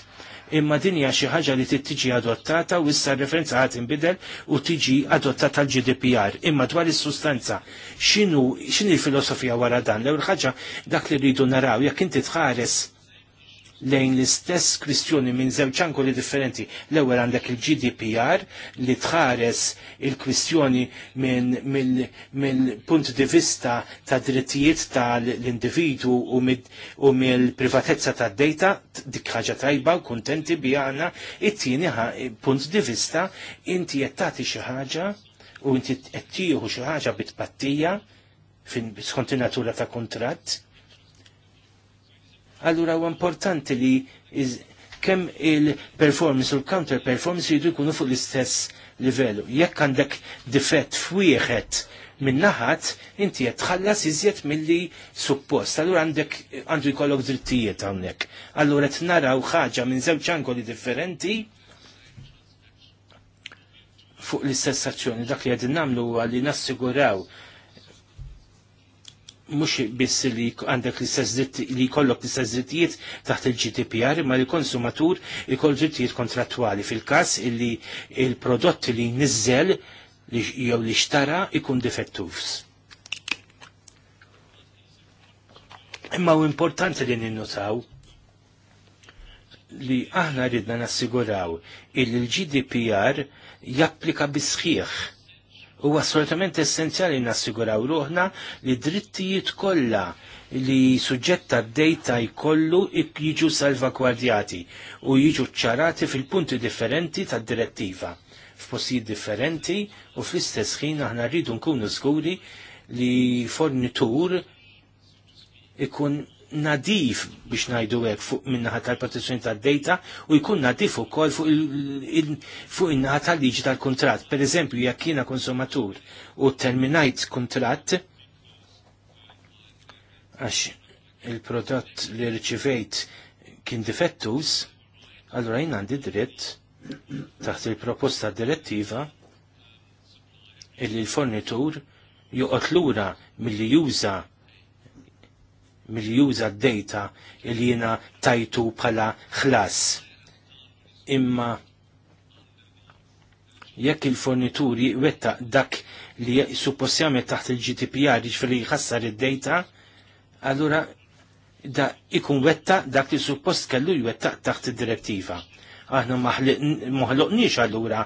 imma din hija xi ħaġa li tiġi adottata u issa referenza ħadd inbidel u tiġi adottata għal GDPR. Imma dwar is-sustanza xinu, x'inhi l-filosofija wara dan? L-ewwel ħaġa dak li rridu naraw jekk inti tħares lejn l-istess kwistjoni minn żewġ li differenti. L-ewwel għandek il-GDPR li tħares il-kwistjoni minn mill-punt di vista ta' drittijiet tal-individu u mill-privatezza tad data dik ħaġa tajba u kontenti biha għandna, it-tieni punt di vista inti qed tagħti xi ħaġa u inti qed tieħu xi ħaġa bit battija fin skont natura ta' kontratt allura huwa importanti li kemm il-performance u l-counter-performance jidu jkunu fuq l-istess livellu. Jekk għandek difett f'wieħed minn naħat, inti qed tħallas iżjed milli suppost. Allura għandek għandu jkollok drittijiet hawnhekk. Allura qed naraw ħaġa minn żewġ angoli differenti fuq l-istess azzjoni. Dak li għedin nagħmlu huwa li nassiguraw mux biss li għandek li kollok l-istess drittijiet taħt il-GDPR ma li konsumatur ikoll drittijiet kontrattwali fil-kas illi il-prodott li nizzel jew li xtara ikun defettuvs. Imma u importanti li ninnotaw li aħna ridna nassiguraw il-GDPR japplika bisħiħ U assolutament essenzjali nassiguraw ruħna li drittijiet kollha li suġġetta d-dejta jkollu jiġu salvagwardjati u jiġu ċarati fil-punti differenti tad-direttiva f'postijiet differenti u fl-istess ħin aħna rridu nkunu żguri li fornitur ikun nadif biex najdu għek fuq minnaħat tal-protezzjoni tal-data u jkun nadif u kol fuq il tal-liġi tal-kontrat. Per eżempju, jekk jiena konsumatur u terminajt kontrat, għax il-prodott li rċivejt kien difettus, allora jien għandi dritt taħt il-proposta direttiva illi l-fornitur joqgħod lura milli juża mill-juża d dejta il jiena tajtu bħala ħlas. Imma jekk il-fornitur jiqwetta dak li suppost jagħmel taħt il-GDPR jiġifieri jħassar id dejta allura da ikun wetta dak li suppost kellu jwetta taħt id-direttiva. Aħna maħloqniex allura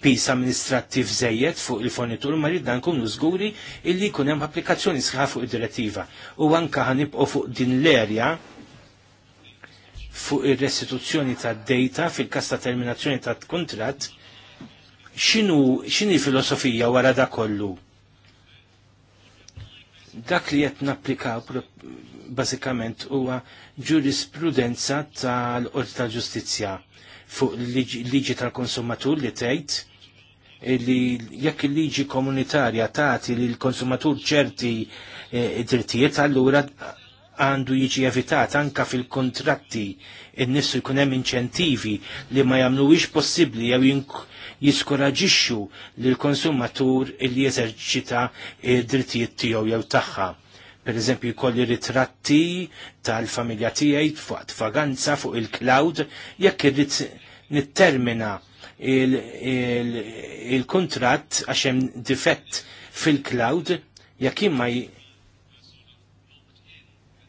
pis amministrativ żejjed fuq il-fornitur ma ridna nkunu żguri illi jkun hemm applikazzjoni sħiħa fuq id-direttiva. U anka ħanibqgħu fuq din l-erja fuq ir-restituzzjoni tad-data fil każ ta' terminazzjoni tat-kuntratt x'inhu x'inhi filosofija wara da kollu? dak li qed napplikaw bażikament huwa ġurisprudenza tal-Qorti tal-Ġustizzja fuq liġi tal-konsumatur li tgħid li jekk il-liġi komunitarja tagħti l konsumatur ċerti eh, drittijiet allura għandu jiġi evitat anka fil-kontratti in-nissu jkun hemm inċentivi li ma jagħmluwix possibbli jew jiskoraġixxu lil konsumatur li jeżerċita d-drittijiet tiegħu jew tagħha. Per eżempju, jkolli ritratti tal-familja tiegħi fuq tfaganza fuq il-cloud jekk irrid nittermina il-kontrat għax hemm difett fil-cloud jekk ma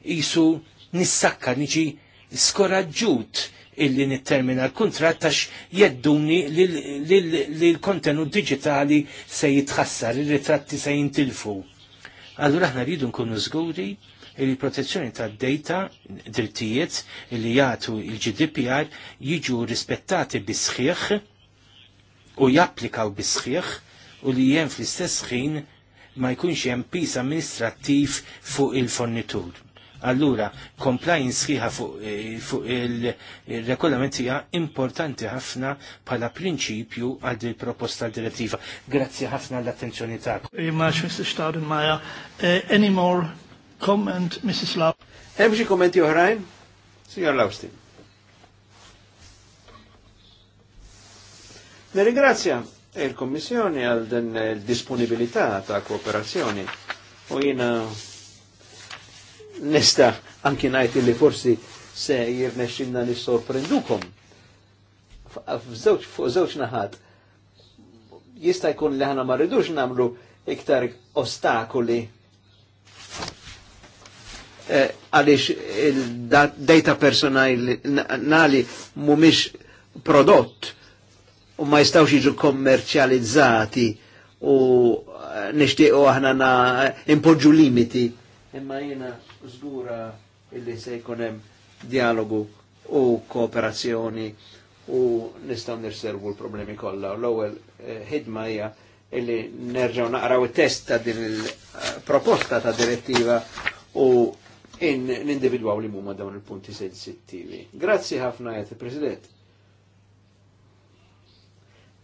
jisu nissakka niġi skoraġġut illi nittermina l-kontrat għax jedduni li l-kontenut digitali se jitħassar, il-ritratti se jintilfu. Allura aħna rridu nkunu żguri il-protezzjoni ta' data drittijiet li jgħatu il-GDPR jiġu rispettati bisħiħ u japplikaw bisħiħ u li jen fl-istess ħin ma jkunx hemm pis amministrattiv fuq il-fornitur. Allura, compliance sħiħa fuq eh, fu il-regolament hija importanti ħafna bħala prinċipju għal il proposta direttiva. Grazzi ħafna l-attenzjoni tagħkom. Very much, Mr. Staudenmaja. Eh, any more comment, Mrs. Lau? Hemm xi kommenti oħrajn? Signor Lawstin. Nirringrazzja il-Kommissjoni għal din il-disponibilità ta' kooperazzjoni u jina nista anki najt li forsi se jirnexinna nissorprendukom fuq żewġ naħat jista' jkun li ħana marridux namlu iktar ostakoli e, għaliex il-data personali mumiex prodott u ma jistawx jiġu kommerċjalizzati u eh, nishtiqu aħna na eh, impoġġu limiti. Imma jena żgura illi se jkun hemm dialogu u kooperazzjoni u nistgħu nirservu l-problemi kollha. L-ewwel eh, ħidma hija illi nerġgħu naqraw it-test ta' din il-proposta ta' direttiva u in nindividwaw li mumma dawn il-punti sensittivi. Grazzi ħafna jgħid President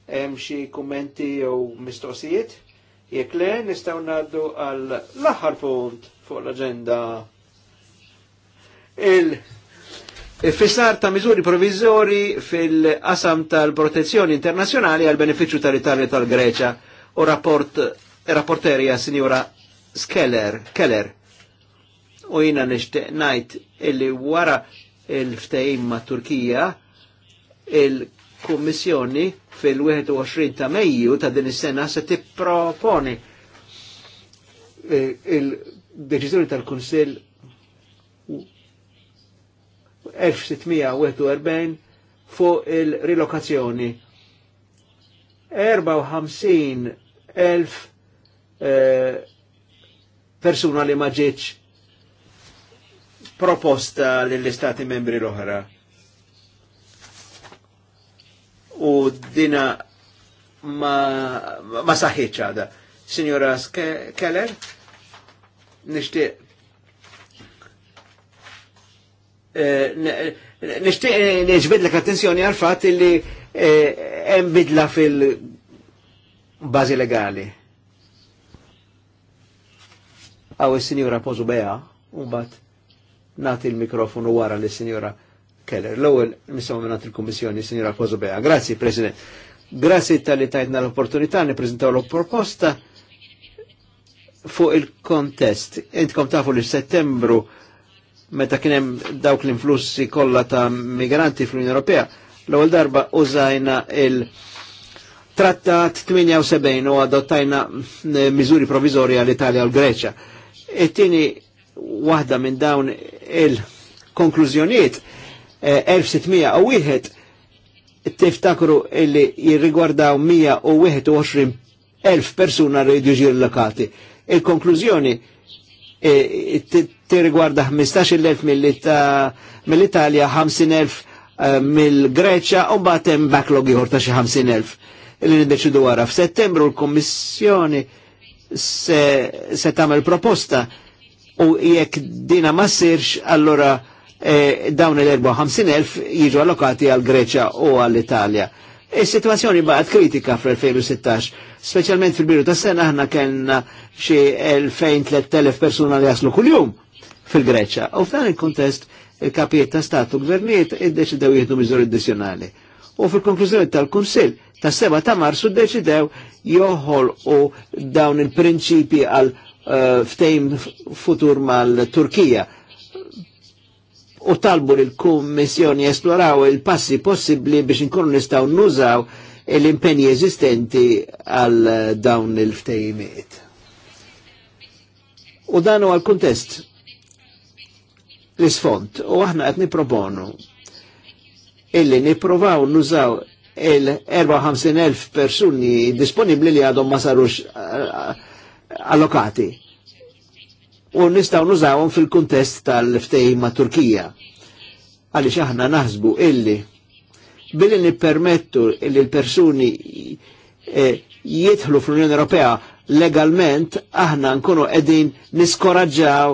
hemm xi kummenti jew mistoqsijiet? Jekk le nistgħu ngħaddu għal l-aħħar punt fuq l-aġenda il Fissar ta' miżuri provizori fil-qasam tal-protezzjoni internazzjonali għal beneficju tal-Italja tal-Greċa u rapport e rapporterja sinjora Skeller, Keller. U jina nishtiq najt illi wara il-ftehim ma' Turkija, il kummissjoni fil-21 ta' Mejju ta' din is-sena se tipproponi eh, il-deċiżjoni tal-Kunsill 1641 fuq il-rilokazzjoni 54.000 eh, persuna li ma ġietx proposta lill-istati membri l-oħra u dina ma, ma saħħiċ għada. Signora Keller, nishtiq eh, nishtiq neġbidlek attenzjoni għal fat li eh, hemm bidla fil bazi legali. Għaw il sinjura Pozu Bea, u bat nagħti il mikrofonu wara lis-sinjura Keller. L-ewwel nisimgħu minn il-Kummissjoni Sinjora Kozobea. Grazzi President. Grazzi tal-li tajtna l-opportunità nippreżentaw l-proposta fuq il-kontest. Intkom tafu li settembru meta kien hemm dawk l-influssi kollha ta' migranti fl-Unjoni Ewropea, l-ewwel darba użajna il- Trattat 78 u adottajna miżuri provizori għall italja u l-Greċja. it e tini waħda minn dawn il-konklużjonijiet Eh, wieħed tiftakru illi jirrigwardaw 121.000 persuna rridu ġir lokati. Il-konklużjoni eh, tirrigwarda 15.000 mill-Italja, 50.000 eh, mill-Greċa u batem backlog jħor ta' xi 50.000 li niddeċidu wara. F'Settembru l-Kommissjoni se tagħmel proposta u jekk dina ma ssirx allora E, dawn il-54.000 jiġu allokati għal Greċja u għall italja Is-sitwazzjoni baqgħet kritika fl-2016, speċjalment fil-biru tas sena aħna kellna xi 2000-3000 persuna li jaslu kuljum fil-Greċja. U f'dan il-kontest il-kapijiet ta' statu gvernijiet iddeċidew jieħdu miżuri addizzjonali. U fil-konklużjoni tal-Kunsill tas seba ta' Marsu ddeċidew joħol u dawn il-prinċipi għal eh, ftejn futur mal-Turkija u talbu li l-Kummissjoni esploraw il-passi possibli biex inkunu nistgħu nużaw l-impenji eżistenti għal dawn il-ftejimiet. U dan huwa l-kuntest l isfond u aħna qed niproponu illi nipprovaw nużaw il-54.000 persuni disponibli li għadhom ma sarux uh, allokati u nistaw nużawhom fil-kuntest tal-ftehim ma' Turkija. Għaliex aħna naħsbu illi billi nippermettu illi l-persuni eh, fl-Unjoni Ewropea legalment aħna nkunu qegħdin niskoraġġaw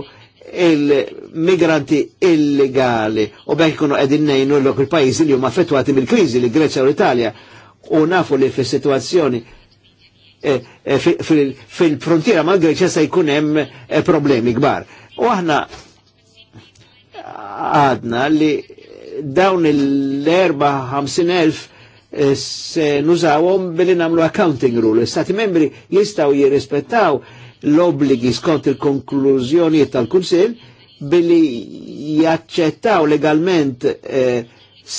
il-migranti illegali u bekk kunu qegħdin ngħinu l-ok il-pajjiżi li huma affettwati mill-kriżi li Greċja u l-Italja u nafu li fis-sitwazzjoni Eh, eh, fil-frontiera mal greċja se jkun hemm eh, problemi kbar. U aħna għadna li dawn l-54,000 se nużawhom billi namlu accounting rule. Stati membri jistaw jirrispettaw l-obligi skont il-konklużjonijiet tal-Kunsill billi jaċċettaw legalment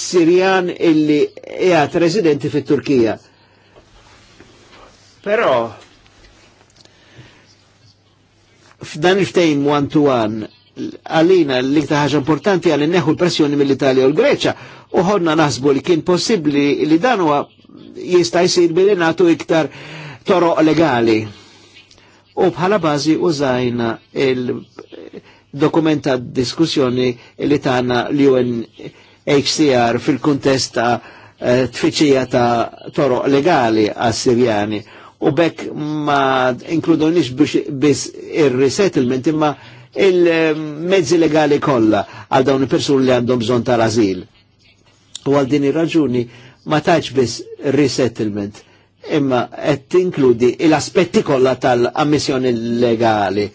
Sirjan illi qiegħed residenti fit-Turkija Però f'dan il-ftejn one to one għalina l-iktar ħaġa importanti għalli neħu l-pressjoni mill-Italja u l-Greċa u ħonna nasbu li kien possibli li dan huwa jista' jsir billi nagħtu iktar toroq legali. U bħala bażi użajna il-dokumenta diskussjoni li tagħna l-UNHCR fil-kuntest ta' eh, ta' toroq legali għas-Sirjani u bekk ma inkludonix biss ir-resettlement imma il-mezzi legali kollha għal dawn il-persuni li għandhom bżonn tal-azil. U għal din il raġuni ma taċ biss resettlement imma qed tinkludi l-aspetti kollha tal-ammissjoni legali.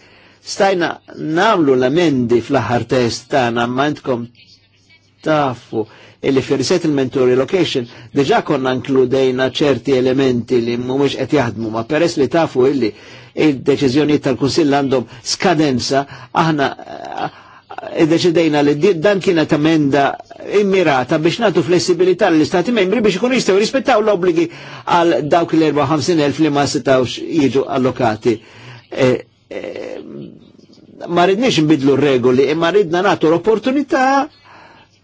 Stajna namlu l-amendi fl-aħħar test tagħna mandkom tafu illi fi resettlement u relocation deġa konna nkludejna ċerti elementi li mhumiex qed jaħdmu, ma peress li tafu illi il-deċiżjonijiet tal-Kunsill għandhom skadenza, aħna eh, id-deċidejna li dan kienet emenda immirata biex natu flessibilità l-Istati membri biex ikun jistgħu rispettaw l-obbligi għal dawk l-54,000 li ma setawx jiġu allokati. E, e, ma ridniex nbidlu regoli, imma ridna natu l-opportunità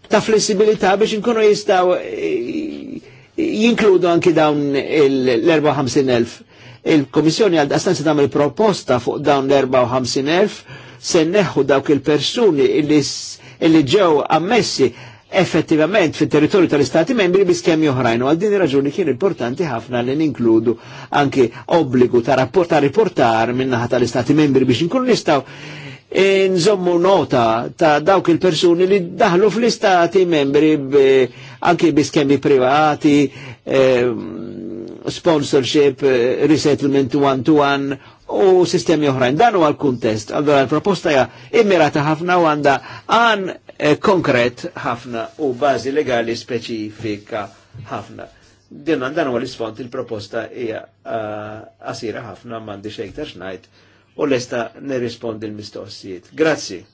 ta' flessibilità biex nkunu jistaw eh, jinkludu anki dawn l-54.000. Il-Komissjoni għal ta' tagħmel proposta fuq dawn l-54.000 se neħu dawk il-persuni illi ġew ammessi effettivament fit territorju tal-Istati membri bi skemi oħrajn u għal din raġuni kien importanti ħafna li ninkludu anki obbligu ta' rapport ta' riportar minnaħa tal-Istati membri biex nkunu nistaw E nżommu nota ta' dawk il-persuni li daħlu fl-istati membri anki skemi privati, e, sponsorship, e, resettlement one-to-one u sistemi oħrajn. Dan huwa l-kuntest. Allora l-proposta hija immirata ħafna u għandha għan konkret ħafna u bazi legali speċifika ħafna. Din dan u l ispont il-proposta hija asira ħafna m'għandi xejn xnajt u lesta nirrispondi l-mistoqsijiet. Grazzi.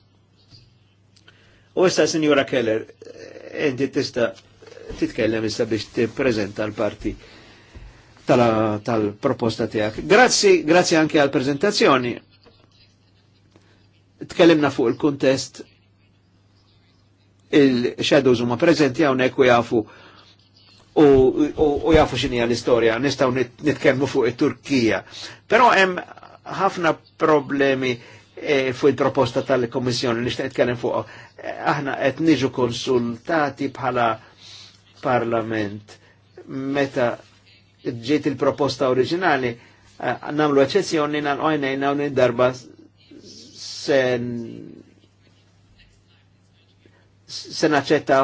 U esta signora Keller, eh, inti tista titkellem issa biex tippreżenta l-parti tal-proposta tal tiegħek. Grazzi, grazzi anke għal prezentazzjoni Tkellimna fuq il kontest il-shadows huma prezenti hawnhekk u jafu u, u, u jafu xini l-istoria, nistaw nitkellmu fuq it-Turkija. Però hemm ħafna problemi e, fuq il-proposta tal-Komissjoni li xtaqt nitkellem fuq. E, aħna qed niġu konsultati bħala Parlament meta ġiet il-proposta oriġinali e, namlu eċezzjoni nal għajnejna u darba sen sen aċċetta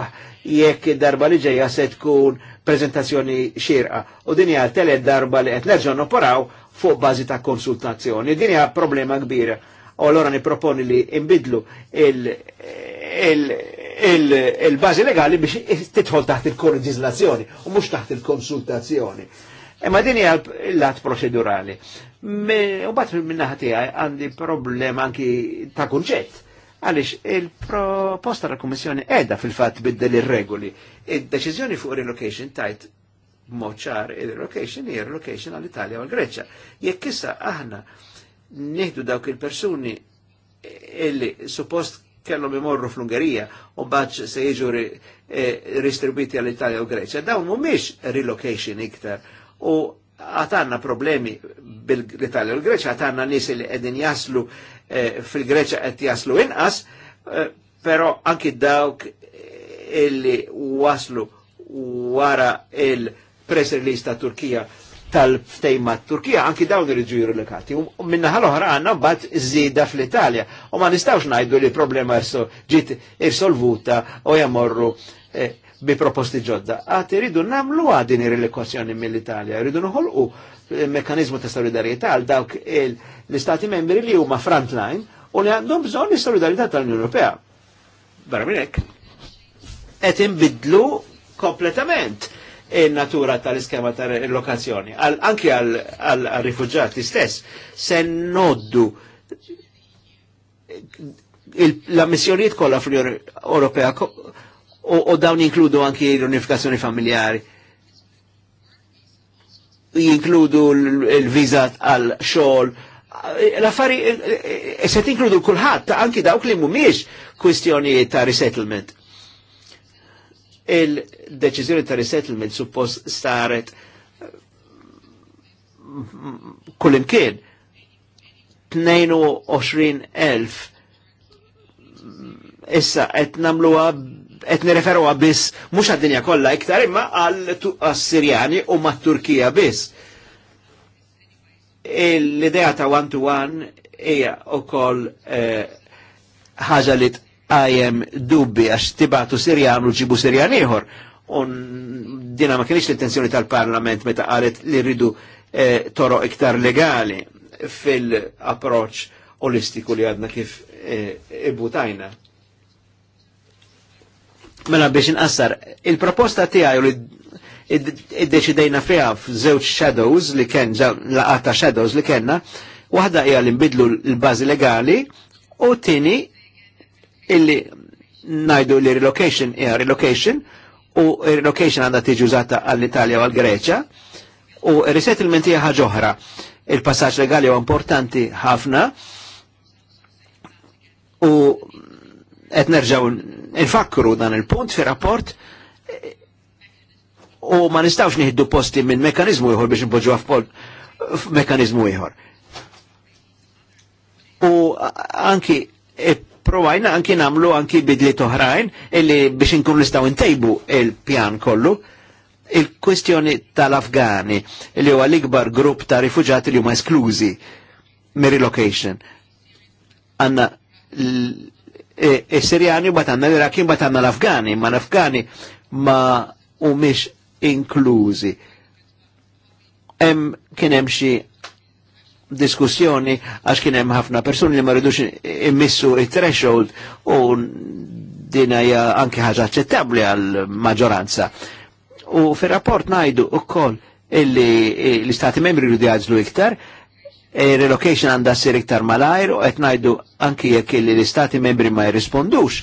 jekk darba li ġeja se tkun prezentazzjoni xirqa. U din hija tele darba li qed nerġgħu noporaw fuq bazi ta' konsultazzjoni. Din hija problema kbira. U allora niproponi li imbidlu il bazi legali biex titħol taħt il-korreġizlazzjoni u mhux taħt il-konsultazzjoni. Imma din hija l-lat proċedurali. U bat minnaħa tiegħi għandi problema anki ta' kunċett għalix il-proposta tal kommissjoni edha fil-fat biddel ir-regoli. il deċiżjoni fuq relocation tajt moċar il-relocation hija location għal Italja u għal-Greċa. Jekk issa aħna nieħdu dawk il-persuni illi suppost kellhom imorru fl-Ungerija u baċ se jiġu e, ristribuiti għall italja u Greċja, dawn mhumiex relocation iktar. U għatanna problemi bil-Italja u l-Greċja, għatanna nis li għedin jaslu e, fil-Greċja għed jaslu inqas, e, pero anki dawk illi waslu wara il- press release ta' Turkija tal-ftejma Turkija, anki dawn irriġu jirrelekati. Minna ħal-oħra għanna bat zida fl-Italja. U ma nistawx najdu li problema ġit irsolvuta u jamorru eh, bi proposti ġodda. Għati rridu namlu għadin ir mill-Italja, irridu nħolqu eh, mekanizmu ta' solidarietà għal dawk l-istati membri li huma frontline u li għandhom bżonn is-solidarità tal-Unjoni Ewropea. Barra minn hekk. Qed inbidlu kompletament e natura tal-iskema tal relokazzjoni. Anki għal-rifugġati stess, se noddu la missjonijiet kollha fl-Unjoni Ewropea u dawn inkludu anki l-unifikazzjoni familjari. Inkludu l-vizat għal shol l-affari e-, e-, e-, se tinkludu kulħadd anki dawk li mhumiex kwistjonijiet ta' resettlement il-deċiżjoni ta' resettlement suppost staret mm, kullimkien 22,000 issa qed nagħmluha qed nireferuha biss mhux għad-dinja kollha iktar imma għall-Sirjani u mat-Turkija biss. L-idea ta' one to one hija wkoll eh, ħaġa li għajem dubbi għax tibatu Sirjan u ġibu Sirjan ieħor. Un dina ma kienix l-intenzjoni tal-Parlament meta qalet li rridu eh, toro iktar legali fil-approċ olistiku li għadna kif ibutajna. Eh, mela biex inqassar, il-proposta tiegħi li id-deċidejna fiha f'żewġ shadows li kien laqata shadows li kellna, waħda hija li nbidlu l-bażi legali u tini illi najdu li relocation hija eh, relocation u relocation għandha tiġi użata għall-Italja u għall-Greċja u resettlement hija ħaġa oħra. Il-passaġġ legali huwa importanti ħafna u qed nerġgħu nfakkru dan il-punt fi rapport u ma nistawx nieħdu posti minn mekanizmu ieħor biex npoġġuha f'mekanizmu ieħor. U anki e- provajna anki namlu anki bidliet oħrajn illi biex inkun nistgħu ntejbu il-pjan kollu il-kwestjoni tal-Afgani li huwa l-ikbar grupp ta' rifugjati li huma esklużi mir relocation. Għanna s e- e sirjani e, batanna bat l-Iraki bat għanna l-Afgani, ma l-Afgani ma umiex inklużi. Hemm kien hemm xi diskussjoni għax kien hemm ħafna persuni li ma rridux immissu it-threshold u din hija anke ħaġa aċċettabbli għal maġġoranza. U fir-rapport ngħidu ukoll illi l-istati membri rridu jaġlu iktar, e relocation għandha ssir iktar malajr u qed ngħidu anki jekk l-istati membri ma jirrispondux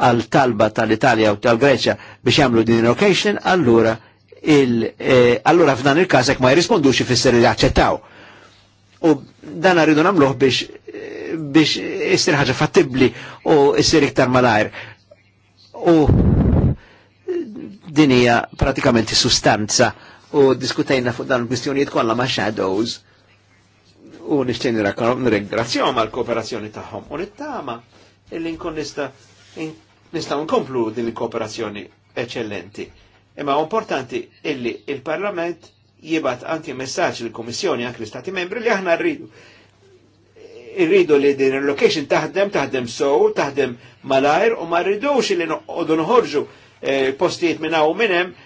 għal talba tal-Italja u tal-Greċja biex jagħmlu din relocation, allura il, eh, allura f'dan il-każ ma jirrispondux ifisser li aċċettaw u dan rridu namluħ biex biex issir ħaġa fattibli u issir iktar malajr. U dinija pratikament sustanza u diskutajna fuq dan kwistjonijiet kollha ma' shadows u nixtieq nirringrazzjahom għal kooperazzjoni tagħhom u nittama illi nkun nista' nistgħu nkomplu din il-kooperazzjoni eċċellenti. Imma importanti illi il-Parlament jibat anki messaġġ l-Komissjoni anki l-Stati membri li aħna rridu. Irridu li din il-location taħdem, taħdem sow, taħdem malajr u ma rridux li noqogħdu nħorġu eh, postijiet minn hawn minn hemm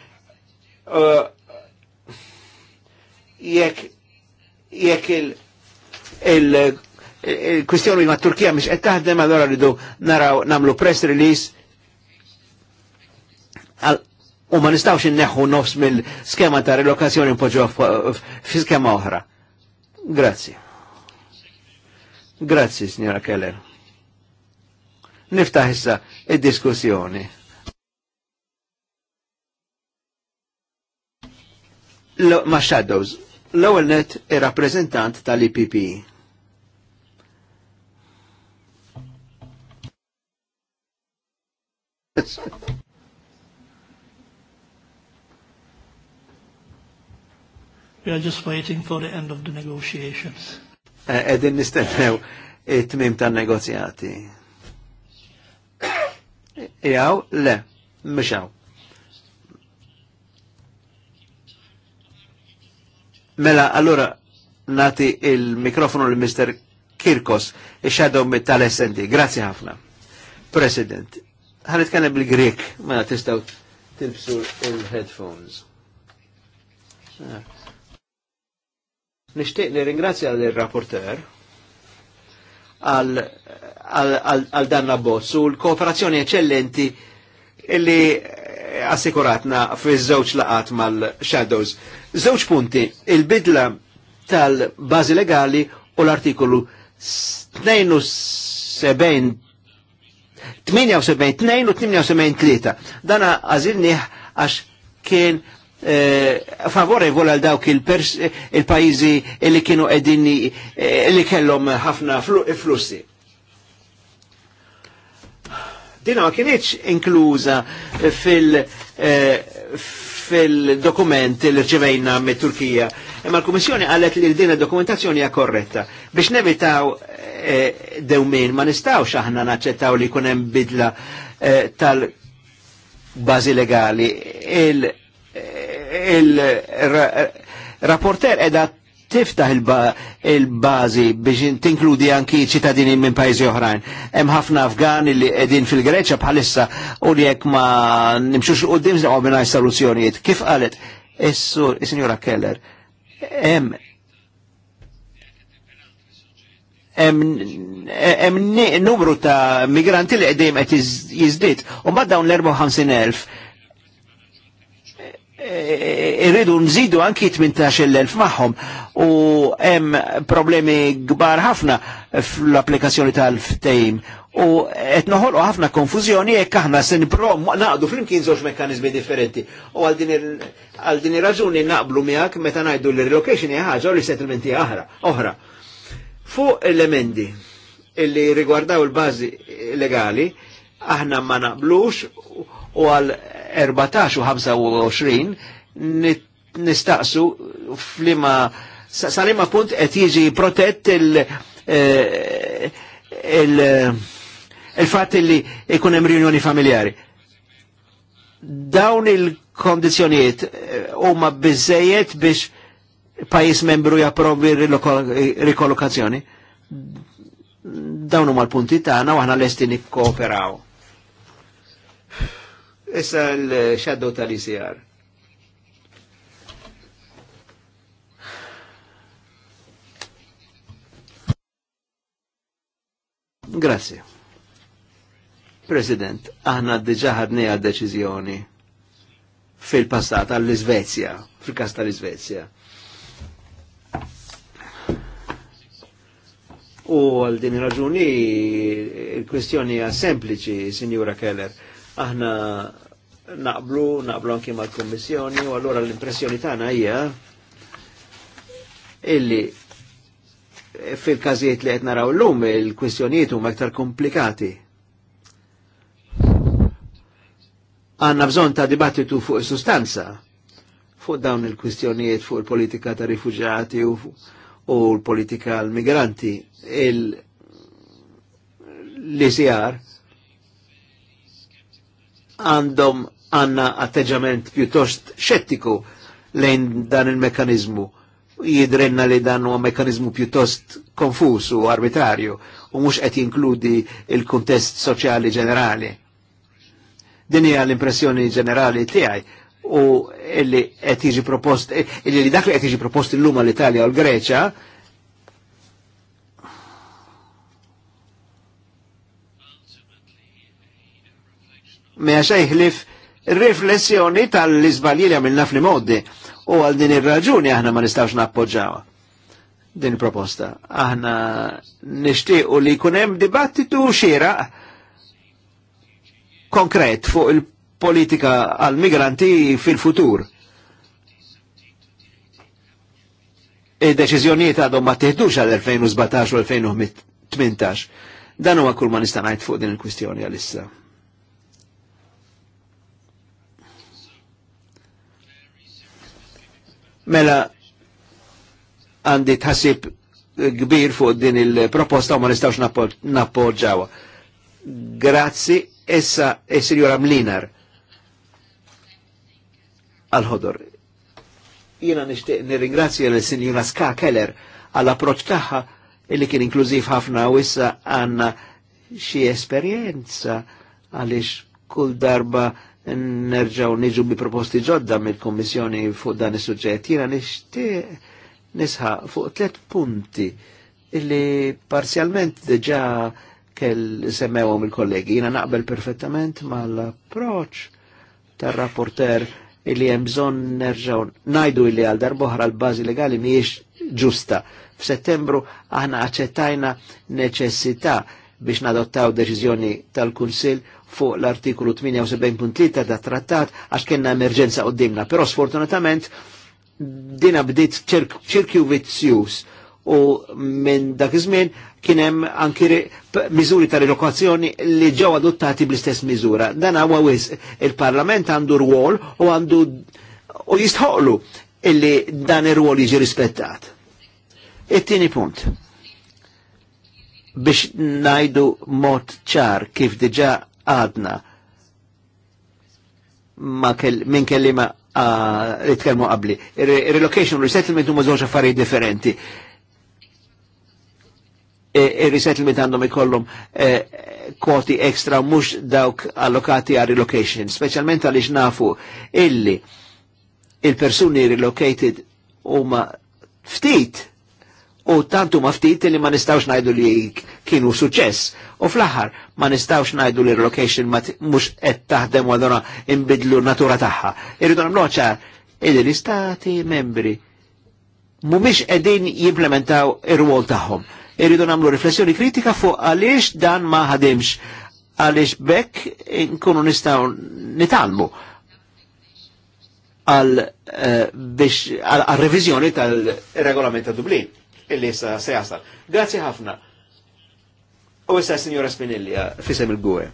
eh, jekk jekk il- il-kwistjoni ma' Turkija mish qed taħdem allora rridu naraw namlu press release u ma nistawx inneħħu nofs mill-skema ta' relokazzjoni poġġu fi skema oħra. Grazzi. Grazzi, signora Keller. Niftaħ issa id-diskussjoni. Ma Shadows, l-ewwel net ir-rappreżentant tal-IPP. We are just waiting for the end of the negotiations. Edin eh, eh, nistennew it-tmim tan negozjati. Jaw, le, mxaw. Mela, allora, nati il-mikrofonu l-Mr. Kirkos, il-xadow tal-SND. Grazie ħafna. President, ħanitkellem bil-Grek, ma mela tistaw tilbsu il-headphones. Ah. Nishtiq nirringrazzja l-rapporter għal dan l-abbozz u l-kooperazzjoni eccellenti illi assikuratna fi żewġ laqat mal-shadows. Żewġ punti, il-bidla tal-bazi legali u l-artikolu 72 78, 2 u 78 3. Dana għazilniħ għax kien Eh, favorevol għal dawk il-pajizi li kienu edin eh, li kellhom ħafna flussi. Dina ma kienieċ inkluża fil- eh, fil-dokument li rċevejna mit turkija Imma l-Kummissjoni għalet li din dokumentazzjoni hija korretta. Biex nevitaw dewmin ma nistaw aħna naċċettaw li jkun hemm bidla tal-bażi legali. Il- il-rapporter edha tiftaħ il-bazi biex tinkludi anki ċittadini minn pajjiżi oħrajn. Hemm ħafna Afgan li qegħdin fil-Greċja bħalissa u li jekk ma nimxux qudiem se mingħajr soluzzjonijiet. Kif qalet is-sur is-Sinjura Keller hemm hemm numru ta' migranti li qegħdin qed jiżdied u mbagħad dawn l-54,000 irridu nżidu anki 18.000 maħħom u hemm problemi gbar ħafna fl-applikazzjoni tal-ftejm u qed noħolqu ħafna konfużjoni jekk aħna se niprom naqdu flimkien żewġ mekkaniżmi differenti. U għal din ir-raġuni naqblu miegħek meta ngħidu l relocation hija ħaġa u l settlementi oħra. Oħra. Fuq l-emendi illi rigwardaw il-bażi legali aħna ma naqblux u għal 14 u 25 nistaqsu flima salima punt qed jiġi protett il eh, il il-fatt li ikun hemm riunjoni familjari. Dawn il-kondizzjonijiet eh, huma biżejjed biex pajis membru japprovi rikollokazzjoni. Dawn huma l-punti tagħna u aħna lesti nikkooperaw. Issa l-xaddu tal-ICR. Grazie. President, aħna diġa ħadnija deċiżjoni fil-passat għall-Izvezja, fil-kas tal-Izvezja. U għal din raġuni il-kwestjoni għas sempliċi, signora Keller. Aħna naqblu, naqblu anki mal-Kommissjoni, u allora l-impressjoni tagħna hija illi fil-każijiet li qed naraw llum il-kwistjonijiet huma aktar komplikati. Għanna bżonn ta' dibattitu fuq is-sustanza, fuq dawn il-kwistjonijiet fuq il-politika ta' rifuġati u, u l-politika l-migranti. Il-LCR għandhom għanna atteġġament pjuttost xettiku lejn dan il-mekanizmu. Jidrenna li dan huwa mekanizmu pjuttost konfus u arbitrarju u mhux qed jinkludi il-kuntest soċjali ġenerali. Din hija l-impressjoni ġenerali tiegħi u illi qed jiġi propost illi dak li qed jiġi propost illum l italja u l-Greċja mea xejħlif riflessjoni tal lizbalji li għamilna fl-modi u għal din ir-raġuni aħna ma nistawx nappoġġawa din proposta. Aħna u li kunem dibattitu xira konkret fuq il-politika għal-migranti fil-futur. Il-deċizjoniet għadhom ma teħdux għal 2017 u 2018. Dan huwa kull ma nistanajt fuq din il-kwistjoni għalissa. issa Mela għandi tħassib kbir fuq din il-proposta u ma nistawx nappoġġawa. Grazzi, essa e sinjora Mlinar għal-ħodor. Jena nishtiq nirringrazzja l sinjura Ska Keller għall-approċ taħħa illi kien inklużiv ħafna u issa għanna xi esperjenza għaliex kull darba nerġaw niġu bi proposti ġodda mill-Kommissjoni fuq dan is-suġġett. Jiena nixtieq nisħa fuq tlet punti illi parzjalment diġà kell semmewom il-kollegi. Jiena naqbel perfettament mal-approċ tar-rapporter illi hemm bżonn nerġgħu ngħidu illi għal darboħra l bazi legali mhijiex ġusta. F'Settembru aħna aċċettajna neċessità biex nadottaw deċiżjoni tal kunsil fuq l-artikolu 78.3 ta' trattat għax kienna emerġenza qoddimna. Però sfortunatament dina bdiet ċirkju vizzjus u minn dak iż-żmien kien hemm anki miżuri ta' relokazzjoni li ġew adottati bl-istess miżura. Dan huwa wisq il-Parlament għandu rwol u għandu u jistħoqlu illi dan ir-rwol jiġi rispettat. It-tieni punt biex najdu mod ċar kif diġa għadna minn kellima li tkellmu qabli. Relocation, resettlement huma żewġ affarijiet differenti. E, ir-resettlement għandhom ikollhom e, kwoti ekstra mhux dawk allokati għal relocation, speċjalment għaliex nafu illi il-persuni relocated huma ftit u tantu maftit li ma nistawx najdu li kienu suċess. U fl-aħħar ma nistawx najdu li relocation ma mux qed taħdem għadona imbidlu natura tagħha. Irridu nagħmlu ċar l-istati membri mhumiex edin jimplementaw ir-rwol tagħhom. Irridu nagħmlu riflessjoni kritika fuq għaliex dan ma ħadimx għaliex bekk nkunu nistgħu nitalmu għal eh, revizjoni tal-regolament ta' Dublin illi issa se jasal. ħafna. U issa signora Spinelli eh, fisem il-gwe.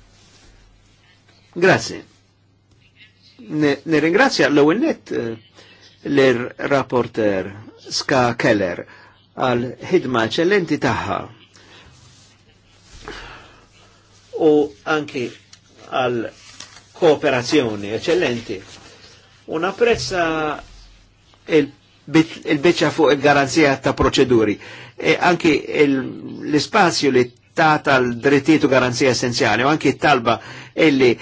Grazzi. Nirringrazzja ne, l-ewwel net eh, l-rapporter Ska Keller għal ħidma eccellenti tagħha. U anki għal kooperazzjoni eccellenti. Un apprezza il il-bicċa fuq il-garanzija ta' proċeduri. E anki l-ispazju li ta' tal drittietu garanzija essenzjali, u anki talba illi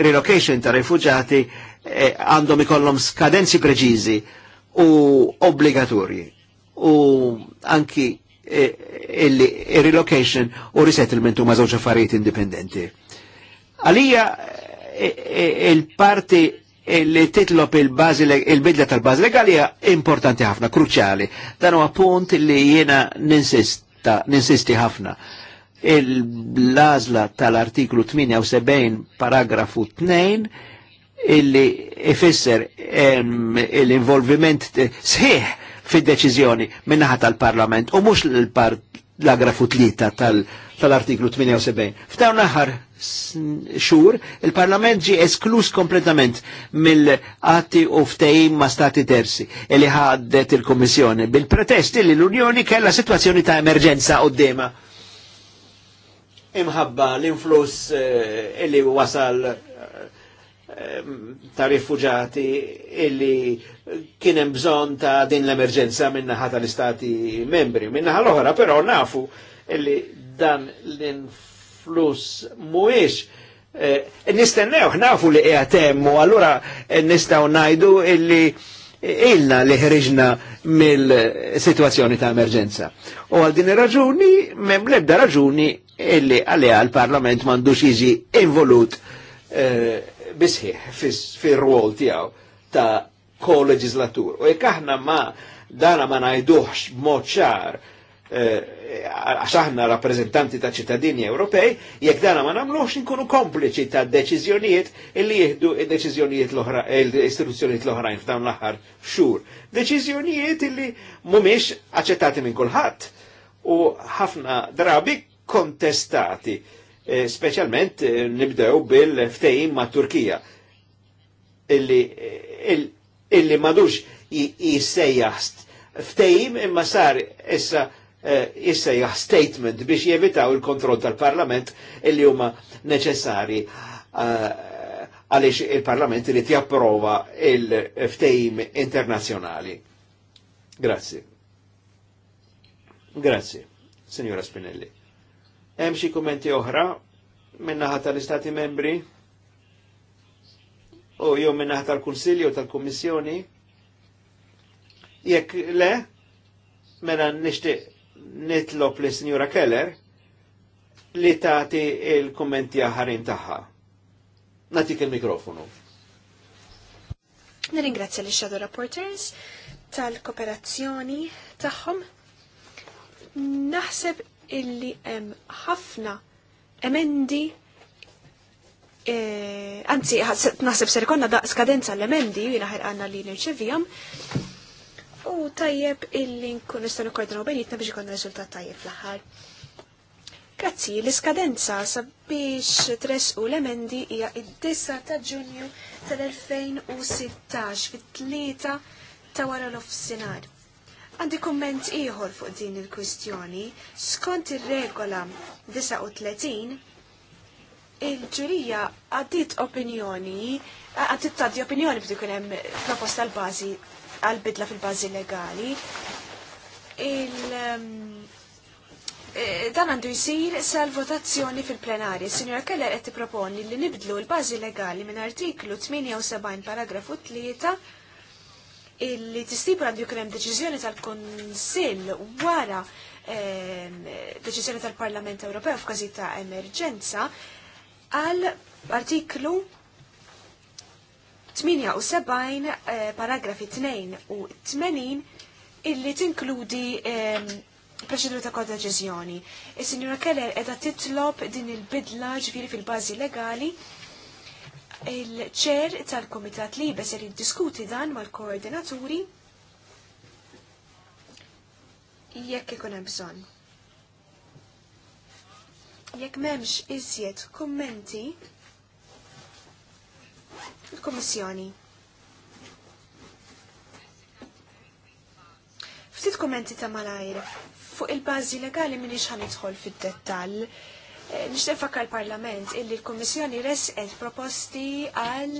relocation ta' rifugiati e, għandhom eh, ikollhom skadenzi preċiżi u obbligatorji u anki e, illi il-relocation u resettlement huma żewġ affarijiet indipendenti. Għalija e, il-parti li titlob il-bidla il bidla tal bazi legali hija importanti ħafna, kruċjali. Dan huwa punt li jiena ninsisti ħafna. Il-lazla tal-artiklu 78 paragrafu 2 illi ifisser l-involviment sħiħ fid-deċiżjoni minnaħa tal-Parlament u mhux l-paragrafu 3 tal-artiklu 78. F'dawn aħħar xur, il-Parlament ġi esklus kompletament mill-atti u ftejim ma' stati terzi li ħaddet il-Kommissjoni bil-pretesti li l-Unjoni kella situazzjoni ta' emerġenza dema. Imħabba l-influss eh, li wasal eh, ta' rifugjati illi kienem bżon ta' din l-emerġenza minna ħata l-istati membri. Minna ħal ohra però nafu illi dan l-influss flus muwiex. Eh, nistennew, nafu li jgħatem, u allura eh, nistaw najdu illi ilna li ħriġna mill-situazzjoni ta' emerġenza. U għal din raġuni, mem lebda raġuni illi għalija l-parlament m'għandux jiġi involut eh, bisħi fir fil-rwol tijaw ta' ko-leġislatur. U jekk aħna ma dana ma najduħx moċar ċar għax aħna rappreżentanti ta' ċittadini Ewropej, jekk dana ma nagħmlux inkunu kompliċi ta' deċiżjonijiet illi jieħdu deċiżjonijiet l-oħra, l-istituzzjonijiet l-oħrajn f'dawn l-aħħar xhur. Deċiżjonijiet illi mhumiex aċċettati minn kulħadd u ħafna drabi kontestati, e, speċjalment e, nibdew bil-ftehim ma' Turkija illi, e, illi madux jissejjaħst ftehim imma sar issa jissejja eh, statement biex jevitaw il-kontroll tal-Parlament illi huma neċessari eh, għaliex il-Parlament li japprova il-ftejim internazzjonali. Grazie. Grazie, Signora Spinelli. Hemm xi kummenti oħra minnaħa tal-Istati membri u jew minnaħa tal-Kunsilju tal-Kummissjoni? Jekk le, mela nixtieq nitlob li Signora Keller li tati il-kommenti aħarin taħħa. Natik il-mikrofonu. Nirringrazzja li Shadow Reporters tal-kooperazzjoni tagħhom. Naħseb illi hemm ħafna emendi eh, anzi, naħseb ser ikonna da' skadenza l-emendi, jina għanna li nirċevijam, u tajjeb illi nkun nistgħu nikkoordinaw bejnietna biex ikun riżultat tajjeb fl-aħħar. Grazzi, l-iskadenza sabiex tres u l-emendi hija id-9 ta' Ġunju tal-2016 fit-tlieta ta' wara l-offsinar. Għandi kumment ieħor fuq din il-kwistjoni. Skont ir-regola 39, il-ġurija għaddit opinjoni, għaddit tgħaddi opinjoni b'dikun hemm proposta l-bażi għal-bidla fil-bazi legali. Il, ehm, e, dan għandu jisir sal-votazzjoni fil-plenarja. Signora Keller qed tipproponi li nibdlu l-bażi legali minn artiklu 78 paragrafu 3 illi tistipra għandu jkun hemm deċiżjoni tal-Kunsill wara ehm, deċiżjoni tal-Parlament Ewropew f'każi ta' emerġenza għal artiklu 78 eh, paragrafi 2 u 80 illi tinkludi ehm, proċedura ta' kod deċiżjoni. Is-Sinjura Keller qiegħda titlob din il-bidla ġifieri fil-bażi legali il-ċer tal-Komitat Libe ser jiddiskuti dan mal-koordinaturi jekk ikun hemm bżonn. Jekk m'hemmx iżjed kummenti, Il-Kommissjoni. Ftit kommenti ta' malajr. Fuq il-bażi legali minix ħanidħol fid-dettall. Eh, nixtieq fakkar l-Parlament illi l-Kummissjoni resqet proposti għal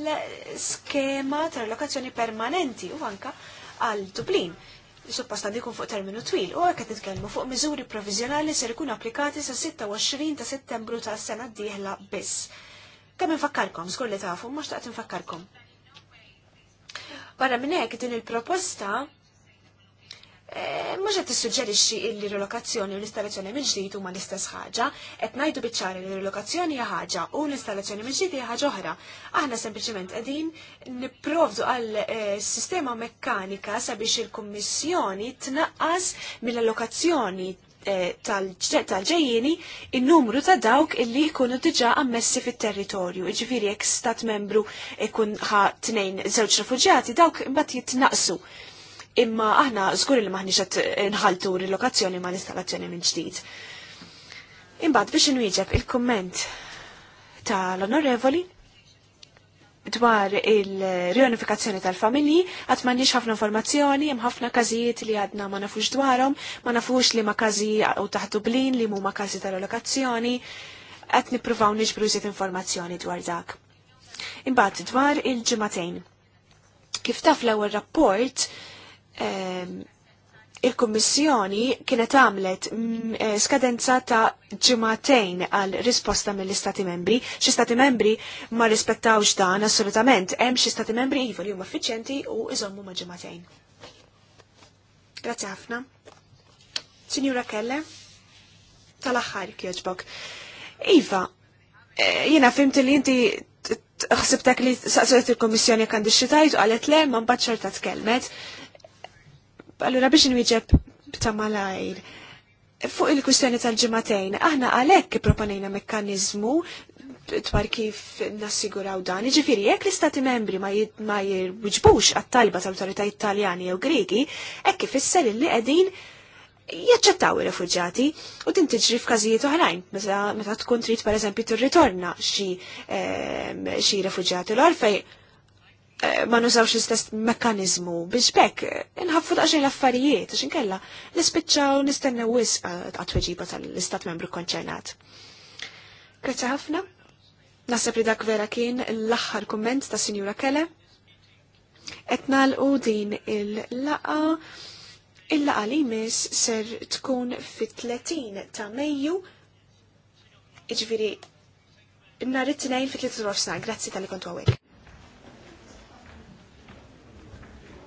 skema ta' relokazzjoni permanenti u anka għal Dublin supposta dikun fuq terminu twil u għek titkellmu fuq miżuri provizjonali ser ikun applikati sa' 26 ta' settembru ta' sena d-dieħla biss. Kemm infakkarkom, skur li tafu, mhux taqt infakkarkom. Barra minn hekk din il-proposta e, mhux qed tissuġġerixxi li relokazzjoni u l-installazzjoni mill-ġdid huma l-istess ħaġa, qed ngħidu biċċari li rilokazzjoni hija ħaġa u l-installazzjoni mill-ġdid hija ħaġa oħra. Aħna sempliċement qegħdin nipprovdu għal e, sistema mekkanika sabiex il-Kummissjoni tnaqqas mill-allokazzjoni Eh, tal ġejjeni il-numru ta' dawk illi jkunu diġa ammessi fit-territorju. Iġifiri jekk stat membru jkun ħa tnejn żewġ refuġjati, dawk imbagħad jitnaqsu. Imma aħna żgur li maħniex qed nħaltu rilokazzjoni ma' l-installazzjoni minn ġdid. Imbagħad biex inwieġeb il-kumment tal-onorevoli dwar il-reunifikazzjoni tal-familji, għat mandiġ ħafna informazzjoni, jem ħafna kazijiet li għadna ma nafux dwarom, ma nafux li ma kazi u taħt Dublin, li mu ma kazi tal-lokazzjoni, għat nipruvaw nġbru zit informazzjoni dwar dak. Imbat, dwar il ġematejn Kif taf l-ewel rapport, eh, il-Kommissjoni kienet għamlet mm, eh, skadenza ta' ġimatejn għal risposta mill-Istati membri. Xi Stati membri ma rispettawx dan assolutament. Hemm xi Stati membri iva li huma effiċjenti u iżommu ma' ġimatejn. Grazzi ħafna. Sinjura Kelle, tal-aħħar kjoġbok. Iva, eh, jiena fimti li inti ħsibtek li saqsojt il-Kommissjoni kan xitajt u qalet le ma mbagħad xorta tkellmet. Allura biex nwieġeb ta' malajr. Fuq il-kustjoni tal-ġimatejn, aħna għalek proponejna mekkanizmu dwar kif nassiguraw dan. Ġifiri, jekk l-istati membri ma jirwġbux għat-talba tal-autoritajiet taljani jew Greki, hekk kif isser li qegħdin jaċċettaw ir-refuġjati u din tiġri f'każijiet oħrajn, meta tkun trid pereżempju tirritorna xi ehm, xi refuġjati l-għalfej Eh, ma nużawx l-istess mekkanizmu biex bekk eh, nħaffu daqxej l-affarijiet, għax inkella nispiċċaw nistennew wisq eh, għat-tweġiba tal-istat membru konċernat. Grazzi ħafna. Nasab li dak vera kien l-aħħar kumment ta' Sinjura Kelle. Etna l din il-laqa il-laqa li mis ser tkun fit-30 ta' Mejju iġviri nar it-tnejn fit-3 Grazzi tal-li kontu għawek.